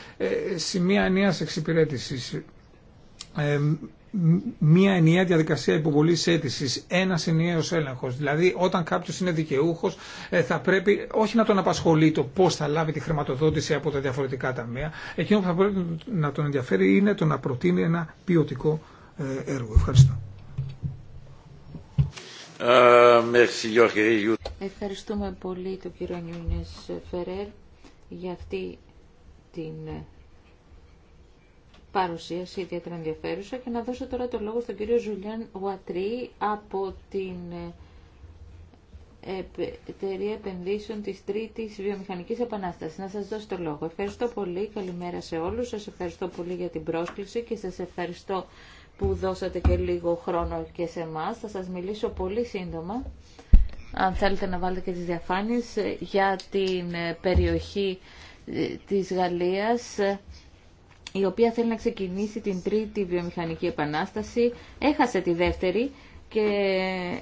σημεία ενία εξυπηρέτηση ε, μία ενιαία διαδικασία υποβολή αίτηση, ένα ενιαίο έλεγχο. Δηλαδή, όταν κάποιο είναι δικαιούχο, ε, θα πρέπει όχι να τον απασχολεί το πώ θα λάβει τη χρηματοδότηση από τα διαφορετικά ταμεία. Εκείνο που θα πρέπει να τον ενδιαφέρει είναι το να προτείνει ένα ποιοτικό ε, έργο. Ευχαριστώ. Ε, Ευχαριστούμε πολύ τον κύριο Νιούνιες Φερέρ για αυτή την παρουσίαση ιδιαίτερα ενδιαφέρουσα και να δώσω τώρα το λόγο στον κύριο Ζουλιάν Γουατρί από την ε, εταιρεία επενδύσεων της Τρίτης Βιομηχανικής Επανάστασης. Να σας δώσω το λόγο. Ευχαριστώ πολύ. Καλημέρα σε όλους. Σας ευχαριστώ πολύ για την πρόσκληση και σας ευχαριστώ που δώσατε και λίγο χρόνο και σε εμά. Θα σας μιλήσω πολύ σύντομα, αν θέλετε να βάλετε και τις διαφάνειες, ε, για την ε, περιοχή της Γαλλίας η οποία θέλει να ξεκινήσει την τρίτη βιομηχανική επανάσταση. Έχασε τη δεύτερη και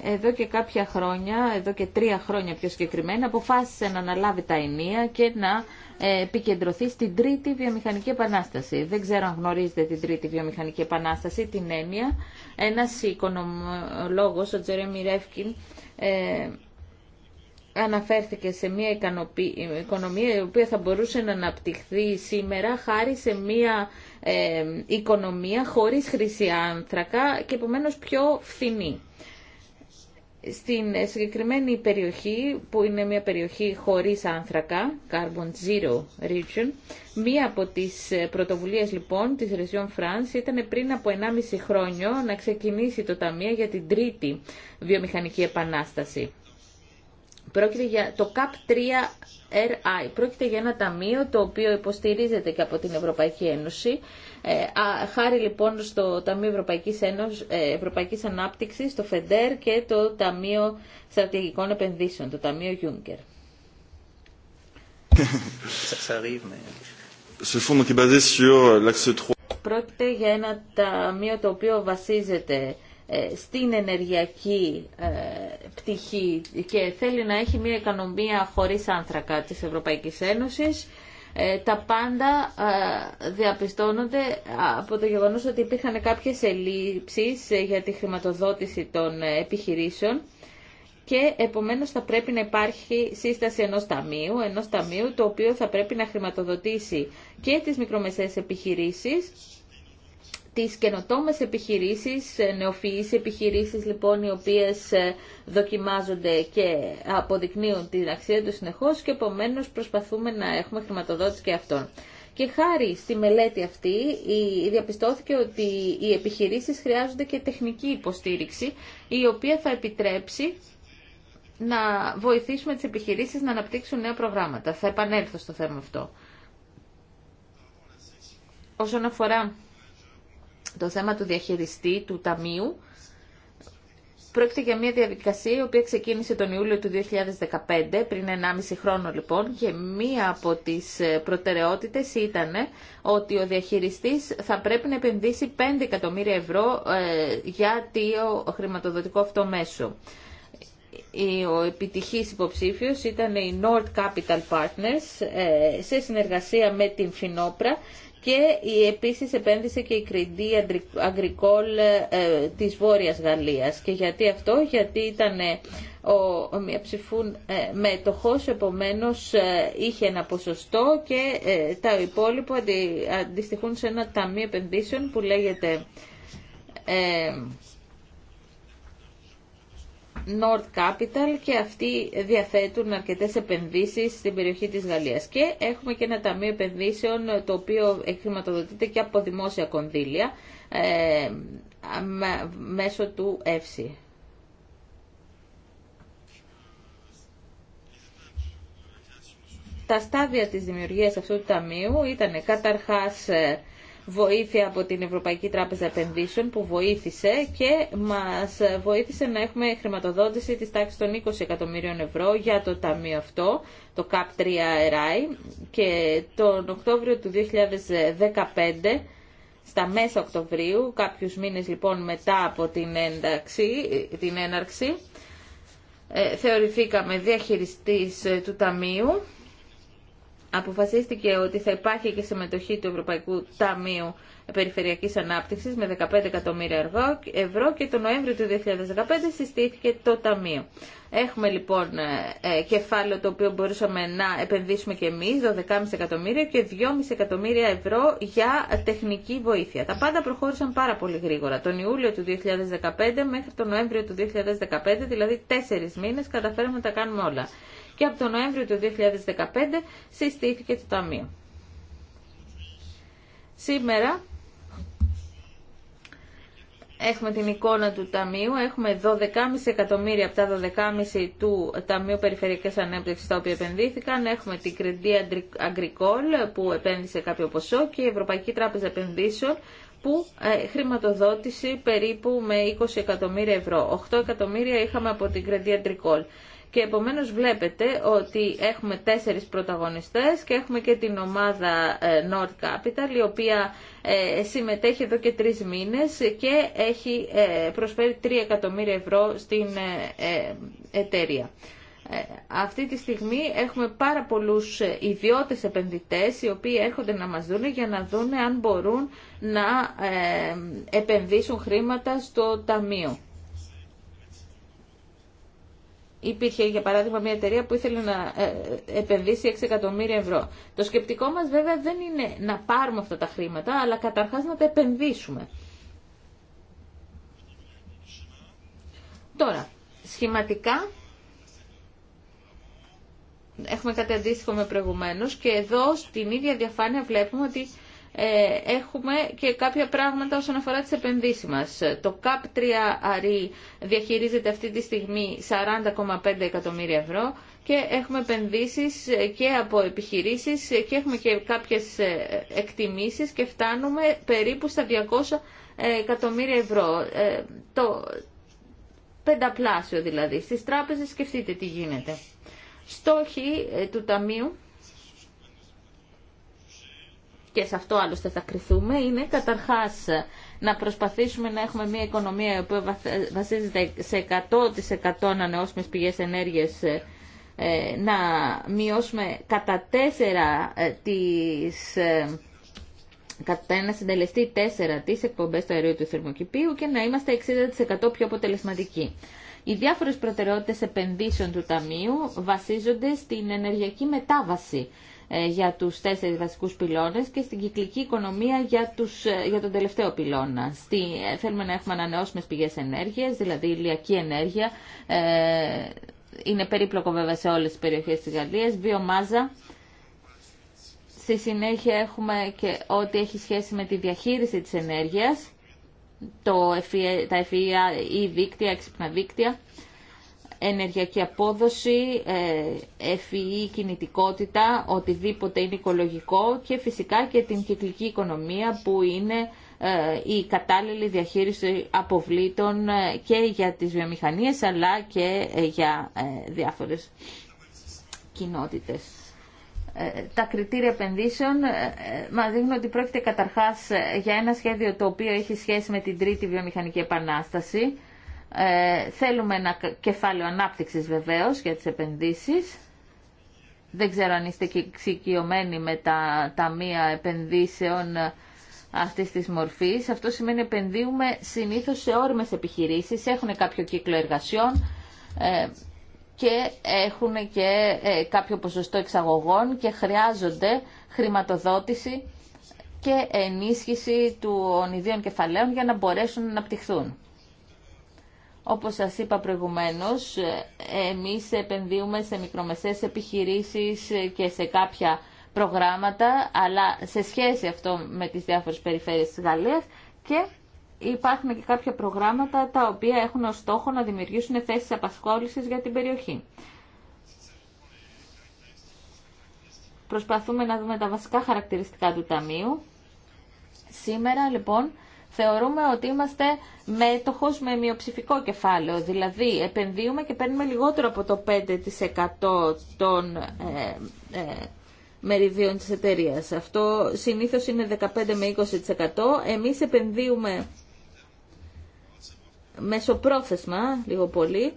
εδώ και κάποια χρόνια, εδώ και τρία χρόνια πιο συγκεκριμένα, αποφάσισε να αναλάβει τα ενία και να ε, επικεντρωθεί στην τρίτη βιομηχανική επανάσταση. Δεν ξέρω αν γνωρίζετε την τρίτη βιομηχανική επανάσταση, την έννοια. Ένας οικονομολόγος, ο Τζερέμι Ρεύκιν, ε, αναφέρθηκε σε μια οικονομία η οποία θα μπορούσε να αναπτυχθεί σήμερα χάρη σε μια ε, οικονομία χωρίς χρυσή άνθρακα και επομένως πιο φθηνή. Στην συγκεκριμένη περιοχή, που είναι μια περιοχή χωρίς άνθρακα, Carbon Zero Region, μία από τις πρωτοβουλίες λοιπόν της Region France ήταν πριν από 1,5 χρόνιο να ξεκινήσει το Ταμείο για την τρίτη βιομηχανική επανάσταση. Πρόκειται για το CAP3RI. Πρόκειται για ένα ταμείο το οποίο υποστηρίζεται και από την Ευρωπαϊκή Ένωση. Ε, χάρη λοιπόν στο Ταμείο Ευρωπαϊκής, Ένωσης, ε, Ευρωπαϊκής Ανάπτυξης, το ΦΕΝΤΕΡ και το Ταμείο Στρατηγικών Επενδύσεων, το Ταμείο Juncker. Πρόκειται για ένα ταμείο το οποίο βασίζεται ε, στην ενεργειακή ε, πτυχή και θέλει να έχει μια οικονομία χωρίς άνθρακα της Ευρωπαϊκής Ένωσης, ε, τα πάντα διαπιστώνονται από το γεγονός ότι υπήρχαν κάποιες ελλείψεις για τη χρηματοδότηση των επιχειρήσεων και επομένως θα πρέπει να υπάρχει σύσταση ενός ταμείου, ενός ταμείου το οποίο θα πρέπει να χρηματοδοτήσει και τις μικρομεσαίες επιχειρήσεις τις καινοτόμες επιχειρήσεις, ε, νεοφυείς επιχειρήσεις λοιπόν οι οποίες ε, δοκιμάζονται και αποδεικνύουν την αξία του συνεχώς και επομένως προσπαθούμε να έχουμε χρηματοδότηση και αυτών. Και χάρη στη μελέτη αυτή διαπιστώθηκε ότι οι επιχειρήσεις χρειάζονται και τεχνική υποστήριξη η οποία θα επιτρέψει να βοηθήσουμε τις επιχειρήσεις να αναπτύξουν νέα προγράμματα. Θα επανέλθω στο θέμα αυτό. Όσον αφορά το θέμα του διαχειριστή του Ταμείου. Πρόκειται για μια διαδικασία η οποία ξεκίνησε τον Ιούλιο του 2015, πριν 1,5 χρόνο λοιπόν, και μία από τις ε, προτεραιότητες ήταν ότι ο διαχειριστής θα πρέπει να επενδύσει 5 εκατομμύρια ευρώ ε, για το χρηματοδοτικό αυτό μέσο ο επιτυχής υποψήφιος ήταν η North Capital Partners ε, σε συνεργασία με την Φινόπρα και η, επίσης επένδυσε και η Crédit Αγκρικόλ ε, της Βόρειας Γαλλίας. Και γιατί αυτό, γιατί ήταν ε, ο με το μετοχός, επομένως είχε ένα ποσοστό και τα υπόλοιπα αντιστοιχούν σε ένα ταμείο επενδύσεων που λέγεται... Capital και αυτοί διαθέτουν αρκετές επενδύσεις στην περιοχή της Γαλλίας. Και έχουμε και ένα ταμείο επενδύσεων το οποίο χρηματοδοτείται και από δημόσια κονδύλια ε, μέσω του ΕΦΣΥ. Τα στάδια της δημιουργίας αυτού του ταμείου ήταν καταρχάς ε, βοήθεια από την Ευρωπαϊκή Τράπεζα Επενδύσεων που βοήθησε και μας βοήθησε να έχουμε χρηματοδότηση της τάξης των 20 εκατομμύριων ευρώ για το ταμείο αυτό, το CAP3 RI και τον Οκτώβριο του 2015 στα μέσα Οκτωβρίου, κάποιους μήνες λοιπόν μετά από την, ένταξη, την έναρξη, ε, θεωρηθήκαμε διαχειριστής ε, του Ταμείου αποφασίστηκε ότι θα υπάρχει και συμμετοχή του Ευρωπαϊκού Ταμείου Περιφερειακής Ανάπτυξης με 15 εκατομμύρια ευρώ και το Νοέμβριο του 2015 συστήθηκε το Ταμείο. Έχουμε λοιπόν ε, ε, κεφάλαιο το οποίο μπορούσαμε να επενδύσουμε και εμείς, 12,5 εκατομμύρια και 2,5 εκατομμύρια ευρώ για τεχνική βοήθεια. Τα πάντα προχώρησαν πάρα πολύ γρήγορα. Τον Ιούλιο του 2015 μέχρι τον Νοέμβριο του 2015, δηλαδή τέσσερις μήνες, καταφέραμε να τα κάνουμε όλα και από τον Νοέμβριο του 2015 συστήθηκε το Ταμείο. Σήμερα έχουμε την εικόνα του Ταμείου, έχουμε 12,5 εκατομμύρια από τα 12,5 του Ταμείου Περιφερειακής Ανέπτυξης τα οποία επενδύθηκαν, έχουμε την Κρεντή Αγκρικόλ που επένδυσε κάποιο ποσό και η Ευρωπαϊκή Τράπεζα Επενδύσεων που ε, χρηματοδότησε περίπου με 20 εκατομμύρια ευρώ. 8 εκατομμύρια είχαμε από την Κρεντή Αγκρικόλ και επομένως βλέπετε ότι έχουμε τέσσερις πρωταγωνιστές και έχουμε και την ομάδα ε, North Capital η οποία ε, συμμετέχει εδώ και τρεις μήνες και έχει ε, προσφέρει 3 εκατομμύρια ευρώ στην εταιρεία. Αυτή τη στιγμή έχουμε πάρα πολλούς ιδιώτες επενδυτές οι οποίοι έρχονται να μας δουν για να δουν αν μπορούν να επενδύσουν χρήματα στο ταμείο. Υπήρχε, για παράδειγμα, μια εταιρεία που ήθελε να ε, επενδύσει 6 εκατομμύρια ευρώ. Το σκεπτικό μας βέβαια δεν είναι να πάρουμε αυτά τα χρήματα, αλλά καταρχάς να τα επενδύσουμε. Τώρα, σχηματικά, έχουμε κάτι αντίστοιχο με προηγουμένως και εδώ στην ίδια διαφάνεια βλέπουμε ότι ε, έχουμε και κάποια πράγματα όσον αφορά τις επενδύσεις μας. Το CAP 3 αρι διαχειρίζεται αυτή τη στιγμή 40,5 εκατομμύρια ευρώ και έχουμε επενδύσεις και από επιχειρήσεις και έχουμε και κάποιες ε, εκτιμήσεις και φτάνουμε περίπου στα 200 ε, εκατομμύρια ευρώ. Το πενταπλάσιο δηλαδή. Στις τράπεζες σκεφτείτε τι γίνεται. Στόχοι του Ταμείου και σε αυτό άλλωστε θα κρυθούμε, είναι καταρχάς να προσπαθήσουμε να έχουμε μια οικονομία η οποία βασίζεται σε 100% ανανεώσιμες πηγές ενέργειας ε, ε, να μειώσουμε κατά τέσσερα ε, τις κατά ένα συντελεστή 4 τις εκπομπές του αερίου του θερμοκηπίου και να είμαστε 60% πιο αποτελεσματικοί. Οι διάφορες προτεραιότητες επενδύσεων του Ταμείου βασίζονται στην ενεργειακή μετάβαση ε, για τους τέσσερις βασικούς πυλώνες και στην κυκλική οικονομία για, τους, ε, για τον τελευταίο πυλώνα. Στη, ε, θέλουμε να έχουμε ανανεώσιμες πηγές ενέργειας, δηλαδή ηλιακή ενέργεια. είναι περίπλοκο βέβαια σε όλες τις περιοχές της Γαλλίας. Βιομάζα. Στη συνέχεια έχουμε και ό,τι έχει σχέση με τη διαχείριση της ενέργειας, το, e, τα ή e e, δίκτυα, έξυπνα δίκτυα ενεργειακή απόδοση, ευφυή κινητικότητα, οτιδήποτε είναι οικολογικό και φυσικά και την κυκλική οικονομία που είναι ε, η κατάλληλη διαχείριση αποβλήτων ε, και για τις βιομηχανίες αλλά και ε, για διάφορες κοινότητες. Τα κριτήρια επενδύσεων μα δείχνουν ότι πρόκειται καταρχάς για ένα σχέδιο το οποίο έχει σχέση με την τρίτη βιομηχανική επανάσταση ε, θέλουμε ένα κεφάλαιο ανάπτυξης βεβαίως για τις επενδύσεις. Δεν ξέρω αν είστε και εξοικειωμένοι με τα ταμεία επενδύσεων ε, αυτή τη μορφή. Αυτό σημαίνει επενδύουμε συνήθω σε όρμες επιχειρήσει, έχουν κάποιο κύκλο εργασιών ε, και έχουν και κάποιο ποσοστό εξαγωγών και χρειάζονται χρηματοδότηση και ενίσχυση του ιδίων κεφαλαίων για να μπορέσουν να αναπτυχθούν. Όπως σας είπα προηγουμένως, εμείς επενδύουμε σε μικρομεσαίες επιχειρήσεις και σε κάποια προγράμματα, αλλά σε σχέση αυτό με τις διάφορες περιφέρειες της Γαλλίας και υπάρχουν και κάποια προγράμματα τα οποία έχουν ως στόχο να δημιουργήσουν θέσεις απασχόλησης για την περιοχή. Προσπαθούμε να δούμε τα βασικά χαρακτηριστικά του Ταμείου. Σήμερα λοιπόν θεωρούμε ότι είμαστε μέτοχος με μειοψηφικό κεφάλαιο. Δηλαδή, επενδύουμε και παίρνουμε λιγότερο από το 5% των ε, ε, μεριδίων της εταιρείας. Αυτό συνήθως είναι 15 με 20%. Εμείς επενδύουμε μεσοπρόθεσμα, λίγο πολύ,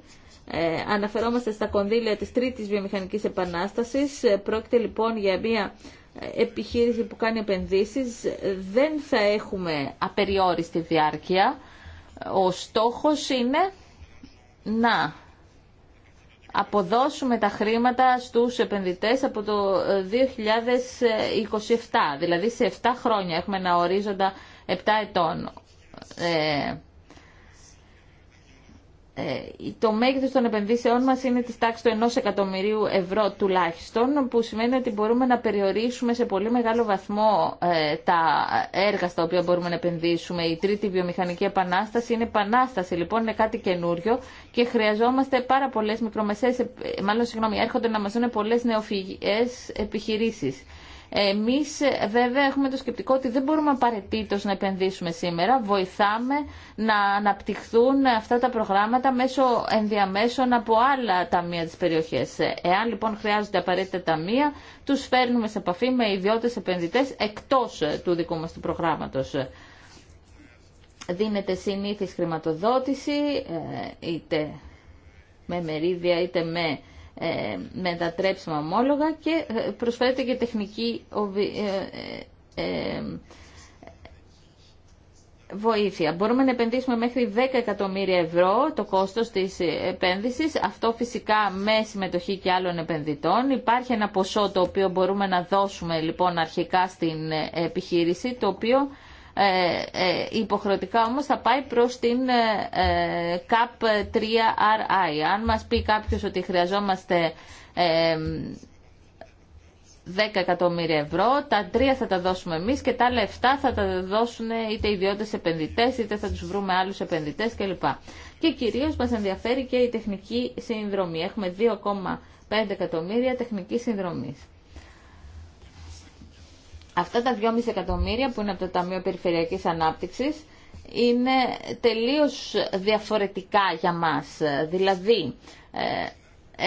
ε, αναφερόμαστε στα κονδύλια της τρίτης βιομηχανικής επανάστασης. Ε, πρόκειται λοιπόν για μια επιχείρηση που κάνει επενδύσεις δεν θα έχουμε απεριόριστη διάρκεια. Ο στόχος είναι να αποδώσουμε τα χρήματα στους επενδυτές από το 2027. Δηλαδή σε 7 χρόνια έχουμε ένα ορίζοντα 7 ετών. Ε, ε, το μέγεθο των επενδύσεών μας είναι τη τάξη του 1 εκατομμυρίου ευρώ τουλάχιστον, που σημαίνει ότι μπορούμε να περιορίσουμε σε πολύ μεγάλο βαθμό ε, τα έργα στα οποία μπορούμε να επενδύσουμε. Η τρίτη βιομηχανική επανάσταση είναι επανάσταση, λοιπόν είναι κάτι καινούριο και χρειαζόμαστε πάρα πολλέ μικρομεσαίε, ε, μάλλον συγγνώμη, έρχονται να μα δουν πολλέ επιχειρήσει. Εμείς βέβαια έχουμε το σκεπτικό ότι δεν μπορούμε απαραίτητο να επενδύσουμε σήμερα. Βοηθάμε να αναπτυχθούν αυτά τα προγράμματα μέσω ενδιαμέσων από άλλα ταμεία τη περιοχή. Εάν λοιπόν χρειάζονται απαραίτητα ταμεία, του φέρνουμε σε επαφή με ιδιώτες επενδυτές εκτός του δικού μας του προγράμματος δίνεται συνήθις χρηματοδότηση, ε, είτε με μερίδια είτε με ε, μετατρέψιμα ομόλογα και ε, προσφέρεται και τεχνική ε, βοήθεια. Μπορούμε να επενδύσουμε μέχρι 10 εκατομμύρια ευρώ το κόστος της επένδυσης. Αυτό φυσικά με συμμετοχή και άλλων επενδυτών. Υπάρχει ένα ποσό το οποίο μπορούμε να δώσουμε λοιπόν αρχικά στην επιχείρηση, το οποίο ε, ε, υποχρεωτικά όμως θα πάει προς την cap ε, 3RI. Αν μας πει κάποιος ότι χρειαζόμαστε 10 εκατομμύρια ευρώ, τα τρία θα τα δώσουμε εμείς και τα λεφτά θα τα δώσουν είτε ιδιώτες επενδυτές, είτε θα τους βρούμε άλλους επενδυτές κλπ. Και κυρίως μας ενδιαφέρει και η τεχνική συνδρομή. Έχουμε 2,5 εκατομμύρια τεχνική συνδρομής. Αυτά τα 2,5 εκατομμύρια που είναι από το Ταμείο Περιφερειακής Ανάπτυξης είναι τελείως διαφορετικά για μας. Δηλαδή, ε,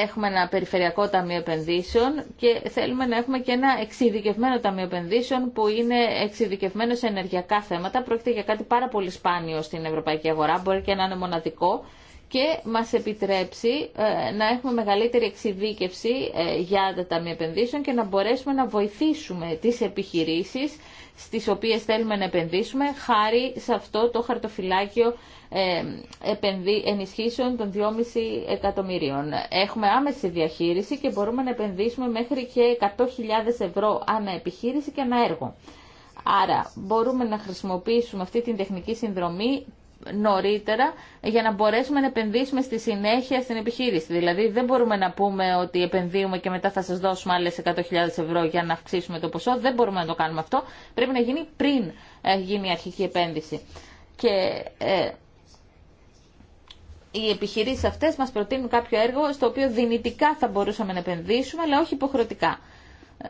έχουμε ένα περιφερειακό ταμείο επενδύσεων και θέλουμε να έχουμε και ένα εξειδικευμένο ταμείο επενδύσεων που είναι εξειδικευμένο σε ενεργειακά θέματα. Πρόκειται για κάτι πάρα πολύ σπάνιο στην ευρωπαϊκή αγορά, μπορεί και να είναι μοναδικό και μας επιτρέψει ε, να έχουμε μεγαλύτερη εξειδίκευση ε, για τα ταμεία επενδύσεων και να μπορέσουμε να βοηθήσουμε τις επιχειρήσεις στις οποίες θέλουμε να επενδύσουμε χάρη σε αυτό το χαρτοφυλάκιο ε, ενισχύσεων των 2,5 εκατομμυρίων. Έχουμε άμεση διαχείριση και μπορούμε να επενδύσουμε μέχρι και 100.000 ευρώ ανά επιχείρηση και ανά έργο. Άρα μπορούμε να χρησιμοποιήσουμε αυτή την τεχνική συνδρομή νωρίτερα για να μπορέσουμε να επενδύσουμε στη συνέχεια στην επιχείρηση. Δηλαδή δεν μπορούμε να πούμε ότι επενδύουμε και μετά θα σας δώσουμε άλλες 100.000 ευρώ για να αυξήσουμε το ποσό. Δεν μπορούμε να το κάνουμε αυτό. Πρέπει να γίνει πριν ε, γίνει η αρχική επένδυση. Και ε, οι επιχειρήσει αυτές μας προτείνουν κάποιο έργο στο οποίο δυνητικά θα μπορούσαμε να επενδύσουμε αλλά όχι υποχρεωτικά. Ε,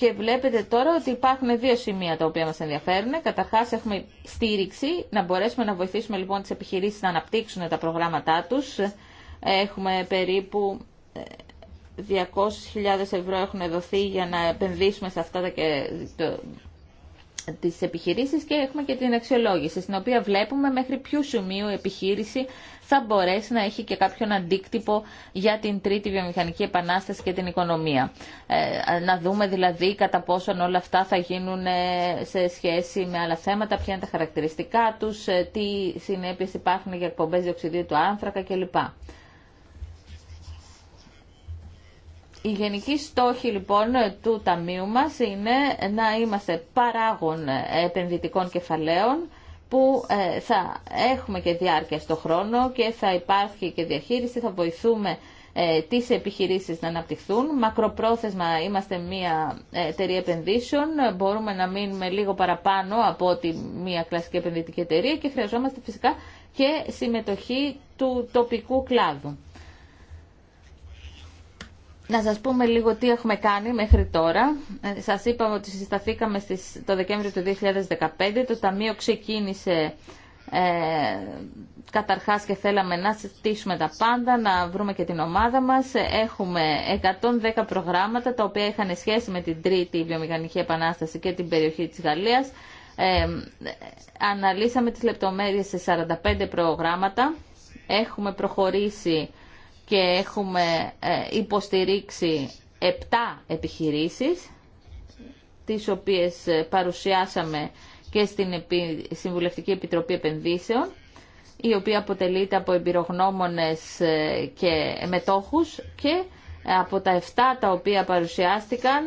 Και βλέπετε τώρα ότι υπάρχουν δύο σημεία τα οποία μας ενδιαφέρουν. Καταρχάς έχουμε στήριξη, να μπορέσουμε να βοηθήσουμε λοιπόν τις επιχειρήσεις να αναπτύξουν τα προγράμματά τους. Έχουμε περίπου 200.000 ε, ευρώ έχουν δοθεί για να επενδύσουμε σε αυτά τα τις επιχειρήσεις και έχουμε και την αξιολόγηση, στην οποία βλέπουμε μέχρι ποιο σημείου η επιχείρηση θα μπορέσει να έχει και κάποιον αντίκτυπο για την τρίτη βιομηχανική επανάσταση και την οικονομία. Ε, να δούμε δηλαδή κατά πόσον όλα αυτά θα γίνουν ε, σε σχέση με άλλα θέματα, ποια είναι τα χαρακτηριστικά τους, ε, τι συνέπειες υπάρχουν για εκπομπές διοξιδίου του άνθρακα κλπ. Η γενική στόχη λοιπόν του Ταμείου μας είναι να είμαστε παράγων επενδυτικών κεφαλαίων που ε, θα έχουμε και διάρκεια στο χρόνο και θα υπάρχει και διαχείριση, θα βοηθούμε ε, τις επιχειρήσεις να αναπτυχθούν. Μακροπρόθεσμα είμαστε μια εταιρεία επενδύσεων, μπορούμε να μείνουμε λίγο παραπάνω από ότι μια κλασική επενδυτική εταιρεία και χρειαζόμαστε φυσικά και συμμετοχή του τοπικού κλάδου. Να σας πούμε λίγο τι έχουμε κάνει μέχρι τώρα. Ε, σας είπαμε ότι συσταθήκαμε στις, το Δεκέμβριο του 2015. Το Ταμείο ξεκίνησε ε, καταρχάς και θέλαμε να συστήσουμε τα πάντα, να βρούμε και την ομάδα μας. Έχουμε 110 προγράμματα τα οποία είχαν σχέση με την τρίτη βιομηχανική επανάσταση και την περιοχή της Γαλλίας. Ε, αναλύσαμε τις λεπτομέρειες σε 45 προγράμματα. Έχουμε προχωρήσει και έχουμε ε, υποστηρίξει 7 επιχειρήσεις τις οποίες ε, παρουσιάσαμε και στην Συμβουλευτική Επιτροπή Επενδύσεων η οποία αποτελείται από εμπειρογνώμονες ε, και μετόχους και από τα 7 τα οποία παρουσιάστηκαν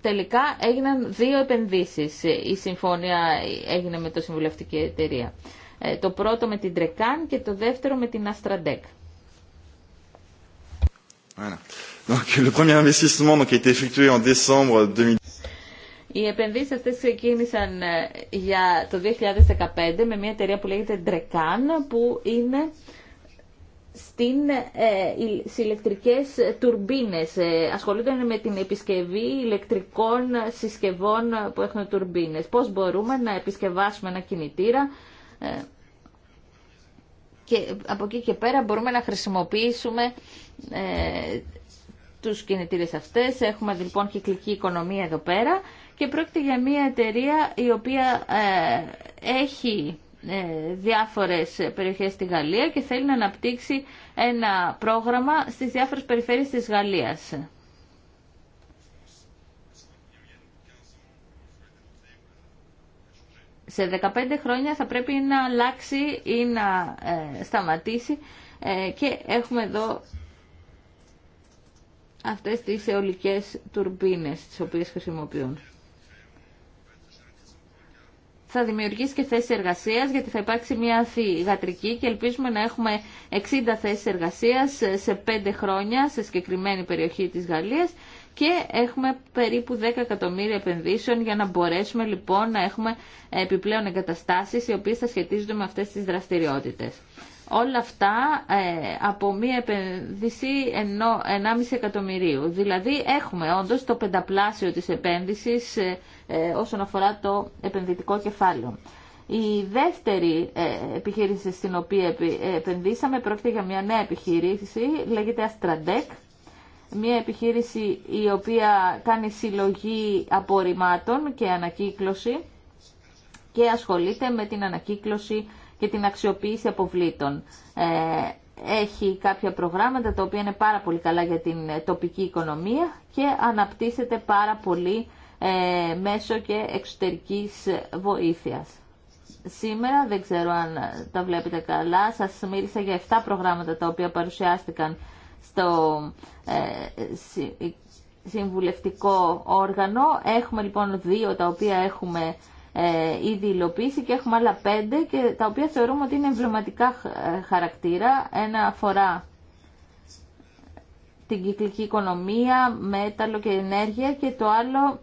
τελικά έγιναν δύο επενδύσεις. Η συμφωνία έγινε με το Συμβουλευτική Εταιρεία. Ε, το πρώτο με την Τρεκάν και το δεύτερο με την Αστραντέκ. Οι επενδύσεις αυτές ξεκίνησαν ε, για το 2015 με μια εταιρεία που λέγεται DREKAN που είναι στην, ε, ε στις ηλεκτρικές τουρμπίνες. Ε, ασχολούνται με την επισκευή ηλεκτρικών συσκευών που έχουν τουρμπίνες. Πώς μπορούμε να επισκευάσουμε ένα κινητήρα ε, και από εκεί και πέρα μπορούμε να χρησιμοποιήσουμε ε, τους κινητήρες αυτές. Έχουμε λοιπόν κυκλική οικονομία εδώ πέρα και πρόκειται για μια εταιρεία η οποία ε, έχει διάφορες περιοχές στη Γαλλία και θέλει να αναπτύξει ένα πρόγραμμα στις διάφορες περιφέρειες της Γαλλίας. σε 15 χρόνια θα πρέπει να αλλάξει ή να ε, σταματήσει ε, και έχουμε εδώ αυτές τις αιωλικές τουρμπίνες τις οποίες χρησιμοποιούν. Θα δημιουργήσει και θέσει εργασία, γιατί θα υπάρξει μια θηγατρική και ελπίζουμε να έχουμε 60 θέσεις εργασίας σε 5 χρόνια σε συγκεκριμένη περιοχή της Γαλλίας και έχουμε περίπου 10 εκατομμύρια επενδύσεων για να μπορέσουμε λοιπόν να έχουμε επιπλέον εγκαταστάσεις οι οποίες θα σχετίζονται με αυτές τις δραστηριότητες. Όλα αυτά ε, από μία επένδυση 1,5 εκατομμυρίου. Δηλαδή έχουμε όντως το πενταπλάσιο της επένδυσης ε, ε, όσον αφορά το επενδυτικό κεφάλαιο. Η δεύτερη επιχείρηση στην οποία επενδύσαμε πρόκειται για μια νέα επιχείρηση, λέγεται Astradec μια επιχείρηση η οποία κάνει συλλογή απορριμμάτων και ανακύκλωση και ασχολείται με την ανακύκλωση και την αξιοποίηση αποβλήτων. Ε, έχει κάποια προγράμματα τα οποία είναι πάρα πολύ καλά για την τοπική οικονομία και αναπτύσσεται πάρα πολύ ε, μέσω και εξωτερικής βοήθειας. Σήμερα, δεν ξέρω αν τα βλέπετε καλά, σας μίλησα για 7 προγράμματα τα οποία παρουσιάστηκαν στο ε, συμβουλευτικό όργανο. Έχουμε λοιπόν δύο τα οποία έχουμε ε, ήδη υλοποιήσει και έχουμε άλλα πέντε και τα οποία θεωρούμε ότι είναι εμβληματικά ε, χαρακτήρα. Ένα αφορά την κυκλική οικονομία, μέταλλο και ενέργεια και το άλλο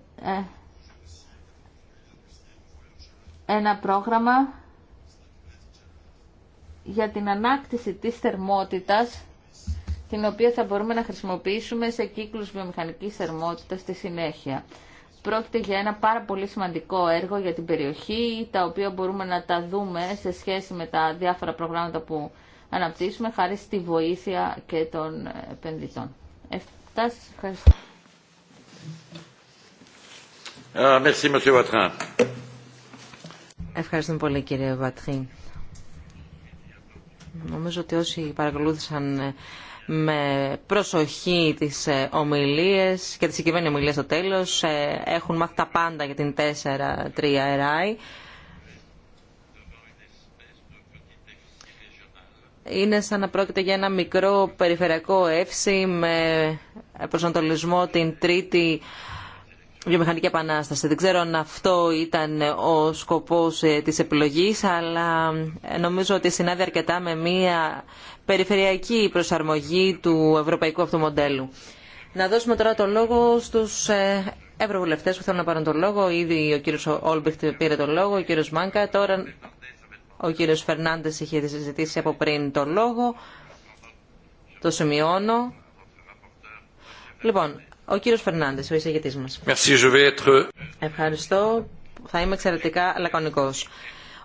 ένα πρόγραμμα για την ανάκτηση της θερμότητας την οποία θα μπορούμε να χρησιμοποιήσουμε σε κύκλους βιομηχανικής θερμότητας στη συνέχεια. Πρόκειται για ένα πάρα πολύ σημαντικό έργο για την περιοχή, τα οποία μπορούμε να τα δούμε σε σχέση με τα διάφορα προγράμματα που αναπτύσσουμε, χάρη στη βοήθεια και των επενδυτών. Ευχαριστώ, Ευχαριστώ. Ah, ευχαριστώ. Ευχαριστούμε πολύ κύριε Βατρή. Νομίζω ότι όσοι παρακολούθησαν ε, με προσοχή τις ε, ομιλίες και τις συγκεκριμένη ομιλίες στο τέλος. Ε, έχουν μάθει τα πάντα για την 4-3 ri Είναι σαν να πρόκειται για ένα μικρό περιφερειακό εύση με προσανατολισμό την τρίτη βιομηχανική επανάσταση. Δεν ξέρω αν αυτό ήταν ο σκοπός ε, της επιλογής, αλλά νομίζω ότι συνάδει αρκετά με μια περιφερειακή προσαρμογή του ευρωπαϊκού αυτομοντέλου. Να δώσουμε τώρα το λόγο στους ε, ευρωβουλευτές που θέλουν να πάρουν το λόγο. Ήδη ο κύριος Όλμπιχτ πήρε το λόγο, ο κύριος Μάνκα. Τώρα ο κύριος Φερνάντες είχε συζητήσει από πριν το λόγο. Το σημειώνω. Λοιπόν, ο κύριος Φερνάντες, ο εισηγητή μας. Ευχαριστώ. Θα είμαι εξαιρετικά λακωνικός.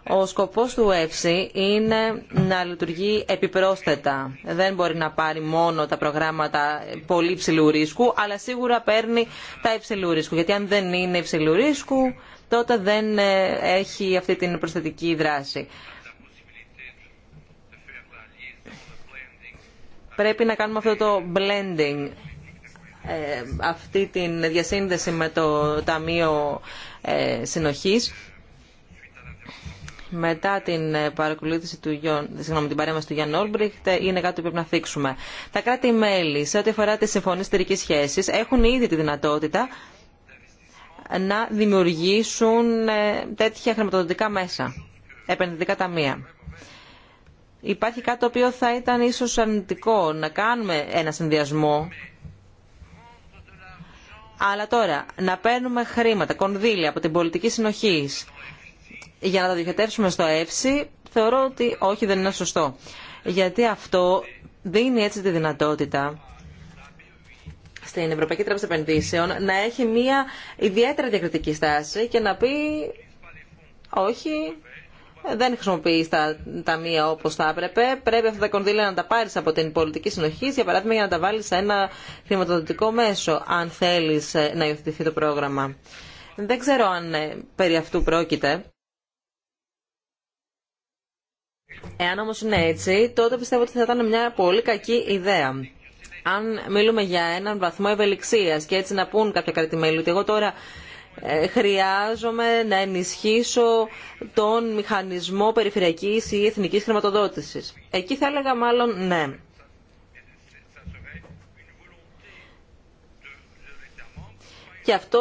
Ο σκοπός του ΕΦΣΙ είναι να λειτουργεί επιπρόσθετα. Δεν μπορεί να πάρει μόνο τα προγράμματα πολύ υψηλού ρίσκου, αλλά σίγουρα παίρνει τα υψηλού ρίσκου. Γιατί αν δεν είναι υψηλού ρίσκου, τότε δεν ε, έχει αυτή την προσθετική δράση. Πρέπει να κάνουμε αυτό το blending, ε, αυτή την διασύνδεση με το Ταμείο ε, Συνοχής μετά την ε, παρακολούθηση του Γιον, συγγνώμη, την παρέμβαση του Γιάννη Όλμπριχτ ε, είναι κάτι που πρέπει να θίξουμε. Τα κράτη-μέλη σε ό,τι αφορά τι συμφωνίε σχέσεις, σχέση, έχουν ήδη τη δυνατότητα να δημιουργήσουν ε, τέτοια χρηματοδοτικά μέσα, επενδυτικά ταμεία. Υπάρχει κάτι το οποίο θα ήταν ίσως αρνητικό, να κάνουμε ένα συνδυασμό αλλά τώρα, να παίρνουμε χρήματα, κονδύλια από την πολιτική συνοχής για να τα διοχετεύσουμε στο ΕΦΣΥ θεωρώ ότι όχι δεν είναι σωστό. Γιατί αυτό δίνει έτσι τη δυνατότητα στην Ευρωπαϊκή Τράπεζα Επενδύσεων να έχει μια ιδιαίτερα διακριτική στάση και να πει όχι, δεν χρησιμοποιεί τα ταμεία όπω θα έπρεπε. Πρέπει αυτά τα κονδύλια να τα πάρει από την πολιτική συνοχή, για παράδειγμα, για να τα βάλει σε ένα χρηματοδοτικό μέσο, αν θέλει να υιοθετηθεί το πρόγραμμα. Δεν ξέρω αν ε, περί αυτού πρόκειται. Εάν όμως είναι έτσι, τότε πιστεύω ότι θα ήταν μια πολύ κακή ιδέα. Αν μιλούμε για έναν βαθμό ευελιξίας και έτσι να πούν κάποια κρατημέλη ότι εγώ τώρα ε, χρειάζομαι να ενισχύσω τον μηχανισμό περιφερειακής ή εθνικής χρηματοδότησης. Εκεί θα έλεγα μάλλον ναι. Και αυτό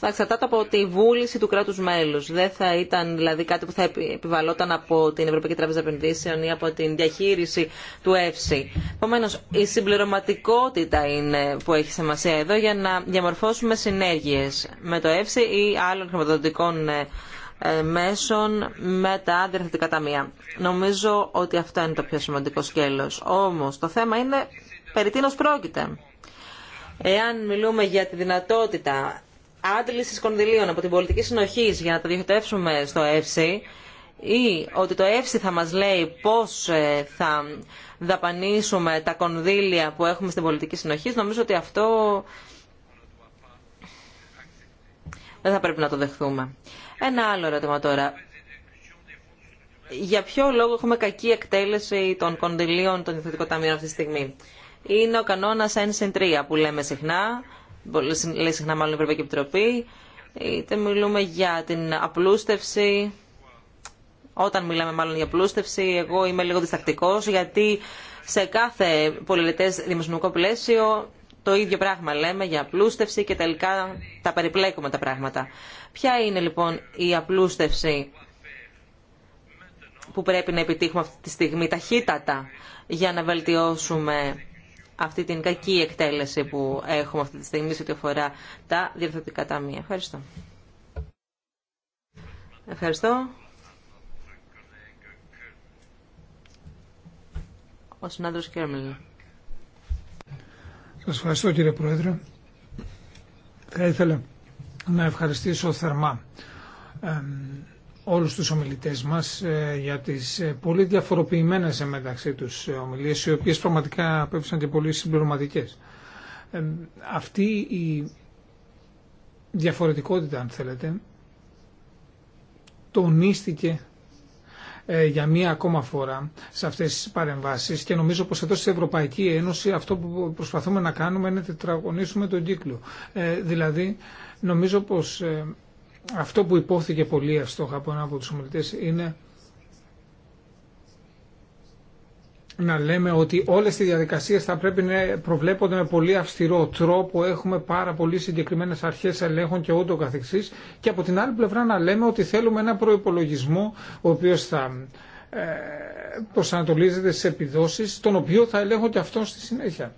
θα εξαρτάται από τη βούληση του κράτους μέλους. Δεν θα ήταν δηλαδή κάτι που θα επιβαλόταν από την Ευρωπαϊκή Τράπεζα Επενδύσεων ή από την διαχείριση του ΕΦΣΥ. Επομένω, η συμπληρωματικότητα είναι που έχει σημασία εδώ για να διαμορφώσουμε συνέργειες με το ΕΦΣΥ ή άλλων χρηματοδοτικών ε, ε, μέσων με τα θετικά ταμεία. Νομίζω ότι αυτό είναι το πιο σημαντικό σκέλος. Όμως, το θέμα είναι περί τίνος πρόκειται. Εάν μιλούμε για τη δυνατότητα άντληση κονδυλίων από την πολιτική συνοχή για να τα διοχετεύσουμε στο ΕΦΣΥ ή ότι το ΕΦΣΥ θα μας λέει πώς ε, θα δαπανίσουμε τα κονδύλια που έχουμε στην πολιτική συνοχή, νομίζω ότι αυτό δεν θα πρέπει να το δεχθούμε. Ένα άλλο ερώτημα τώρα. Για ποιο λόγο έχουμε κακή εκτέλεση των κονδυλίων των ιδιωτικών ταμείων αυτή τη στιγμή είναι ο κανόνα 1 3 που λέμε συχνά, λέει συχνά μάλλον η Ευρωπαϊκή Επιτροπή, είτε μιλούμε για την απλούστευση. Όταν μιλάμε μάλλον για απλούστευση, εγώ είμαι λίγο διστακτικό γιατί σε κάθε πολιτέ δημοσιονομικό πλαίσιο το ίδιο πράγμα λέμε για απλούστευση και τελικά τα περιπλέκουμε τα πράγματα. Ποια είναι λοιπόν η απλούστευση που πρέπει να επιτύχουμε αυτή τη στιγμή ταχύτατα για να βελτιώσουμε αυτή την κακή εκτέλεση που έχουμε αυτή τη στιγμή σε ό,τι αφορά τα διευθυντικά ταμεία. Ευχαριστώ. Ευχαριστώ. Ο συνάδελφος Κέρμιλ. Σας ευχαριστώ κύριε Πρόεδρε. Θα ήθελα να ευχαριστήσω θερμά όλους τους ομιλητές μας ε, για τις ε, πολύ διαφοροποιημένες μεταξύ τους ε, ομιλίες, οι οποίες πραγματικά απέφυσαν και πολύ συμπληρωματικές. Αυτή η διαφορετικότητα, αν θέλετε, τονίστηκε για μία ακόμα φορά σε αυτές τις παρεμβάσεις και νομίζω πως εδώ στην Ευρωπαϊκή Ένωση αυτό που προσπαθούμε να κάνουμε είναι να τετραγωνίσουμε τον κύκλο. δηλαδή νομίζω πως αυτό που υπόθηκε πολύ εύστοχα από ένα από τους ομιλητές είναι να λέμε ότι όλες οι διαδικασίες θα πρέπει να προβλέπονται με πολύ αυστηρό τρόπο, έχουμε πάρα πολύ συγκεκριμένες αρχές ελέγχων και ούτω καθεξής και από την άλλη πλευρά να λέμε ότι θέλουμε ένα προϋπολογισμό ο οποίος θα ε, προσανατολίζεται στις επιδόσεις, τον οποίο θα ελέγχω και αυτό στη συνέχεια.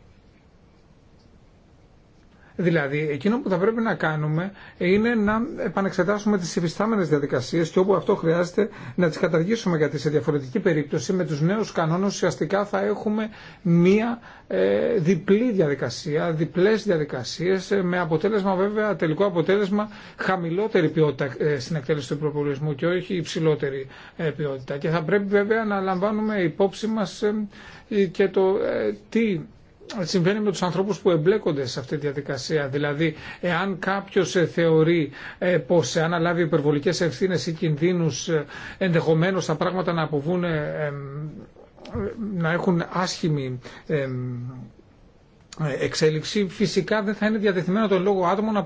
Δηλαδή, εκείνο που θα πρέπει να κάνουμε είναι να επανεξετάσουμε τι υφιστάμενε διαδικασίε και όπου αυτό χρειάζεται να τι καταργήσουμε. Γιατί σε διαφορετική περίπτωση, με του νέου κανόνε, ουσιαστικά θα έχουμε μία ε, διπλή διαδικασία, διπλέ διαδικασίε, ε, με αποτέλεσμα βέβαια, τελικό αποτέλεσμα, χαμηλότερη ποιότητα ε, στην εκτέλεση του προπολογισμού και όχι υψηλότερη ποιότητα. Και θα πρέπει βέβαια να λαμβάνουμε υπόψη μα και το τι συμβαίνει με τους ανθρώπους που εμπλέκονται σε αυτή τη διαδικασία. Δηλαδή, εάν κάποιος ε, θεωρεί ε, πως εάν αναλάβει υπερβολικές ευθύνες ή κινδύνους, ε, ενδεχομένως τα πράγματα να αποβούν, να έχουν άσχημη εξέλιξη, φυσικά δεν θα είναι διατεθειμένο το λόγο άτομο να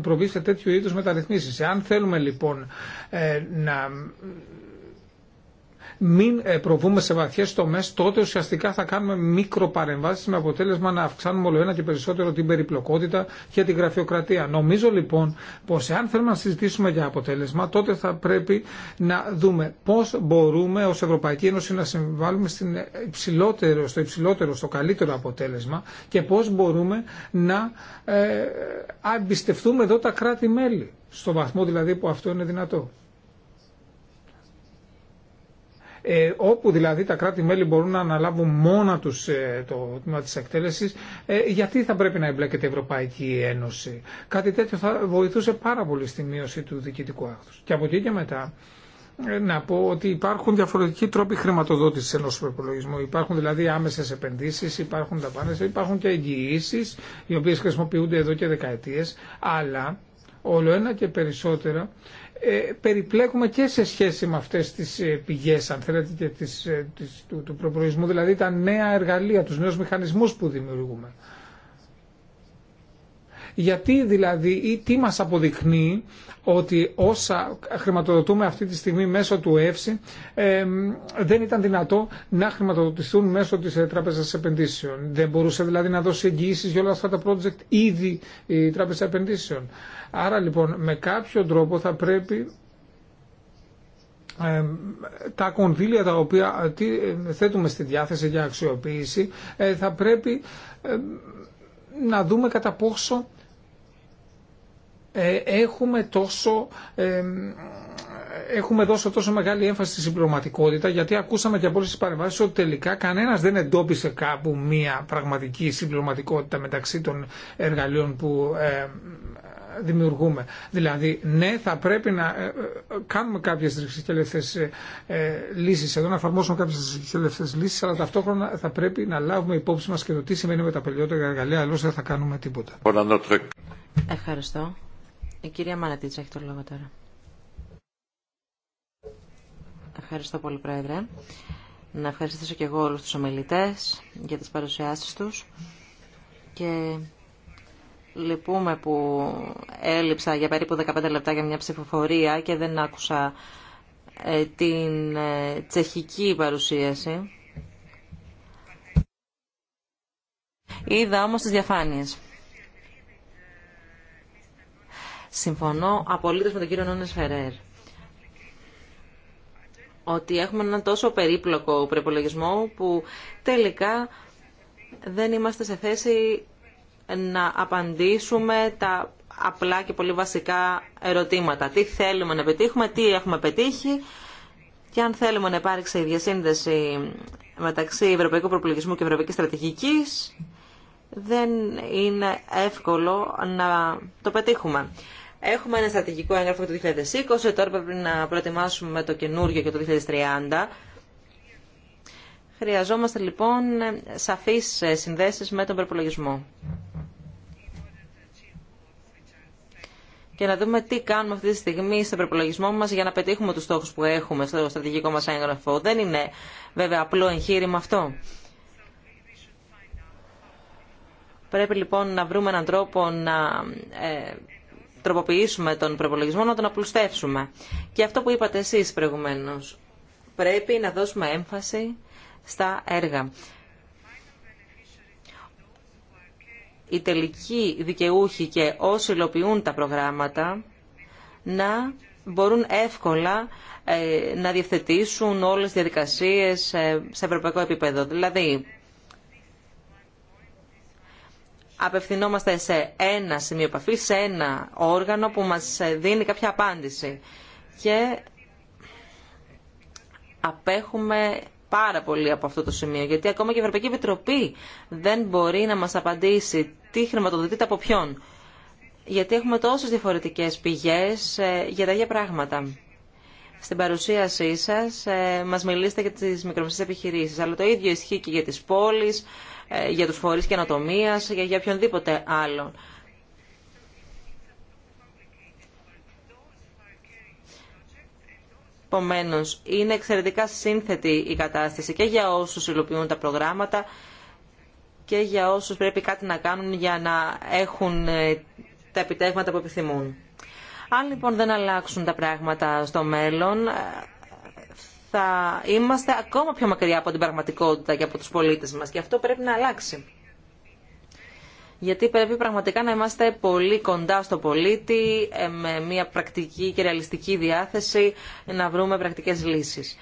προβεί σε τέτοιου είδους μεταρρυθμίσεις. Εάν θέλουμε λοιπόν να μην ε, προβούμε σε βαθιέ τομέ, τότε ουσιαστικά θα κάνουμε μικροπαρεμβάσει με αποτέλεσμα να αυξάνουμε όλο ένα και περισσότερο την περιπλοκότητα και την γραφειοκρατία. Νομίζω λοιπόν πω εάν θέλουμε να συζητήσουμε για αποτέλεσμα, τότε θα πρέπει να δούμε πώ μπορούμε ω Ευρωπαϊκή Ένωση να συμβάλλουμε στην υψηλότερο, στο υψηλότερο, στο καλύτερο αποτέλεσμα και πώ μπορούμε να ε, εμπιστευτούμε εδώ τα κράτη-μέλη, στο βαθμό δηλαδή που αυτό είναι δυνατό. Ε, όπου δηλαδή τα κράτη-μέλη μπορούν να αναλάβουν μόνα τους ε, το τμήμα της εκτέλεσης, ε, γιατί θα πρέπει να εμπλέκεται η Ευρωπαϊκή Ένωση. Κάτι τέτοιο θα βοηθούσε πάρα πολύ στη μείωση του διοικητικού άκθους. Και από εκεί και μετά να πω ότι υπάρχουν διαφορετικοί τρόποι χρηματοδότηση ενό προπολογισμού. Υπάρχουν δηλαδή άμεσε επενδύσει, υπάρχουν πάνε, υπάρχουν και εγγυήσει, οι οποίε χρησιμοποιούνται εδώ και δεκαετίε, αλλά όλο ένα και περισσότερα ε, περιπλέκουμε και σε σχέση με αυτές τις ε, πηγές αν θέλετε και τις, ε, του, του δηλαδή τα νέα εργαλεία, τους νέους μηχανισμούς που δημιουργούμε. Γιατί δηλαδή ή τι μας αποδεικνύει ότι όσα χρηματοδοτούμε αυτή τη στιγμή μέσω του ΕΦΣΥ δεν ήταν δυνατό να χρηματοδοτηθούν μέσω της Τράπεζας Επενδύσεων. Δεν μπορούσε δηλαδή να δώσει εγγυήσεις για όλα αυτά τα project ήδη η Τράπεζα Επενδύσεων. Άρα λοιπόν με κάποιο τρόπο θα πρέπει ε, τα κονδύλια τα οποία ε, ε, θέτουμε στη διάθεση για αξιοποίηση θα πρέπει να δούμε κατά πόσο έχουμε τόσο έχουμε δώσει τόσο μεγάλη έμφαση στη συμπληρωματικότητα, γιατί ακούσαμε και από όλε τι παρεμβάσει ότι τελικά κανένα δεν εντόπισε κάπου μία πραγματική συμπληρωματικότητα μεταξύ των εργαλείων που δημιουργούμε. Δηλαδή, ναι, θα πρέπει να ε, ε, κάνουμε κάποιε ρηξικέλευτε ε, λύσει εδώ, να εφαρμόσουμε κάποιε ρηξικέλευτε λύσει, αλλά ταυτόχρονα θα πρέπει να λάβουμε υπόψη μα και το τι σημαίνει με τα πελαιότερα εργαλεία, αλλιώ δεν θα κάνουμε τίποτα. Ευχαριστώ. Η κυρία Μανατίτσα έχει το λόγο τώρα. Ευχαριστώ πολύ, Πρόεδρε. Να ευχαριστήσω και εγώ όλους τους ομιλητές για τις παρουσιάσεις τους και Λυπούμε που έλειψα για περίπου 15 λεπτά για μια ψηφοφορία και δεν άκουσα ε, την ε, τσεχική παρουσίαση. Είδα όμως τις διαφάνειες. Συμφωνώ απολύτως με τον κύριο Νόνες Φερέρ ότι έχουμε έναν τόσο περίπλοκο προπολογισμό που τελικά δεν είμαστε σε θέση να απαντήσουμε τα απλά και πολύ βασικά ερωτήματα. Τι θέλουμε να πετύχουμε, τι έχουμε πετύχει και αν θέλουμε να υπάρξει η διασύνδεση μεταξύ Ευρωπαϊκού Προπολογισμού και Ευρωπαϊκής Στρατηγικής δεν είναι εύκολο να το πετύχουμε. Έχουμε ένα στρατηγικό έγγραφο το 2020, τώρα πρέπει να προετοιμάσουμε το καινούργιο και το 2030. Χρειαζόμαστε λοιπόν σαφείς συνδέσεις με τον προπολογισμό. και να δούμε τι κάνουμε αυτή τη στιγμή στο προπολογισμό μας για να πετύχουμε τους στόχους που έχουμε στο στρατηγικό μας έγγραφο. Δεν είναι βέβαια απλό εγχείρημα αυτό. Πρέπει λοιπόν να βρούμε έναν τρόπο να ε, τροποποιήσουμε τον προπολογισμό, να τον απλουστεύσουμε. Και αυτό που είπατε εσείς προηγουμένως, πρέπει να δώσουμε έμφαση στα έργα. οι τελικοί δικαιούχοι και όσοι υλοποιούν τα προγράμματα να μπορούν εύκολα ε, να διευθετήσουν όλες τις διαδικασίες ε, σε ευρωπαϊκό επίπεδο. Δηλαδή, απευθυνόμαστε σε ένα σημείο επαφή, σε ένα όργανο που μας δίνει κάποια απάντηση. Και απέχουμε πάρα πολύ από αυτό το σημείο, γιατί ακόμα και η Ευρωπαϊκή Επιτροπή δεν μπορεί να μας απαντήσει τι χρηματοδοτείται από ποιον. Γιατί έχουμε τόσες διαφορετικές πηγές ε, για τα ίδια πράγματα. Στην παρουσίασή σας ε, μας μιλήσατε για τις μικρομεσαίες επιχειρήσεις, αλλά το ίδιο ισχύει και για τις πόλεις, ε, για τους φορείς καινοτομίας, για, για οποιονδήποτε άλλο. Επομένω, είναι εξαιρετικά σύνθετη η κατάσταση και για όσους υλοποιούν τα προγράμματα και για όσους πρέπει κάτι να κάνουν για να έχουν ε, τα επιτεύγματα που επιθυμούν. Αν λοιπόν δεν αλλάξουν τα πράγματα στο μέλλον, ε, θα είμαστε ακόμα πιο μακριά από την πραγματικότητα και από τους πολίτες μας και αυτό πρέπει να αλλάξει. Γιατί πρέπει πραγματικά να είμαστε πολύ κοντά στο πολίτη, ε, με μια πρακτική και ρεαλιστική διάθεση, να βρούμε πρακτικές λύσεις.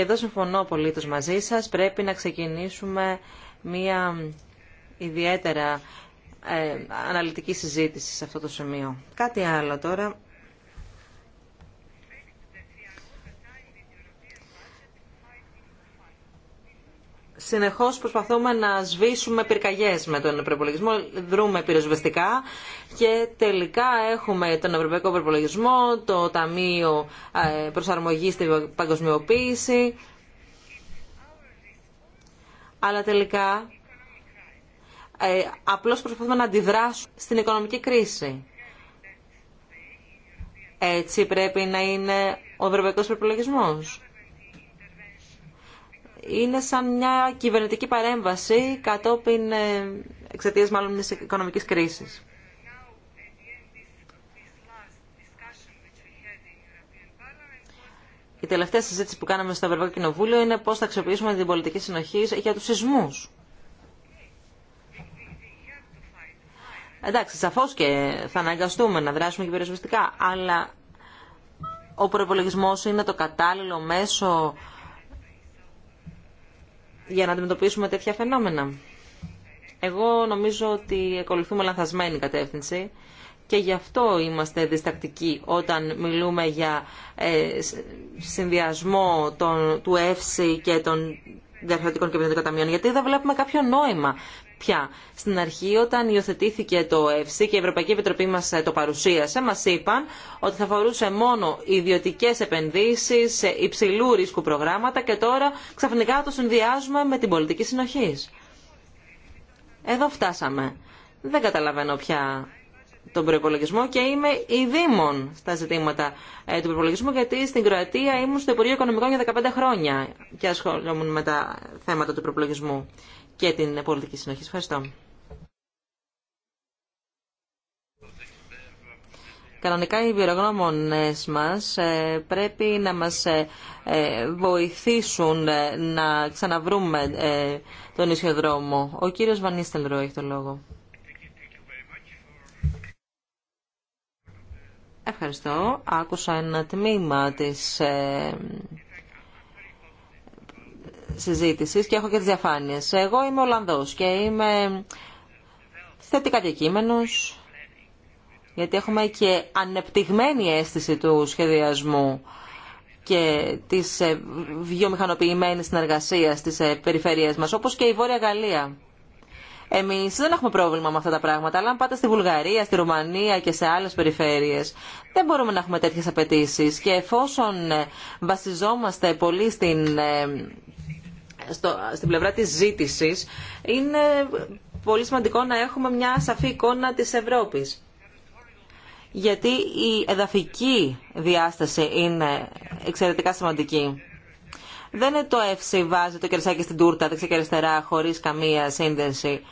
Και εδώ συμφωνώ πολύ τους μαζί σας. Πρέπει να ξεκινήσουμε μία ιδιαίτερα ε, αναλυτική συζήτηση σε αυτό το σημείο. Κάτι άλλο τώρα συνεχώς προσπαθούμε να σβήσουμε πυρκαγιέ με τον προπολογισμό, δρούμε πυροσβεστικά και τελικά έχουμε τον Ευρωπαϊκό Προπολογισμό, το Ταμείο ε, Προσαρμογής στην Παγκοσμιοποίηση. Αλλά τελικά ε, απλώς προσπαθούμε να αντιδράσουμε στην οικονομική κρίση. Έτσι πρέπει να είναι ο Ευρωπαϊκός προπολογισμό είναι σαν μια κυβερνητική παρέμβαση κατόπιν ε, εξαιτία μάλλον μιας οικονομική κρίσης. Η τελευταία συζήτηση που κάναμε στο Ευρωπαϊκό Κοινοβούλιο είναι πώς θα αξιοποιήσουμε την πολιτική συνοχή για τους σεισμούς. Εντάξει, σαφώ και θα αναγκαστούμε να δράσουμε και περιοριστικά, αλλά ο προπολογισμό είναι το κατάλληλο μέσο για να αντιμετωπίσουμε τέτοια φαινόμενα. Εγώ νομίζω ότι ακολουθούμε λανθασμένη κατεύθυνση και γι' αυτό είμαστε διστακτικοί όταν μιλούμε για ε, συνδυασμό των, του ΕΦΣΙ και των διαφορετικών κυβερνητικών ταμείων, γιατί δεν βλέπουμε κάποιο νόημα πια. Στην αρχή όταν υιοθετήθηκε το ΕΦΣΥ και η Ευρωπαϊκή Επιτροπή μα ε, το παρουσίασε, μα είπαν ότι θα αφορούσε μόνο ιδιωτικέ επενδύσει σε υψηλού ρίσκου προγράμματα και τώρα ξαφνικά το συνδυάζουμε με την πολιτική συνοχή. Εδώ φτάσαμε. Δεν καταλαβαίνω πια τον προπολογισμό και είμαι η Δήμων στα ζητήματα ε, του προπολογισμού γιατί στην Κροατία ήμουν στο Υπουργείο Οικονομικών για 15 χρόνια και ασχολούμουν με τα θέματα του προπολογισμού και την πολιτική συνοχή. Ευχαριστώ. Κανονικά οι βιογνώμονες μας ε, πρέπει να μας ε, ε, βοηθήσουν να ξαναβρούμε τον ίσιο δρόμο. Ο κύριος Βανίστελρο έχει το λόγο. Ευχαριστώ. Άκουσα ένα τμήμα της και έχω και τι διαφάνειε. Εγώ είμαι Ολλανδός και είμαι θετικά διακείμενος γιατί έχουμε και ανεπτυγμένη αίσθηση του σχεδιασμού και της ε, βιομηχανοποιημένης συνεργασίας της ε, περιφέρειας μας, όπως και η Βόρεια Γαλλία. Εμείς δεν έχουμε πρόβλημα με αυτά τα πράγματα, αλλά αν πάτε στη Βουλγαρία, στη Ρουμανία και σε άλλες περιφέρειες, δεν μπορούμε να έχουμε τέτοιες απαιτήσει. Και εφόσον ε, βασιζόμαστε πολύ στην στην πλευρά της ζήτησης, είναι πολύ σημαντικό να έχουμε μια σαφή εικόνα της Ευρώπης. Γιατί η εδαφική διάσταση είναι εξαιρετικά σημαντική. Δεν είναι το εύση βάζει το κερσάκι στην τούρτα δεξιά και αριστερά χωρίς καμία σύνδεση.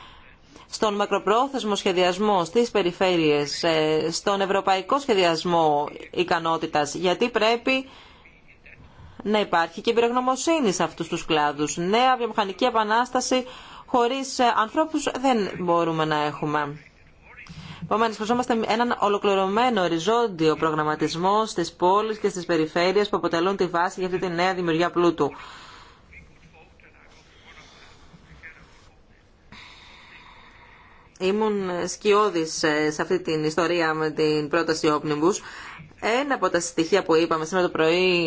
Στον μακροπρόθεσμο σχεδιασμό στις περιφέρειες, ε, στον ευρωπαϊκό σχεδιασμό ικανότητας, γιατί πρέπει να υπάρχει και εμπειρογνωμοσύνη σε αυτού τους κλάδους. Νέα βιομηχανική επανάσταση χωρίς ε, ανθρώπους δεν μπορούμε να έχουμε. Επομένω, χρειαζόμαστε έναν ολοκληρωμένο οριζόντιο προγραμματισμό στι πόλει και στι περιφέρειε που αποτελούν τη βάση για αυτή τη νέα δημιουργία πλούτου. Ήμουν σκιώδης ε, σε αυτή την ιστορία με την πρόταση Omnibus ένα από τα στοιχεία που είπαμε σήμερα το πρωί,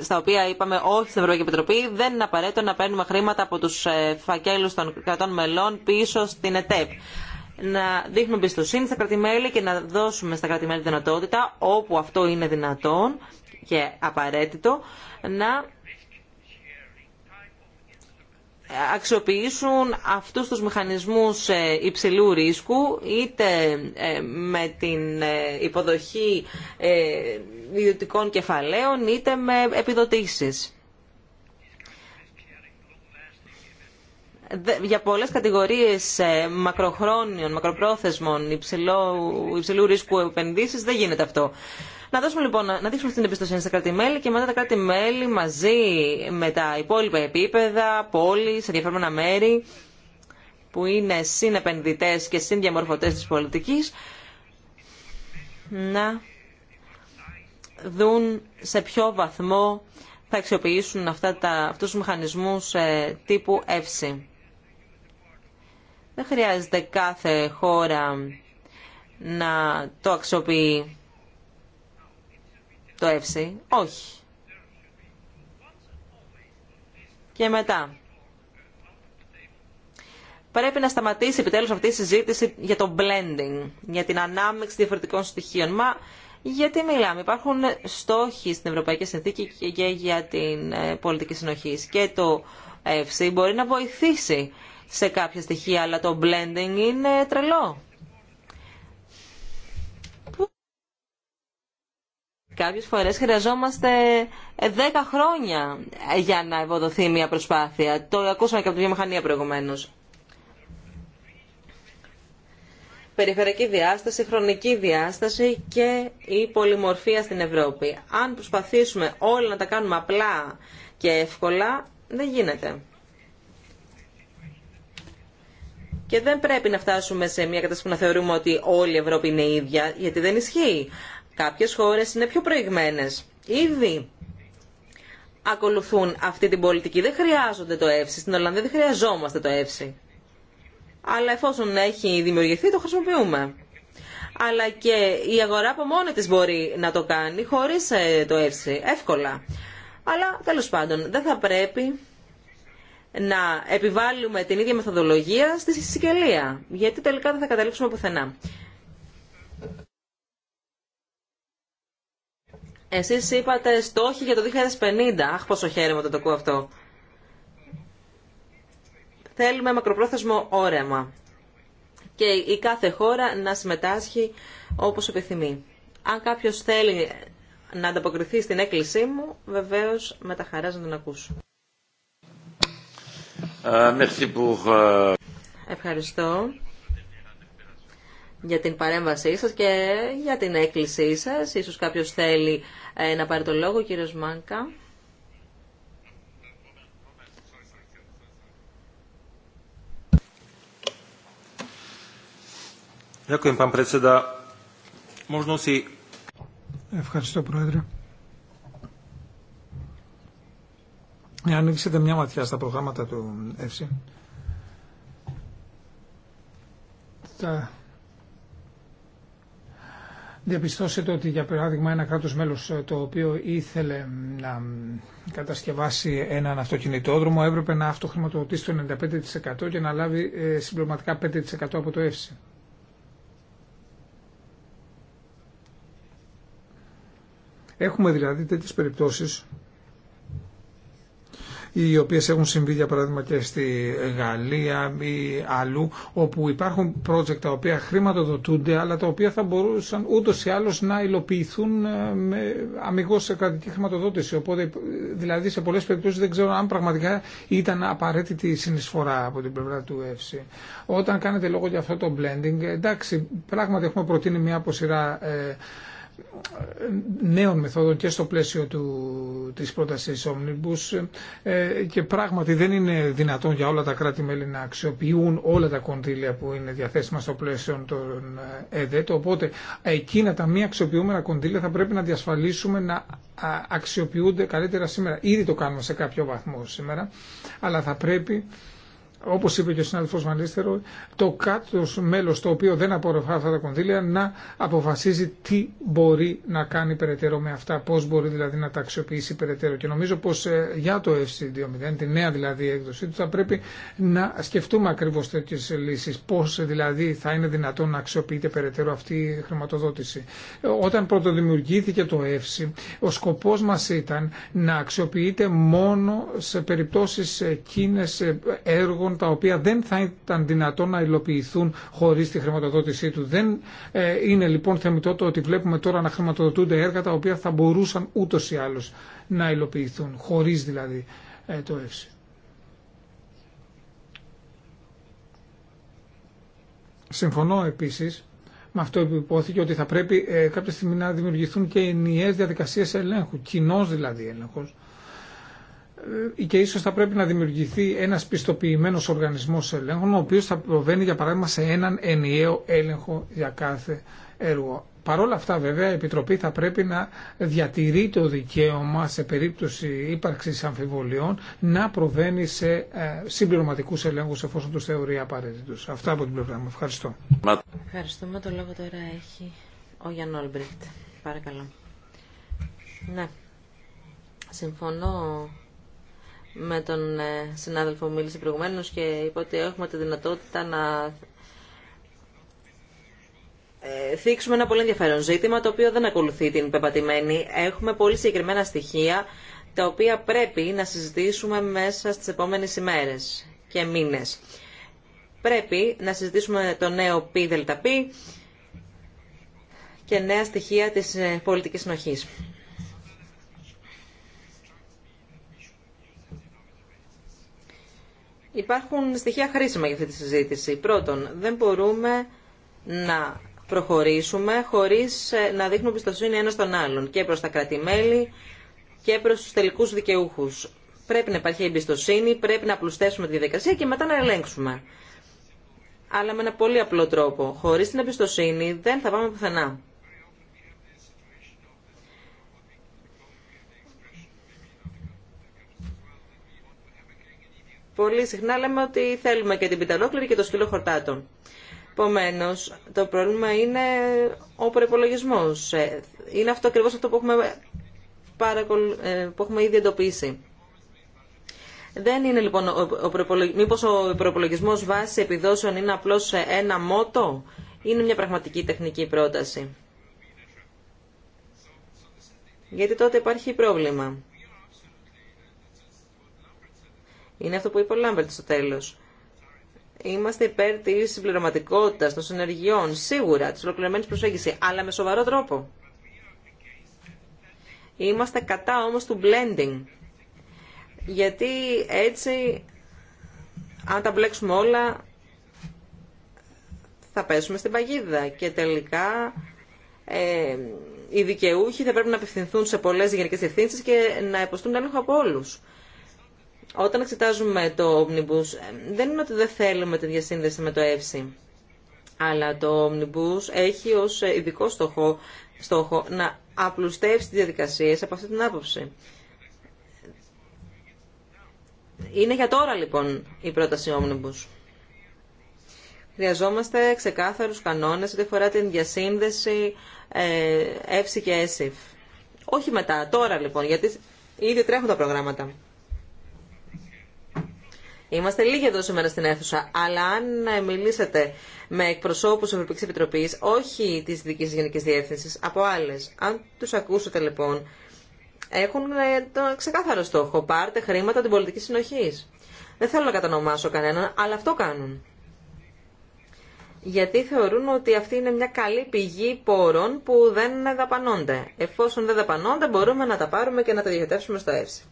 στα οποία είπαμε όχι στην Ευρωπαϊκή Επιτροπή, δεν είναι απαραίτητο να παίρνουμε χρήματα από τους ε, φακέλους των κρατών μελών πίσω στην ΕΤΕΠ. Να δείχνουμε εμπιστοσύνη στα κρατημέλη και να δώσουμε στα κρατημέλη δυνατότητα, όπου αυτό είναι δυνατόν και απαραίτητο, να αξιοποιήσουν αυτούς τους μηχανισμούς ε, υψηλού ρίσκου είτε ε, με την ε, υποδοχή ιδιωτικών κεφαλαίων είτε με επιδοτήσεις. για πολλές κατηγορίες μακροχρόνιων, μακροπρόθεσμων, υψηλού, ρίσκου επενδύσεις δεν γίνεται αυτό. Να, δώσουμε, λοιπόν, να δείξουμε την εμπιστοσύνη στα κράτη-μέλη και μετά τα κράτη-μέλη μαζί με τα υπόλοιπα επίπεδα, σε διαφορετικά μέρη που είναι συνεπενδυτέ και συνδιαμορφωτέ της πολιτικής να δουν σε ποιο βαθμό θα αξιοποιήσουν αυτά τα, αυτούς τους μηχανισμούς ε, τύπου εύση. Δεν χρειάζεται κάθε χώρα να το αξιοποιεί το FC. Όχι. Και μετά. Πρέπει να σταματήσει επιτέλους αυτή η συζήτηση για το blending, για την ανάμειξη διαφορετικών στοιχείων. Μα γιατί μιλάμε. Υπάρχουν στόχοι στην Ευρωπαϊκή Συνθήκη και για την ε, πολιτική συνοχή. Και το FC μπορεί να βοηθήσει σε κάποια στοιχεία, αλλά το blending είναι τρελό. Κάποιες φορές χρειαζόμαστε 10 ε, χρόνια ε, για να ευοδοθεί μια προσπάθεια. Το ακούσαμε και από τη βιομηχανία προηγουμένως. Περιφερειακή διάσταση, χρονική διάσταση και η πολυμορφία στην Ευρώπη. Αν προσπαθήσουμε όλοι να τα κάνουμε απλά και εύκολα, δεν γίνεται. Και δεν πρέπει να φτάσουμε σε μια κατάσταση που να θεωρούμε ότι όλη η Ευρώπη είναι ίδια, γιατί δεν ισχύει. Κάποιες χώρες είναι πιο προηγμένες. Ήδη ακολουθούν αυτή την πολιτική. Δεν χρειάζονται το εύση. Στην Ολλανδία δεν χρειαζόμαστε το εύση. Αλλά εφόσον έχει δημιουργηθεί το χρησιμοποιούμε. Αλλά και η αγορά από μόνη της μπορεί να το κάνει χωρίς ε, το εύση. Εύκολα. Αλλά τέλος πάντων δεν θα πρέπει να επιβάλλουμε την ίδια μεθοδολογία στη συσκελία. Γιατί τελικά δεν θα καταλήξουμε πουθενά. Εσεί είπατε στόχοι για το 2050. Αχ, πόσο χαίρομαι όταν το ακούω αυτό. Θέλουμε μακροπρόθεσμο όρεμα και η κάθε χώρα να συμμετάσχει όπως επιθυμεί. Αν κάποιο θέλει να ανταποκριθεί στην έκκλησή μου, βεβαίω με τα χαρά να τον ακούσω. Ε, ε, Ευχαριστώ για την παρέμβασή σας και για την έκκλησή σας. Ίσως κάποιος θέλει ε, να πάρει το λόγο ο κύριος Μάνκα. Ευχαριστώ, Πρόεδρε. Αν ανοίξετε μια ματιά στα προγράμματα του ΕΦΣΥ, διαπιστώσετε ότι για παράδειγμα ένα κράτος μέλος ε, το οποίο ήθελε να κατασκευάσει έναν αυτοκινητόδρομο έπρεπε να αυτοχρηματοδοτήσει το 95% και να λάβει ε, συμπληρωματικά 5% από το ΕΦΣΙ. Έχουμε δηλαδή τέτοιες περιπτώσεις οι οποίες έχουν συμβεί για παράδειγμα και στη Γαλλία ή αλλού όπου υπάρχουν project τα οποία χρηματοδοτούνται αλλά τα οποία θα μπορούσαν ούτως ή άλλως να υλοποιηθούν ε, με αμυγός σε κρατική χρηματοδότηση. Οπότε δηλαδή σε πολλές περιπτώσεις δεν ξέρω αν πραγματικά ήταν απαραίτητη η συνεισφορά από την πλευρά του ΕΦΣΥ. Όταν κάνετε λόγο για αυτό το blending, εντάξει, πράγματι έχουμε προτείνει μια αποσυρά ε, νέων μεθόδων και στο πλαίσιο του, της πρότασης Omnibus ε, και πράγματι δεν είναι δυνατόν για όλα τα κράτη-μέλη να αξιοποιούν όλα τα κονδύλια που είναι διαθέσιμα στο πλαίσιο των ε, ΕΔΕΤ οπότε εκείνα τα μη αξιοποιούμενα κονδύλια θα πρέπει να διασφαλίσουμε να αξιοποιούνται καλύτερα σήμερα. Ήδη το κάνουμε σε κάποιο βαθμό σήμερα αλλά θα πρέπει όπω είπε και ο συνάδελφο Μανίστερο, το κάτω μέλο το οποίο δεν απορροφά αυτά τα κονδύλια να αποφασίζει τι μπορεί να κάνει περαιτέρω με αυτά, πώ μπορεί δηλαδή να τα αξιοποιήσει περαιτέρω. Και νομίζω πω ε, για το FC20, τη νέα δηλαδή έκδοση του, θα πρέπει να σκεφτούμε ακριβώ τέτοιε λύσει. Πώ δηλαδή θα είναι δυνατόν να αξιοποιείται περαιτέρω αυτή η χρηματοδότηση. Όταν πρωτοδημιουργήθηκε το FC, ο σκοπό μα ήταν να αξιοποιείται μόνο σε περιπτώσει εκείνε ε, έργων Λοιπόν τα οποία δεν θα ήταν δυνατόν να υλοποιηθούν χωρίς τη χρηματοδότησή του. Δεν ε, είναι λοιπόν θεμητό το ότι βλέπουμε τώρα να χρηματοδοτούνται έργα τα οποία θα μπορούσαν ούτως ή άλλως να υλοποιηθούν, χωρίς δηλαδή ε, το ΕΦΣΙ. Συμφωνώ επίσης με αυτό που υπόθηκε ότι θα πρέπει ε, κάποια στιγμή να δημιουργηθούν και ενιαίες διαδικασίες ελέγχου, κοινό δηλαδή έλεγχος, ε, και ίσω θα πρέπει να δημιουργηθεί ένα πιστοποιημένο οργανισμό ελέγχων ο οποίο θα προβαίνει για παράδειγμα σε έναν ενιαίο έλεγχο για κάθε έργο. Παρ' όλα αυτά βέβαια η Επιτροπή θα πρέπει να διατηρεί το δικαίωμα σε περίπτωση ύπαρξη αμφιβολιών να προβαίνει σε ε, συμπληρωματικού ελέγχου εφόσον τους θεωρεί απαραίτητου. Αυτά από την πλευρά μου. Ευχαριστώ. Ευχαριστούμε. Το λόγο τώρα έχει ο Γιάνν Ολμπριχτ. Παρακαλώ. Ναι. Συμφωνώ με τον ε, συνάδελφο που μίλησε προηγουμένως και είπε ότι έχουμε τη δυνατότητα να ε, θίξουμε ένα πολύ ενδιαφέρον ζήτημα το οποίο δεν ακολουθεί την πεπατημένη. Έχουμε πολύ συγκεκριμένα στοιχεία τα οποία πρέπει να συζητήσουμε μέσα στις επόμενες ημέρες και μήνες. Πρέπει να συζητήσουμε το νέο ΠΔΠ και νέα στοιχεία της ε, πολιτικής συνοχής. Υπάρχουν στοιχεία χρήσιμα για αυτή τη συζήτηση. Πρώτον, δεν μπορούμε να προχωρήσουμε χωρίς ε, να δείχνουμε πιστοσύνη ένα στον άλλον και προς τα κρατημέλη και προς τους τελικούς δικαιούχους. Πρέπει να υπάρχει εμπιστοσύνη, πρέπει να απλουστεύσουμε τη διαδικασία και μετά να ελέγξουμε. Αλλά με ένα πολύ απλό τρόπο. Χωρίς την εμπιστοσύνη δεν θα πάμε πουθενά. πολύ συχνά λέμε ότι θέλουμε και την πιταλόκληρη και το σκύλο χορτάτων. Επομένω, το πρόβλημα είναι ο προπολογισμό. Ε, είναι αυτό ακριβώ αυτό που έχουμε, παρακολου... Ε, που έχουμε ήδη εντοπίσει. Δεν είναι λοιπόν, ο μήπως ο προπολογισμό βάσει επιδόσεων είναι απλώς ένα μότο. Είναι μια πραγματική τεχνική πρόταση. Γιατί τότε υπάρχει πρόβλημα. Είναι αυτό που είπε ο Λάμπερτ στο τέλο. Είμαστε υπέρ τη συμπληρωματικότητα των συνεργειών, σίγουρα, τη ολοκληρωμένη προσέγγιση, αλλά με σοβαρό τρόπο. Είμαστε κατά όμω του blending. Γιατί έτσι, αν τα μπλέξουμε όλα, θα πέσουμε στην παγίδα και τελικά ε, οι δικαιούχοι θα πρέπει να απευθυνθούν σε πολλές γενικές ευθύνσεις και να υποστούν έλεγχο από όλους. Όταν εξετάζουμε το Omnibus, ε, δεν είναι ότι δεν θέλουμε τη διασύνδεση με το ΕΦΣΥ, αλλά το Omnibus έχει ως ειδικό στόχο, στόχο να απλουστεύσει τις διαδικασίες από αυτή την άποψη. Είναι για τώρα λοιπόν η πρόταση Omnibus. Χρειαζόμαστε ξεκάθαρους κανόνες ό,τι αφορά την διασύνδεση ε, και ΕΣΥΦ. Όχι μετά, τώρα λοιπόν, γιατί ήδη τρέχουν τα προγράμματα. Είμαστε λίγοι εδώ σήμερα στην αίθουσα, αλλά αν μιλήσετε με εκπροσώπου Ευρωπαϊκή Επιτροπή, όχι τη δική σα Γενική Διεύθυνση, από άλλε, αν του ακούσετε λοιπόν, έχουν ε, τον ξεκάθαρο στόχο. Πάρτε χρήματα την πολιτική συνοχή. Δεν θέλω να κατανομάσω κανέναν, αλλά αυτό κάνουν. Γιατί θεωρούν ότι αυτή είναι μια καλή πηγή πόρων που δεν δαπανώνται. Εφόσον δεν δαπανώνται, μπορούμε να τα πάρουμε και να τα διοχετεύσουμε στο ΕΦΣΥ.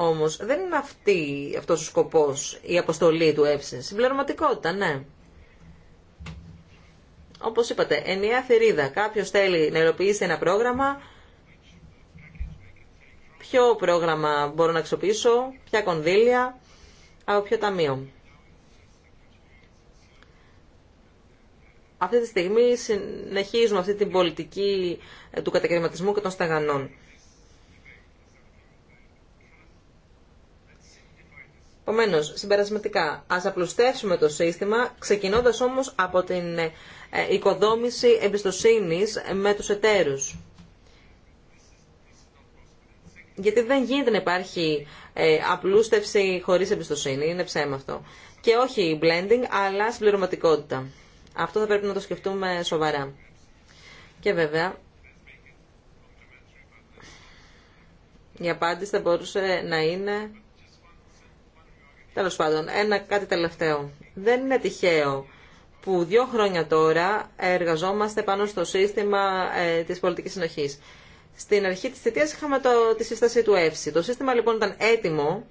Όμω, δεν είναι αυτή, αυτός ο σκοπός η αποστολή του έψη. Συμπληρωματικότητα, ναι. Όπως είπατε, ενιαία θηρίδα. κάποιο θέλει να υλοποιήσει ένα πρόγραμμα. Ποιο πρόγραμμα μπορώ να αξιοποιήσω, ποια κονδύλια, από ποιο ταμείο. Αυτή τη στιγμή συνεχίζουμε αυτή την πολιτική ε, του κατακαιρματισμού και των στεγανών. Επομένω, συμπερασματικά, α απλουστεύσουμε το σύστημα, ξεκινώντα όμω από την ε, οικοδόμηση εμπιστοσύνη με τους εταίρου. Γιατί δεν γίνεται να υπάρχει ε, απλούστευση χωρί εμπιστοσύνη, είναι ψέμα αυτό. Και όχι blending, αλλά συμπληρωματικότητα. Αυτό θα πρέπει να το σκεφτούμε σοβαρά. Και βέβαια, η απάντηση θα μπορούσε να είναι Τέλος πάντων, ένα κάτι τελευταίο. Δεν είναι τυχαίο που δύο χρόνια τώρα εργαζόμαστε πάνω στο σύστημα ε, της πολιτικής συνοχής. Στην αρχή της θητείας είχαμε το, τη σύσταση του ΕΦΣΙ. Το σύστημα λοιπόν ήταν έτοιμο.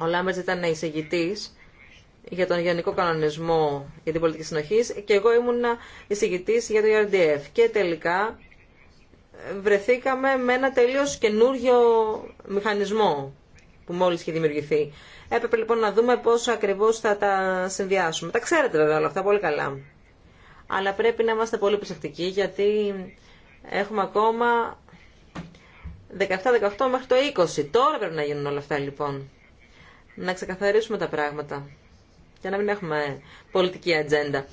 Ο Λάμπερτς ήταν εισηγητής για τον Γενικό Κανονισμό για την Πολιτική Συνοχή και εγώ ήμουνα εισηγητή για το ERDF. Και τελικά ε, βρεθήκαμε με ένα τελείω καινούριο μηχανισμό που μόλις είχε δημιουργηθεί. Έπρεπε λοιπόν να δούμε πόσο ακριβώς θα τα συνδυάσουμε. Τα ξέρετε βέβαια όλα αυτά πολύ καλά. Αλλά πρέπει να είμαστε πολύ προσεκτικοί γιατί έχουμε ακόμα 17-18 μέχρι το 20. Τώρα πρέπει να γίνουν όλα αυτά λοιπόν. Να ξεκαθαρίσουμε τα πράγματα για να μην έχουμε πολιτική ατζέντα.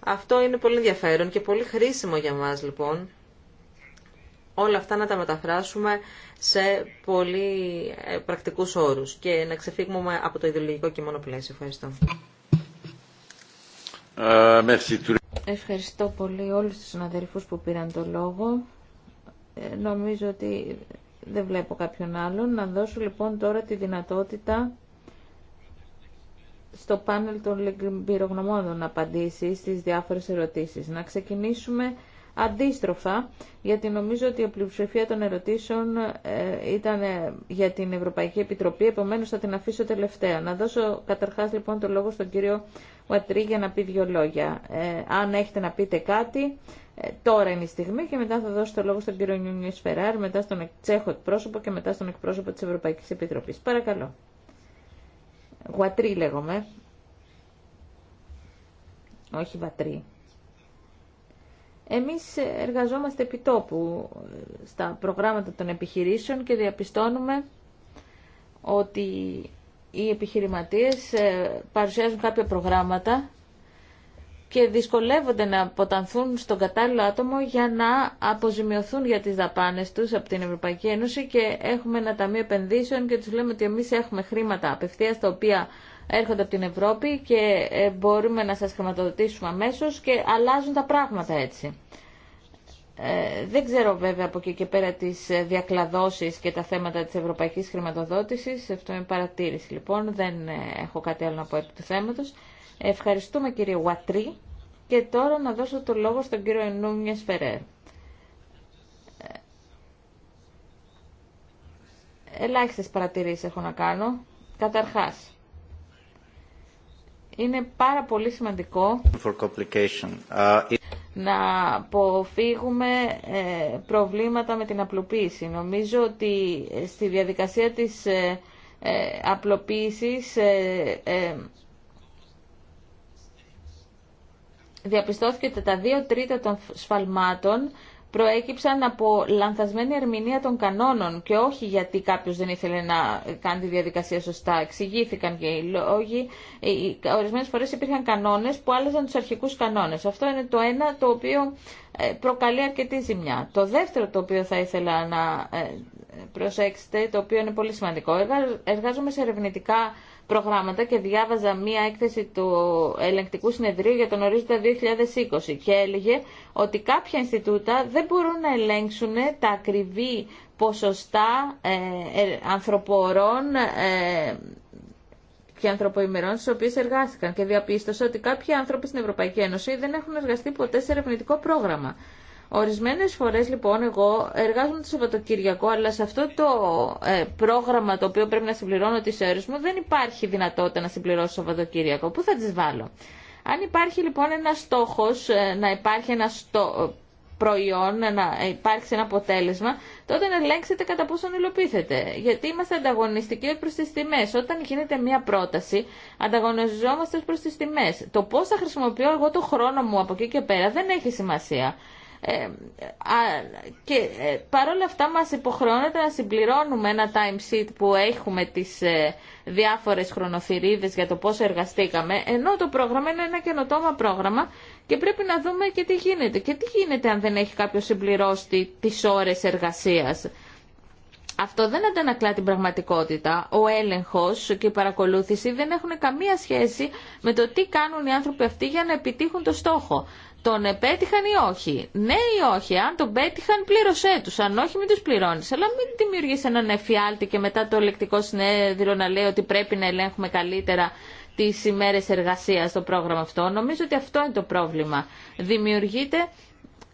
Αυτό είναι πολύ ενδιαφέρον και πολύ χρήσιμο για μας λοιπόν όλα αυτά να τα μεταφράσουμε σε πολύ ε, πρακτικούς όρους και να ξεφύγουμε από το ιδεολογικό και μόνο πλαίσιο. Ευχαριστώ. Ε, Ευχαριστώ πολύ όλους τους συναδελφούς που πήραν το λόγο. Ε, νομίζω ότι δεν βλέπω κάποιον άλλον. Να δώσω λοιπόν τώρα τη δυνατότητα στο πάνελ των πυρογνωμόνων να απαντήσει στις διάφορες ερωτήσεις. Να ξεκινήσουμε αντίστροφα, γιατί νομίζω ότι η πλειοψηφία των ερωτήσεων ε, ήταν ε, για την Ευρωπαϊκή Επιτροπή, επομένως θα την αφήσω τελευταία. Να δώσω καταρχάς λοιπόν το λόγο στον κύριο Ουατρί για να πει δύο λόγια. Ε, αν έχετε να πείτε κάτι, ε, τώρα είναι η στιγμή και μετά θα δώσω το λόγο στον κύριο Νιούνιος Φεράρ, μετά στον Τσέχο εκπρόσωπο και μετά στον εκπρόσωπο της Ευρωπαϊκής Επιτροπής. Παρακαλώ. Γουατρί λέγομαι. Όχι βατρί. Εμείς εργαζόμαστε επιτόπου ε, στα προγράμματα των επιχειρήσεων και διαπιστώνουμε ότι οι επιχειρηματίες ε, παρουσιάζουν κάποια προγράμματα και δυσκολεύονται να αποτανθούν στον κατάλληλο άτομο για να αποζημιωθούν για τις δαπάνες τους από την Ευρωπαϊκή Ένωση και έχουμε ένα ταμείο επενδύσεων και τους λέμε ότι εμείς έχουμε χρήματα απευθείας τα οποία έρχονται από την Ευρώπη και ε, μπορούμε να σας χρηματοδοτήσουμε αμέσω και αλλάζουν τα πράγματα έτσι. Ε, δεν ξέρω βέβαια από εκεί και πέρα τις ε, διακλαδώσεις και τα θέματα της ευρωπαϊκής χρηματοδότησης. Αυτό είναι παρατήρηση λοιπόν. Δεν ε, έχω κάτι άλλο να πω επί του θέματος. Ευχαριστούμε κύριε Γουατρή και τώρα να δώσω το λόγο στον κύριο Ενούνια Φερέρ. Ελάχιστες παρατηρήσεις έχω να κάνω. Καταρχάς, είναι πάρα πολύ σημαντικό uh, να αποφύγουμε ε, προβλήματα με την απλοποίηση. Νομίζω ότι ε, στη διαδικασία της ε, απλοποίησης διαπιστώθηκε τα δύο τρίτα των σφαλμάτων προέκυψαν από λανθασμένη ερμηνεία των κανόνων και όχι γιατί κάποιο δεν ήθελε να κάνει τη διαδικασία σωστά. Εξηγήθηκαν και οι λόγοι. Ε, ε, Ορισμένε φορέ υπήρχαν κανόνες που άλλαζαν τους αρχικούς κανόνες. Αυτό είναι το ένα το οποίο ε, προκαλεί αρκετή ζημιά. Το δεύτερο το οποίο θα ήθελα να προσέξετε, το οποίο είναι πολύ σημαντικό, εργάζομαι σε ερευνητικά προγράμματα και διάβαζα μία έκθεση του ελεγκτικού συνεδρίου για τον ορίζοντα 2020 και έλεγε ότι κάποια Ινστιτούτα δεν μπορούν να ελέγξουν τα ακριβή ποσοστά ε, ε ανθρωπορών ε, και ανθρωποημερών στι οποίε εργάστηκαν και διαπίστωσα ότι κάποιοι άνθρωποι στην Ευρωπαϊκή Ένωση δεν έχουν εργαστεί ποτέ σε ερευνητικό πρόγραμμα. Ορισμένες φορές λοιπόν εγώ εργάζομαι το Σαββατοκύριακο αλλά σε αυτό το ε, πρόγραμμα το οποίο πρέπει να συμπληρώνω τις ώρες μου δεν υπάρχει δυνατότητα να συμπληρώσω το Σαββατοκύριακο. Πού θα τις βάλω. Αν υπάρχει λοιπόν ένα στόχος ε, να υπάρχει ένα προϊόν, να υπάρξει ένα αποτέλεσμα, τότε να ελέγξετε κατά πόσο υλοποιήσετε. Γιατί είμαστε ανταγωνιστικοί προ τι τιμέ. Όταν γίνεται μια πρόταση, ανταγωνιζόμαστε προ τι τιμέ. Το πώ θα χρησιμοποιώ εγώ το χρόνο μου από εκεί και πέρα δεν έχει σημασία και ε, παρόλα αυτά μας υποχρεώνεται να συμπληρώνουμε ένα time sheet που έχουμε τις ε, διάφορες χρονοθυρίδες για το πόσο εργαστήκαμε ενώ το πρόγραμμα είναι ένα καινοτόμα πρόγραμμα και πρέπει να δούμε και τι γίνεται και τι γίνεται αν δεν έχει κάποιο συμπληρώσει τις ώρες εργασίας αυτό δεν αντανακλά την πραγματικότητα. Ο έλεγχος και η παρακολούθηση δεν έχουν καμία σχέση με το τι κάνουν οι άνθρωποι αυτοί για να επιτύχουν το στόχο τον επέτυχαν ή όχι. Ναι ή όχι. Αν τον πέτυχαν, πλήρωσέ του. Αν όχι, μην του πληρώνει. Αλλά μην δημιουργεί έναν εφιάλτη και μετά το ελεκτικό συνέδριο να λέει ότι πρέπει να ελέγχουμε καλύτερα τι ημέρε εργασία στο πρόγραμμα αυτό. Νομίζω ότι αυτό είναι το πρόβλημα. Δημιουργείται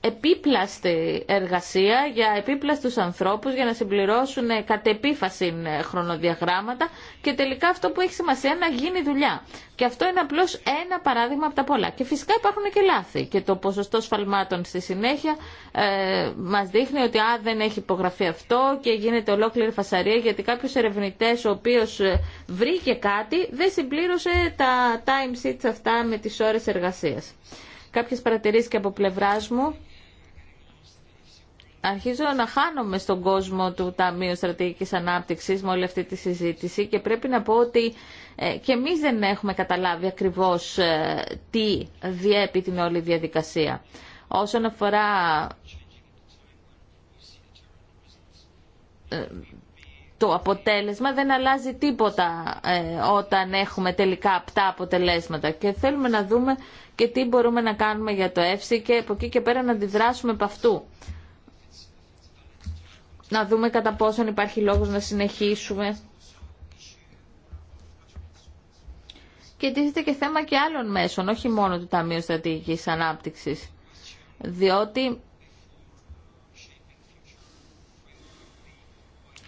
επίπλαστη εργασία για επίπλαστους ανθρώπους για να συμπληρώσουν κατ' επίφαση χρονοδιαγράμματα και τελικά αυτό που έχει σημασία να γίνει δουλειά. Και αυτό είναι απλώς ένα παράδειγμα από τα πολλά. Και φυσικά υπάρχουν και λάθη και το ποσοστό σφαλμάτων στη συνέχεια ε, μας δείχνει ότι α, δεν έχει υπογραφεί αυτό και γίνεται ολόκληρη φασαρία γιατί κάποιος ερευνητές ο οποίος ε, βρήκε κάτι δεν συμπλήρωσε τα time sheets αυτά με τις ώρες εργασίας. Κάποιες παρατηρήσεις και από πλευράς μου αρχίζω να χάνομαι στον κόσμο του Ταμείου Στρατηγικής Ανάπτυξης με όλη αυτή τη συζήτηση και πρέπει να πω ότι ε, και εμείς δεν έχουμε καταλάβει ακριβώς ε, τι διέπει την όλη διαδικασία. Όσον αφορά ε, το αποτέλεσμα δεν αλλάζει τίποτα όταν έχουμε τελικά απτά αποτελέσματα και θέλουμε να δούμε και τι μπορούμε να κάνουμε για το ΕΦΣΥ και από εκεί και πέρα να αντιδράσουμε από αυτού να δούμε κατά πόσον υπάρχει λόγος να συνεχίσουμε. Και τίθεται και θέμα και άλλων μέσων, όχι μόνο του Ταμείου Στρατηγικής Ανάπτυξης. Διότι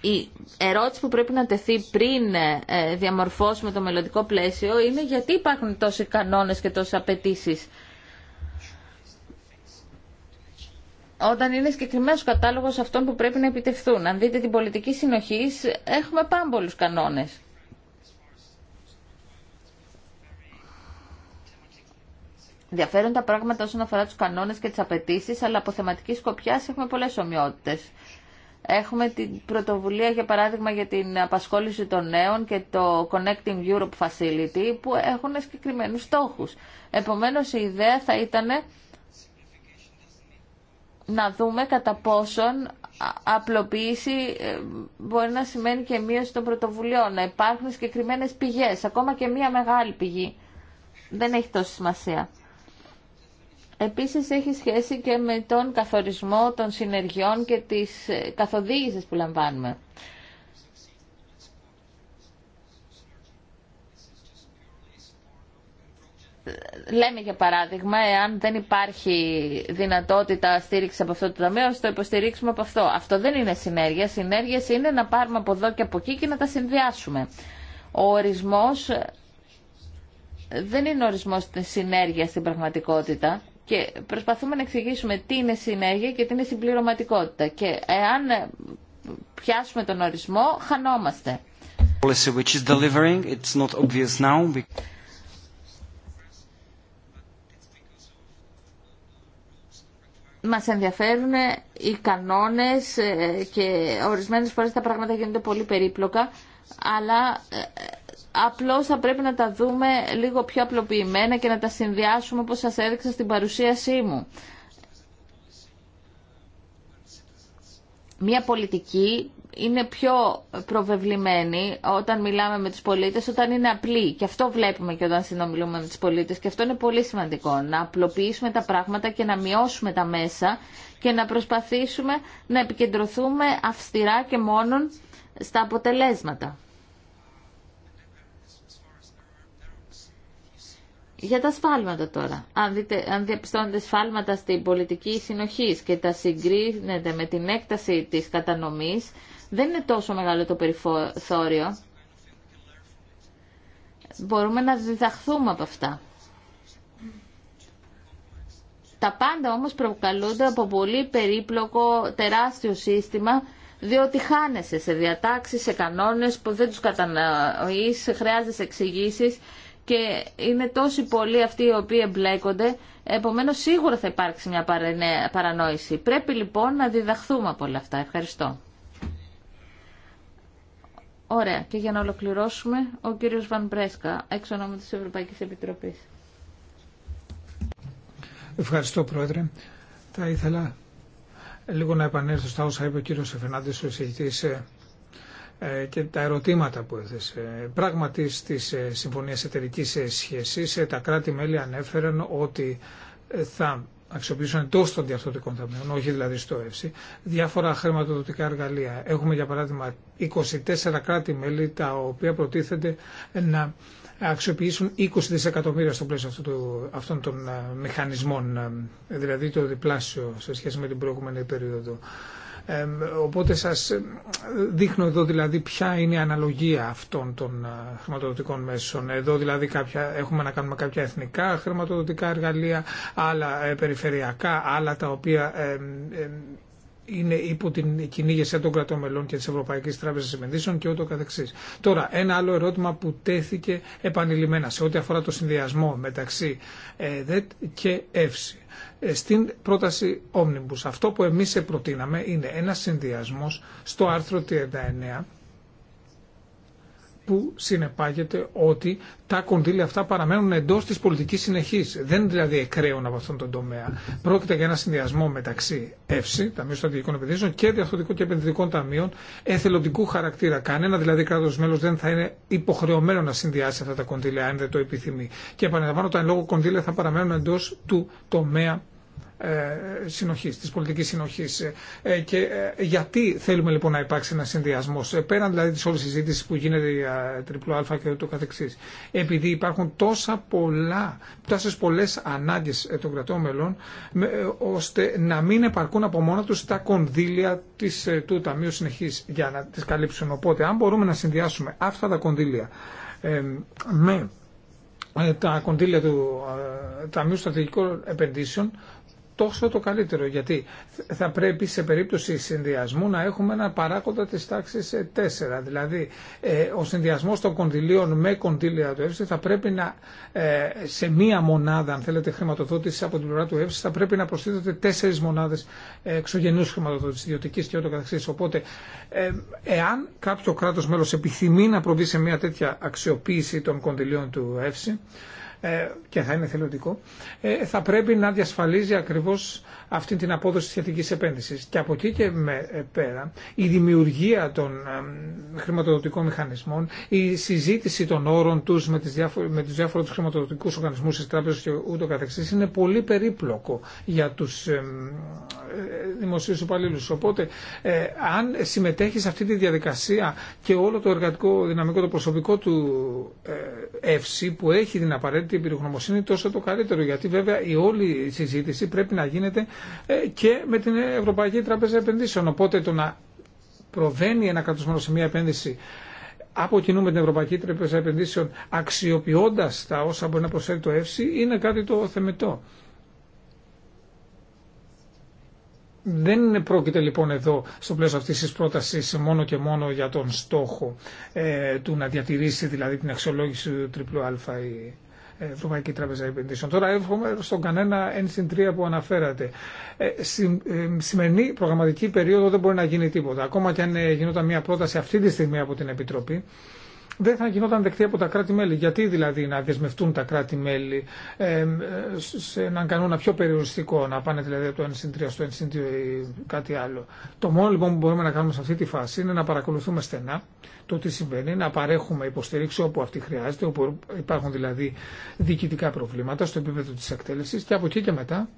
η ερώτηση που πρέπει να τεθεί πριν ε, διαμορφώσουμε το μελλοντικό πλαίσιο είναι γιατί υπάρχουν τόσοι κανόνες και τόσες απαιτήσει όταν είναι συγκεκριμένο ο κατάλογο αυτών που πρέπει να επιτευχθούν. Αν δείτε την πολιτική συνοχή, έχουμε πάμπολου κανόνε. Διαφέρουν τα πράγματα όσον αφορά τους κανόνες και τις απαιτήσει, αλλά από θεματική σκοπιά έχουμε πολλές ομοιότητες. Έχουμε την πρωτοβουλία, για παράδειγμα, για την απασχόληση των νέων και το Connecting Europe Facility, που έχουν συγκεκριμένου στόχου. Επομένω, η ιδέα θα ήταν να δούμε κατά πόσον απλοποίηση ε, μπορεί να σημαίνει και μείωση των πρωτοβουλειών, να υπάρχουν συγκεκριμένε πηγές, ακόμα και μία μεγάλη πηγή. Δεν έχει τόση σημασία. Επίσης έχει σχέση και με τον καθορισμό των συνεργειών και της ε, καθοδήγησης που λαμβάνουμε. λέμε για παράδειγμα, εάν δεν υπάρχει δυνατότητα στήριξη από αυτό το ταμείο, ας το υποστηρίξουμε από αυτό. Αυτό δεν είναι συνέργεια. συνέργεια είναι να πάρουμε από εδώ και από εκεί και να τα συνδυάσουμε. Ο ορισμός δεν είναι ορισμός συνέργειας στην πραγματικότητα και προσπαθούμε να εξηγήσουμε τι είναι συνέργεια και τι είναι συμπληρωματικότητα. Και εάν πιάσουμε τον ορισμό, χανόμαστε. μας ενδιαφέρουν οι κανόνες ε, και ορισμένες φορές τα πράγματα γίνονται πολύ περίπλοκα, αλλά ε, απλώς θα πρέπει να τα δούμε λίγο πιο απλοποιημένα και να τα συνδυάσουμε όπως σας έδειξα στην παρουσίασή μου. Μια πολιτική είναι πιο προβεβλημένη όταν μιλάμε με τους πολίτες, όταν είναι απλή. Και αυτό βλέπουμε και όταν συνομιλούμε με τους πολίτες και αυτό είναι πολύ σημαντικό. Να απλοποιήσουμε τα πράγματα και να μειώσουμε τα μέσα και να προσπαθήσουμε να επικεντρωθούμε αυστηρά και μόνον στα αποτελέσματα. Για τα σφάλματα τώρα. Αν, δείτε, διαπιστώνετε σφάλματα στην πολιτική συνοχή και τα συγκρίνετε με την έκταση της κατανομής, δεν είναι τόσο μεγάλο το περιθώριο. Μπορούμε να διδαχθούμε από αυτά. Τα πάντα όμως προκαλούνται από πολύ περίπλοκο τεράστιο σύστημα διότι χάνεσαι σε διατάξεις, σε κανόνες που δεν τους κατανοείς, χρειάζεσαι εξηγήσει και είναι τόσοι πολλοί αυτοί οι οποίοι εμπλέκονται, επομένως σίγουρα θα υπάρξει μια παρανόηση. Πρέπει λοιπόν να διδαχθούμε από όλα αυτά. Ευχαριστώ. Ωραία. Και για να ολοκληρώσουμε, ο κύριος Βαν Μπρέσκα, εξ ονόμου της Ευρωπαϊκής Επιτροπής. Ευχαριστώ, Πρόεδρε. Θα ήθελα λίγο να επανέλθω στα όσα είπε ο κύριος Φερνάντης, ο εισηγητής ε, ε, και τα ερωτήματα που έθεσε. Πράγματι στις ε, συμφωνίες εταιρικής σχέσης τα κράτη-μέλη ανέφεραν ότι θα αξιοποιήσουν εντό των διαρθρωτικών ταμείων, όχι δηλαδή στο ΕΦΣΥ, διάφορα χρηματοδοτικά εργαλεία. Έχουμε για παράδειγμα 24 κράτη-μέλη τα οποία προτίθενται να αξιοποιήσουν 20 δισεκατομμύρια στο πλαίσιο αυτού του, αυτών των ε, μηχανισμών, ε, δηλαδή το διπλάσιο σε σχέση με την προηγούμενη περίοδο. Οπότε σας ε, δείχνω εδώ δηλαδή ποια είναι η αναλογία αυτών των ε, χρηματοδοτικών μέσων. Εδώ δηλαδή κάποια, έχουμε να κάνουμε κάποια εθνικά χρηματοδοτικά εργαλεία, άλλα ε, περιφερειακά, άλλα τα οποία είναι υπό την κοινή των κρατών μελών και της Ευρωπαϊκής Τράπεζας Επενδύσεων και ούτω καθεξής. Τώρα, ένα άλλο ερώτημα που τέθηκε επανειλημμένα σε ό,τι αφορά το συνδυασμό μεταξύ ΔΕΤ και ΕΦΣΙ στην πρόταση Omnibus. Αυτό που εμείς προτείναμε είναι ένας συνδυασμός στο άρθρο 39 που συνεπάγεται ότι τα κονδύλια αυτά παραμένουν εντός της πολιτικής συνεχής. Δεν δηλαδή εκραίων από αυτόν τον τομέα. Πρόκειται για ένα συνδυασμό μεταξύ ΕΦΣΗ, Ταμείου Στρατηγικών Επενδύσεων και Διαφθορτικών και Επενδυτικών Ταμείων εθελοντικού χαρακτήρα. Κανένα δηλαδή κράτο μέλο δεν θα είναι υποχρεωμένο να συνδυάσει αυτά τα κονδύλια αν δεν το επιθυμεί. Και επαναλαμβάνω, τα εν λόγω κονδύλια θα παραμένουν εντό του τομέα ε, συνοχής, της πολιτικής συνοχής. Ε, και ε, γιατί θέλουμε λοιπόν να υπάρξει ένα συνδυασμό, πέραν δηλαδή της όλης συζήτηση που γίνεται για τριπλό α και ούτω καθεξής. Επειδή υπάρχουν τόσα πολλά, τόσες πολλές ανάγκες των κρατών μελών, ώστε να μην επαρκούν από μόνα τους τα κονδύλια της, του Ταμείου Συνεχής για να τις καλύψουν. Οπότε, αν μπορούμε να συνδυάσουμε αυτά τα κονδύλια με τα κονδύλια του Ταμείου Στρατηγικών Επενδύσεων, τόσο το καλύτερο. Γιατί θα πρέπει σε περίπτωση συνδυασμού να έχουμε ένα παράγοντα της τάξης 4. Ε, δηλαδή ε, ο συνδυασμός των κονδυλίων με κονδύλια του ΕΦΣΙ θα πρέπει να ε, σε μία μονάδα αν θέλετε χρηματοδότηση από την πλευρά του ΕΦΣΙ θα πρέπει να προσθέτονται τέσσερις μονάδες εξωγενούς χρηματοδότησης ιδιωτικής και ό,τι καθεξής. Οπότε εάν κάποιο κράτος μέλος επιθυμεί να προβεί σε μία τέτοια αξιοποίηση των κονδυλίων του ΕΦΣΙ ε, και θα είναι θελοντικό, ε, θα πρέπει να διασφαλίζει ακριβώς αυτή την απόδοση σχετικής επένδυσης. Και από εκεί και ε, πέρα, η δημιουργία των χρηματοδοτικών μηχανισμών, η συζήτηση των όρων τους με, τις διάφο- με τους διάφορους χρηματοδοτικούς οργανισμούς της τράπεζας και ούτω καθεξής είναι πολύ περίπλοκο για τους ε, δημοσίους υπαλλήλους. Οπότε, αν συμμετέχει σε αυτή τη διαδικασία και όλο το εργατικό δυναμικό, το προσωπικό του ε, που έχει την απαραίτητη την πυρογνωμοσύνη τόσο το καλύτερο. Γιατί βέβαια η όλη συζήτηση πρέπει να γίνεται ε, και με την Ευρωπαϊκή Τράπεζα Επενδύσεων. Οπότε το να προβαίνει ένα μόνο σε μια επένδυση από κοινού με την Ευρωπαϊκή Τράπεζα Επενδύσεων αξιοποιώντα τα όσα μπορεί να προσφέρει το ΕΦΣΥ είναι κάτι το θεμετό. Δεν πρόκειται λοιπόν εδώ στο πλαίσιο αυτής της πρότασης μόνο και μόνο για τον στόχο ε, του να διατηρήσει δηλαδή την αξιολόγηση του τριπλού αλφα Ευρωπαϊκή Τράπεζα Επενδύσεων. Τώρα εύχομαι στον κανένα 1-3 που αναφέρατε. Ε, ε, σημερινή προγραμματική περίοδο δεν μπορεί να γίνει τίποτα. Ακόμα και αν ε, γινόταν μια πρόταση αυτή τη στιγμή από την Επιτροπή, δεν θα γινόταν δεκτή από τα κράτη-μέλη. Γιατί δηλαδή να δεσμευτούν τα κράτη-μέλη ε, ε σε έναν κανόνα πιο περιοριστικό, να πάνε δηλαδή από το 1 3 στο 1 2 ή κάτι άλλο. Το μόνο λοιπόν που μπορούμε να κάνουμε σε αυτή τη φάση είναι να παρακολουθούμε στενά το τι συμβαίνει, να παρέχουμε υποστήριξη όπου αυτή χρειάζεται, όπου υπάρχουν δηλαδή διοικητικά προβλήματα στο επίπεδο τη εκτέλεση και από εκεί και μετά.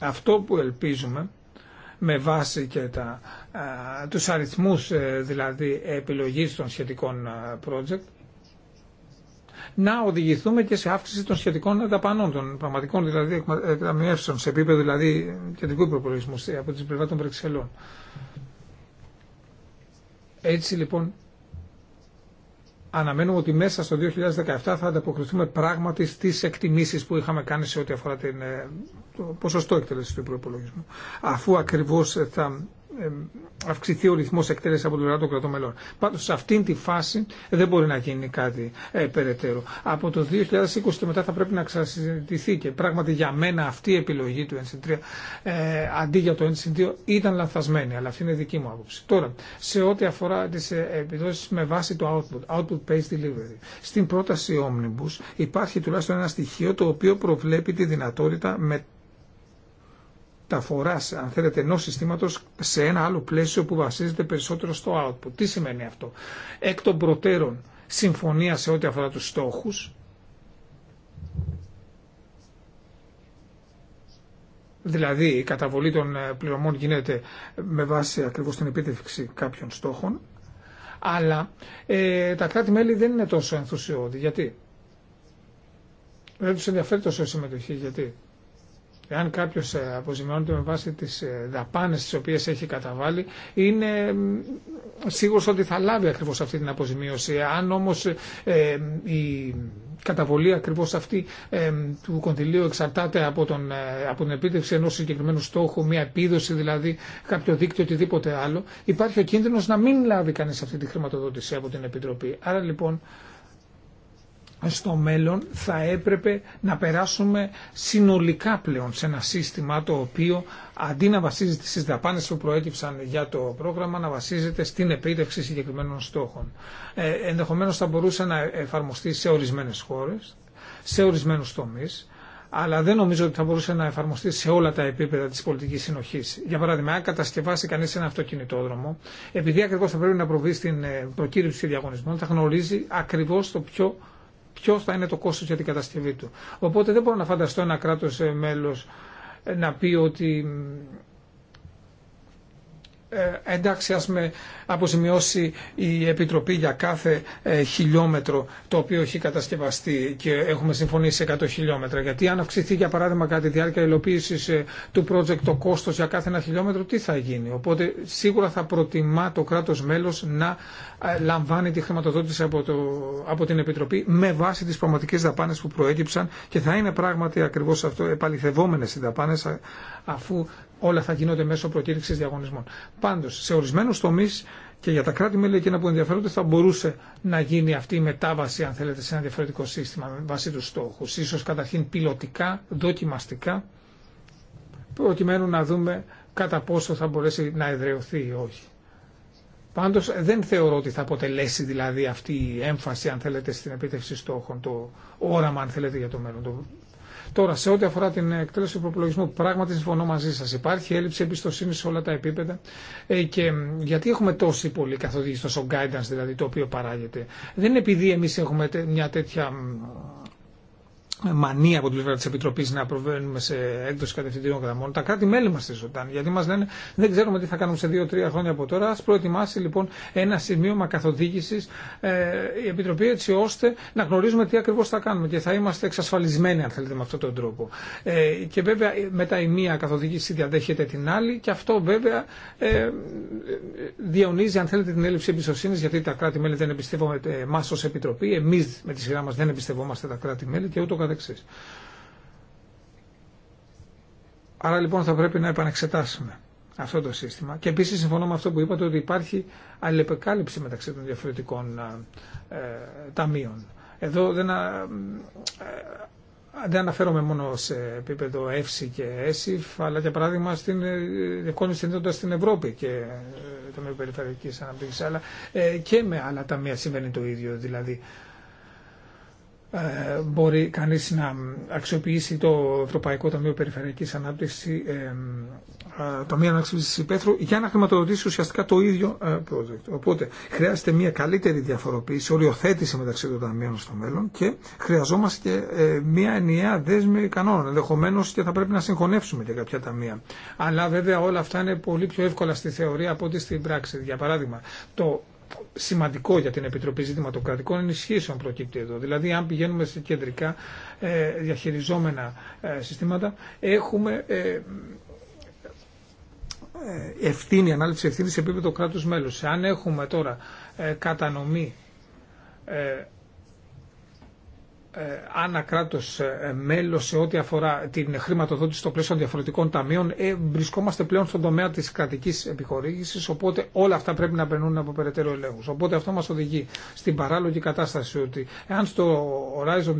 Αυτό που ελπίζουμε με βάση και τα, τους αριθμούς ε, δηλαδή επιλογής των σχετικών project να οδηγηθούμε και σε αύξηση των σχετικών δαπανών, των πραγματικών δηλαδή εκταμιεύσεων ε, σε επίπεδο δηλαδή κεντρικού προπολογισμού από τις πλευρά των Πρεξελών. Έτσι λοιπόν αναμένουμε ότι μέσα στο 2017 θα ανταποκριθούμε πράγματι στις εκτιμήσεις που είχαμε κάνει σε ό,τι αφορά την, ε, το ποσοστό εκτέλεση του προπολογισμού. Αφού ακριβώς θα ε, αυξηθεί ο ρυθμό εκτέλεση από το πλευρά των κρατών Πάντω σε αυτήν τη φάση δεν μπορεί να γίνει κάτι ε, περαιτέρω. Από το 2020 και μετά θα πρέπει να ξανασυζητηθεί και πράγματι για μένα αυτή η επιλογή του NC3 ε, αντί για το NC2 ήταν λανθασμένη. Αλλά αυτή είναι δική μου άποψη. Τώρα, σε ό,τι αφορά τι επιδόσει με βάση το output, output based delivery, στην πρόταση Omnibus υπάρχει τουλάχιστον ένα στοιχείο το οποίο προβλέπει τη δυνατότητα με φορά αν θέλετε ενό συστήματος σε ένα άλλο πλαίσιο που βασίζεται περισσότερο στο output. Τι σημαίνει αυτό. Εκ των προτέρων συμφωνία σε ό,τι αφορά τους στόχους δηλαδή η καταβολή των ε, πληρωμών γίνεται με βάση ακριβώ την επίτευξη κάποιων στόχων, αλλά ε, τα κράτη-μέλη δεν είναι τόσο ενθουσιώδη. Γιατί? Δεν του ενδιαφέρει τόσο η συμμετοχή. Γιατί? εάν κάποιο ε, αποζημιώνεται με βάση τι ε, δαπάνε τι οποίε έχει καταβάλει, είναι σίγουρο ότι θα λάβει ακριβώ αυτή την αποζημίωση. Αν όμω ε, η καταβολή ακριβώ αυτή του κονδυλίου εξαρτάται από, τον, από την επίτευξη ενό συγκεκριμένου στόχου, μια επίδοση δηλαδή, κάποιο δίκτυο, οτιδήποτε άλλο, υπάρχει ο κίνδυνο να μην λάβει κανεί αυτή τη χρηματοδότηση από την Επιτροπή. Άρα λοιπόν στο μέλλον θα έπρεπε να περάσουμε συνολικά πλέον σε ένα σύστημα το οποίο αντί να βασίζεται στις δαπάνες που προέκυψαν για το πρόγραμμα να βασίζεται στην επίτευξη συγκεκριμένων στόχων. Ε, ενδεχομένως θα μπορούσε να εφαρμοστεί σε ορισμένες χώρες, σε ορισμένους τομείς, αλλά δεν νομίζω ότι θα μπορούσε να εφαρμοστεί σε όλα τα επίπεδα τη πολιτική συνοχή. Για παράδειγμα, αν κατασκευάσει κανεί ένα αυτοκινητόδρομο, επειδή ακριβώ θα πρέπει να προβεί στην ε, προκήρυξη διαγωνισμών, θα γνωρίζει ακριβώ το πιο ποιο θα είναι το κόστος για την κατασκευή του. Οπότε δεν μπορώ να φανταστώ ένα κράτος ε, μέλος ε, να πει ότι ε, εντάξει ας με αποζημιώσει η Επιτροπή για κάθε ε, χιλιόμετρο το οποίο έχει κατασκευαστεί και έχουμε συμφωνήσει 100 χιλιόμετρα. Γιατί αν αυξηθεί για παράδειγμα κατά τη διάρκεια υλοποίηση ε, του project το κόστος για κάθε ένα χιλιόμετρο, τι θα γίνει. Οπότε σίγουρα θα προτιμά το κράτος μέλος να λαμβάνει τη χρηματοδότηση από, το, από την Επιτροπή με βάση τις πραγματικές δαπάνες που προέκυψαν και θα είναι πράγματι ακριβώς αυτό επαληθευόμενε οι δαπάνε αφού όλα θα γινόνται μέσω προκήρυξη διαγωνισμών. Πάντω, σε ορισμένου τομεί και για τα κράτη-μέλη εκείνα που ενδιαφέρονται θα μπορούσε να γίνει αυτή η μετάβαση, αν θέλετε, σε ένα διαφορετικό σύστημα με βάση του στόχου. σω καταρχήν πιλωτικά, δοκιμαστικά, προκειμένου να δούμε κατά πόσο θα μπορέσει να εδρεωθεί ή όχι. Πάντως δεν θεωρώ ότι θα αποτελέσει δηλαδή, αυτή η έμφαση, αν θέλετε, στην επίτευξη στόχων, το όραμα, αν θέλετε, για το μέλλον. Το Τώρα, σε ό,τι αφορά την εκτέλεση του προπολογισμού, πράγματι συμφωνώ μαζί σα. Υπάρχει έλλειψη εμπιστοσύνη σε όλα τα επίπεδα. Ε, και γιατί έχουμε τόση πολύ καθοδήγηση, τόσο guidance δηλαδή, το οποίο παράγεται. Δεν είναι επειδή εμεί έχουμε μια τέτοια μανία από την πλευρά τη Επιτροπή να προβαίνουμε σε έκδοση κατευθυντήριων γραμμών. Τα κράτη-μέλη μα τη γιατί μα λένε δεν ξέρουμε τι θα κάνουμε σε δύο-τρία χρόνια από τώρα. Α προετοιμάσει λοιπόν ένα σημείωμα καθοδήγηση ε, η Επιτροπή, έτσι ώστε να γνωρίζουμε τι ακριβώ θα κάνουμε και θα είμαστε εξασφαλισμένοι, αν θέλετε, με αυτόν τον τρόπο. Ε, και βέβαια μετά η μία καθοδήγηση διαδέχεται την άλλη και αυτό βέβαια ε, διαονίζει, αν θέλετε, την έλλειψη εμπιστοσύνη, γιατί τα κράτη-μέλη δεν εμπιστεύονται εμά ω Επιτροπή, εμεί με τη σειρά μα δεν εμπιστευόμαστε τα κράτη-μέλη και Άρα λοιπόν θα πρέπει να επανεξετάσουμε αυτό το σύστημα. Και επίση συμφωνώ με αυτό που είπατε ότι υπάρχει αλληλεπεκάλυψη μεταξύ των διαφορετικών ε, ε, ταμείων. Εδώ δεν, α, ε, δεν αναφέρομαι μόνο σε επίπεδο ΕΦΣΙ και ΕΣΥΦ, αλλά για παράδειγμα στην διακόνηση συνδέοντα στην Ευρώπη και το Ταμείο Περιφερειακή αλλά και με άλλα ταμεία συμβαίνει το ίδιο. Δηλαδή, ε, μπορεί κανείς να αξιοποιήσει το Ευρωπαϊκό Ταμείο Περιφερειακής Ανάπτυξης, ε, ε Ταμείο Ανάπτυξης Υπέθρου, για να χρηματοδοτήσει ουσιαστικά το ίδιο ε, project. Οπότε χρειάζεται μια καλύτερη διαφοροποίηση, οριοθέτηση μεταξύ των ταμείων στο μέλλον και χρειαζόμαστε και μια ενιαία δέσμη κανόνων. Ενδεχομένω και θα πρέπει να συγχωνεύσουμε και κάποια ταμεία. Αλλά βέβαια όλα αυτά είναι πολύ πιο εύκολα στη θεωρία από ό,τι στην πράξη. Για παράδειγμα, το σημαντικό για την Επιτροπή Ζητηματοκρατικών Ενισχύσεων προκύπτει εδώ. Δηλαδή, αν πηγαίνουμε σε κεντρικά ε, διαχειριζόμενα ε, συστήματα, έχουμε ε, ευθύνη, ανάληψη ευθύνη σε επίπεδο κράτους μέλους. Αν έχουμε τώρα κατανομή ε, ανά κράτος ε, μέλος σε ό,τι αφορά την χρηματοδότηση στο πλαίσιο διαφορετικών ταμείων ε, βρισκόμαστε πλέον στον τομέα της κρατικής επιχορήγησης οπότε όλα αυτά πρέπει να περνούν από περαιτέρω ελέγχου. Οπότε αυτό μας οδηγεί στην παράλογη κατάσταση ότι εάν στο Horizon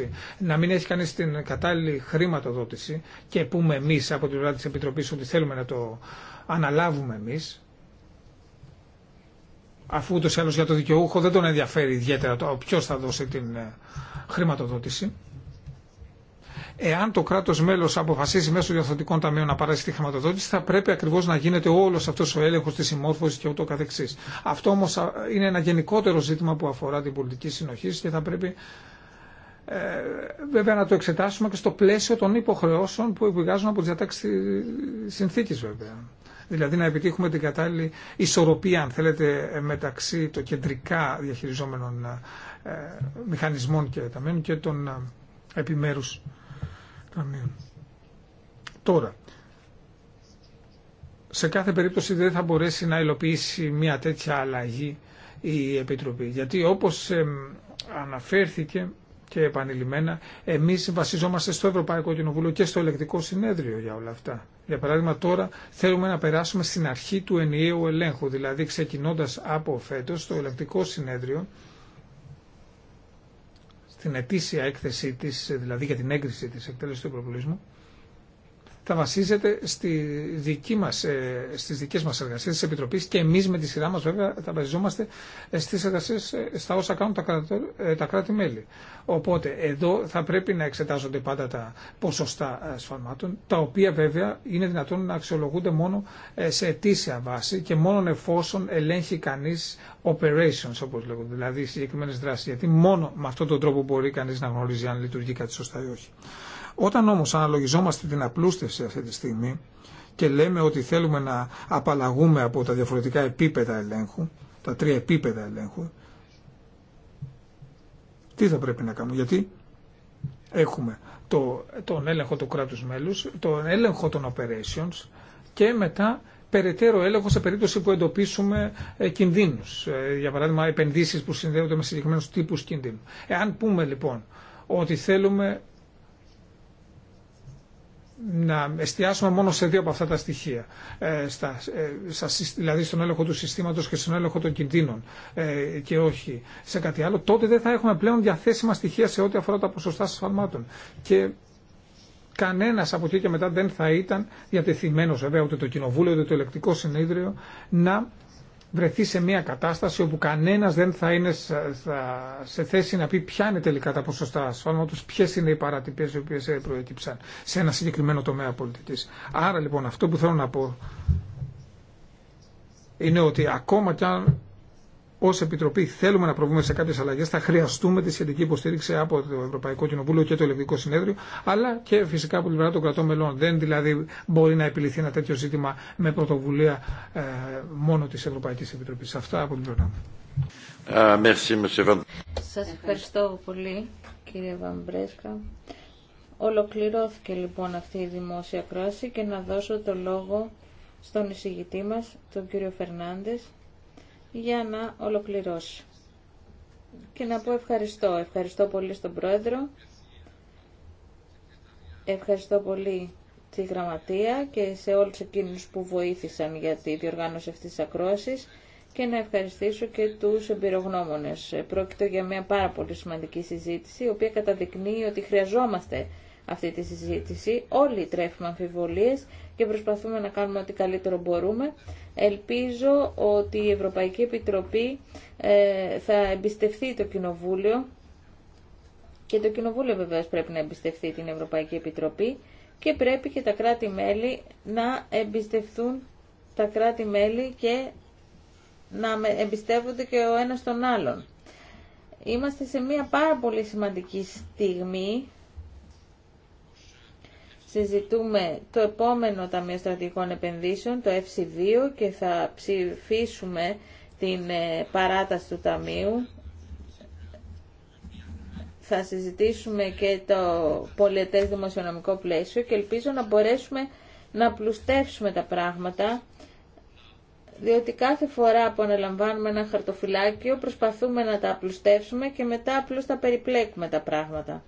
2020 να μην έχει κανείς την κατάλληλη χρηματοδότηση και πούμε εμείς από την πλευρά της Επιτροπής ότι θέλουμε να το αναλάβουμε εμείς αφού ούτως ή άλλως για το δικαιούχο δεν τον ενδιαφέρει ιδιαίτερα το ποιος θα δώσει την ε, χρηματοδότηση. Εάν το κράτο μέλο αποφασίζει μέσω διορθωτικών ταμείων να παράσει τη χρηματοδότηση, θα πρέπει ακριβώ να γίνεται όλο αυτό ο έλεγχο τη συμμόρφωση και ούτω καθεξή. Αυτό όμω είναι ένα γενικότερο ζήτημα που αφορά την πολιτική συνοχή και θα πρέπει ε, βέβαια να το εξετάσουμε και στο πλαίσιο των υποχρεώσεων που επηγάζουν από τι διατάξει τη συνθήκη βέβαια δηλαδή να επιτύχουμε την κατάλληλη ισορροπία, αν θέλετε, μεταξύ των κεντρικά διαχειριζόμενων ε, μηχανισμών και ταμείων και των ε, επιμέρους ταμείων. Τώρα, σε κάθε περίπτωση δεν θα μπορέσει να υλοποιήσει μια τέτοια αλλαγή η Επιτροπή. Γιατί όπως αναφέρθηκε και επανειλημμένα, εμεί βασιζόμαστε στο Ευρωπαϊκό Κοινοβούλιο και στο Ελεκτικό Συνέδριο για όλα αυτά. Για παράδειγμα, τώρα θέλουμε να περάσουμε στην αρχή του ενιαίου ελέγχου, δηλαδή ξεκινώντα από φέτο το Ελεκτικό Συνέδριο, στην ετήσια έκθεσή τη, δηλαδή για την έγκριση τη εκτέλεση του προπολισμού, θα βασίζεται στη δική μας, ε, στις δικές μας εργασίες της Επιτροπής και εμείς με τη σειρά μας βέβαια θα βασιζόμαστε ε, στις εργασίες ε, στα όσα κάνουν τα, κράτη-μέλη. Οπότε εδώ θα πρέπει να εξετάζονται πάντα τα ποσοστά σφαλμάτων, τα οποία βέβαια είναι δυνατόν να αξιολογούνται μόνο σε αιτήσια βάση και μόνο εφόσον ελέγχει κανείς operations όπως λέγονται, δηλαδή συγκεκριμένες δράσεις, γιατί μόνο με αυτόν τον τρόπο μπορεί κανείς να γνωρίζει αν λειτουργεί κάτι σωστά ή όχι. Όταν όμως αναλογιζόμαστε την απλούστευση αυτή τη στιγμή και λέμε ότι θέλουμε να απαλλαγούμε από τα διαφορετικά επίπεδα ελέγχου, τα τρία επίπεδα ελέγχου, τι θα πρέπει να κάνουμε, γιατί έχουμε το, τον έλεγχο του κράτους μέλους, τον έλεγχο των operations και μετά περαιτέρω έλεγχο σε περίπτωση που εντοπίσουμε ε, κινδύνους. Ε, για παράδειγμα, επενδύσεις που συνδέονται με συγκεκριμένους τύπους κινδύνου. Εάν πούμε λοιπόν ότι θέλουμε να εστιάσουμε μόνο σε δύο από αυτά τα στοιχεία. Ε, στα, ε, δηλαδή στον έλεγχο του συστήματος και στον έλεγχο των κινδύνων ε, και όχι σε κάτι άλλο, τότε δεν θα έχουμε πλέον διαθέσιμα στοιχεία σε ό,τι αφορά τα ποσοστά σφαλμάτων. Και κανένας από εκεί και μετά δεν θα ήταν διατεθειμένος, βέβαια, ούτε το Κοινοβούλιο, ούτε το Ελεκτικό Συνέδριο, να βρεθεί σε μια κατάσταση όπου κανένας δεν θα είναι σε θέση να πει ποια είναι τελικά τα ποσοστά ασφάλματος, ποιε είναι οι παρατυπίες οι οποίε προέκυψαν σε ένα συγκεκριμένο τομέα πολιτικής. Άρα λοιπόν αυτό που θέλω να πω είναι ότι ακόμα κι αν ω Επιτροπή θέλουμε να προβούμε σε κάποιε αλλαγέ, θα χρειαστούμε τη σχετική υποστήριξη από το Ευρωπαϊκό Κοινοβούλιο και το Ελληνικό Συνέδριο, αλλά και φυσικά από την πλευρά των κρατών μελών. Δεν δηλαδή μπορεί να επιληθεί ένα τέτοιο ζήτημα με πρωτοβουλία ε, μόνο τη Ευρωπαϊκή Επιτροπή. Αυτά από την πλευρά μου. Σα ευχαριστώ πολύ, κύριε Βαμπρέσκα. Ολοκληρώθηκε λοιπόν αυτή η δημόσια κράση και να δώσω το λόγο στον εισηγητή μας, τον κύριο Φερνάντες, για να ολοκληρώσει. Και να πω ευχαριστώ. Ευχαριστώ πολύ στον Πρόεδρο. Ευχαριστώ πολύ τη Γραμματεία και σε όλους εκείνους που βοήθησαν για τη διοργάνωση αυτής της ακρόασης και να ευχαριστήσω και τους εμπειρογνώμονες. Πρόκειται για μια πάρα πολύ σημαντική συζήτηση, η οποία καταδεικνύει ότι χρειαζόμαστε αυτή τη συζήτηση. Όλοι τρέφουμε αμφιβολίες και προσπαθούμε να κάνουμε ό,τι καλύτερο μπορούμε. Ελπίζω ότι η Ευρωπαϊκή Επιτροπή ε, θα εμπιστευτεί το Κοινοβούλιο και το Κοινοβούλιο βεβαίως πρέπει να εμπιστευτεί την Ευρωπαϊκή Επιτροπή και πρέπει και τα κράτη-μέλη να εμπιστευτούν τα κράτη-μέλη και να εμπιστεύονται και ο ένας τον άλλον. Είμαστε σε μια πάρα πολύ σημαντική στιγμή συζητούμε το επόμενο Ταμείο Στρατηγικών Επενδύσεων, το FC2, και θα ψηφίσουμε την ε, παράταση του Ταμείου. Θα συζητήσουμε και το πολιετές δημοσιονομικό πλαίσιο και ελπίζω να μπορέσουμε να πλουστεύσουμε τα πράγματα, διότι κάθε φορά που αναλαμβάνουμε ένα χαρτοφυλάκιο προσπαθούμε να τα πλουστεύσουμε και μετά απλώς τα περιπλέκουμε τα πράγματα.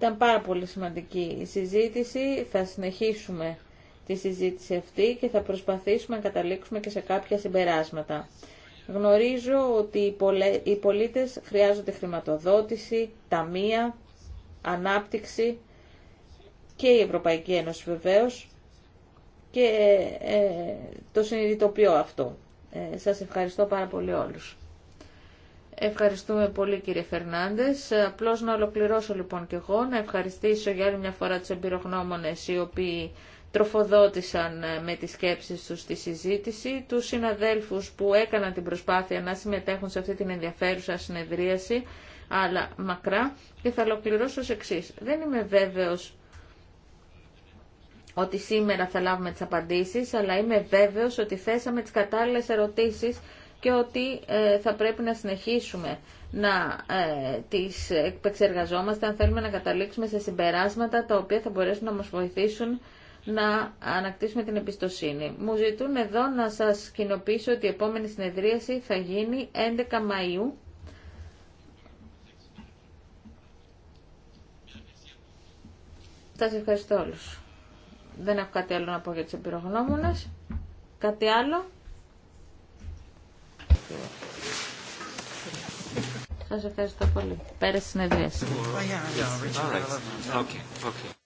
Ήταν πάρα πολύ σημαντική η συζήτηση. Θα συνεχίσουμε τη συζήτηση αυτή και θα προσπαθήσουμε να καταλήξουμε και σε κάποια συμπεράσματα. Γνωρίζω ότι οι πολίτες χρειάζονται χρηματοδότηση, ταμεία, ανάπτυξη και η Ευρωπαϊκή Ένωση βεβαίως και ε, ε, το συνειδητοποιώ αυτό. Ε, σας ευχαριστώ πάρα πολύ όλους. Ευχαριστούμε πολύ κύριε Φερνάντες. Απλώς να ολοκληρώσω λοιπόν και εγώ, να ευχαριστήσω για άλλη μια φορά τους εμπειρογνώμονες οι οποίοι τροφοδότησαν ε, με τις σκέψεις τους τη συζήτηση, τους συναδέλφους που έκαναν την προσπάθεια να συμμετέχουν σε αυτή την ενδιαφέρουσα συνεδρίαση, αλλά μακρά, και θα ολοκληρώσω ως εξής. Δεν είμαι βέβαιος ότι σήμερα θα λάβουμε τις απαντήσεις, αλλά είμαι βέβαιος ότι θέσαμε τις κατάλληλες ερωτήσεις και ότι ε, θα πρέπει να συνεχίσουμε να ε, τις επεξεργαζόμαστε αν θέλουμε να καταλήξουμε σε συμπεράσματα τα οποία θα μπορέσουν να μας βοηθήσουν να ανακτήσουμε την εμπιστοσύνη. Μου ζητούν εδώ να σας κοινοποιήσω ότι η επόμενη συνεδρίαση θα γίνει 11 Μαΐου Σας ευχαριστώ όλους. Δεν έχω κάτι άλλο να πω για τις εμπειρογνώμονες. Κάτι άλλο. Σας ευχαριστώ πολύ. Πέρασε συνεδρίαση. Oh,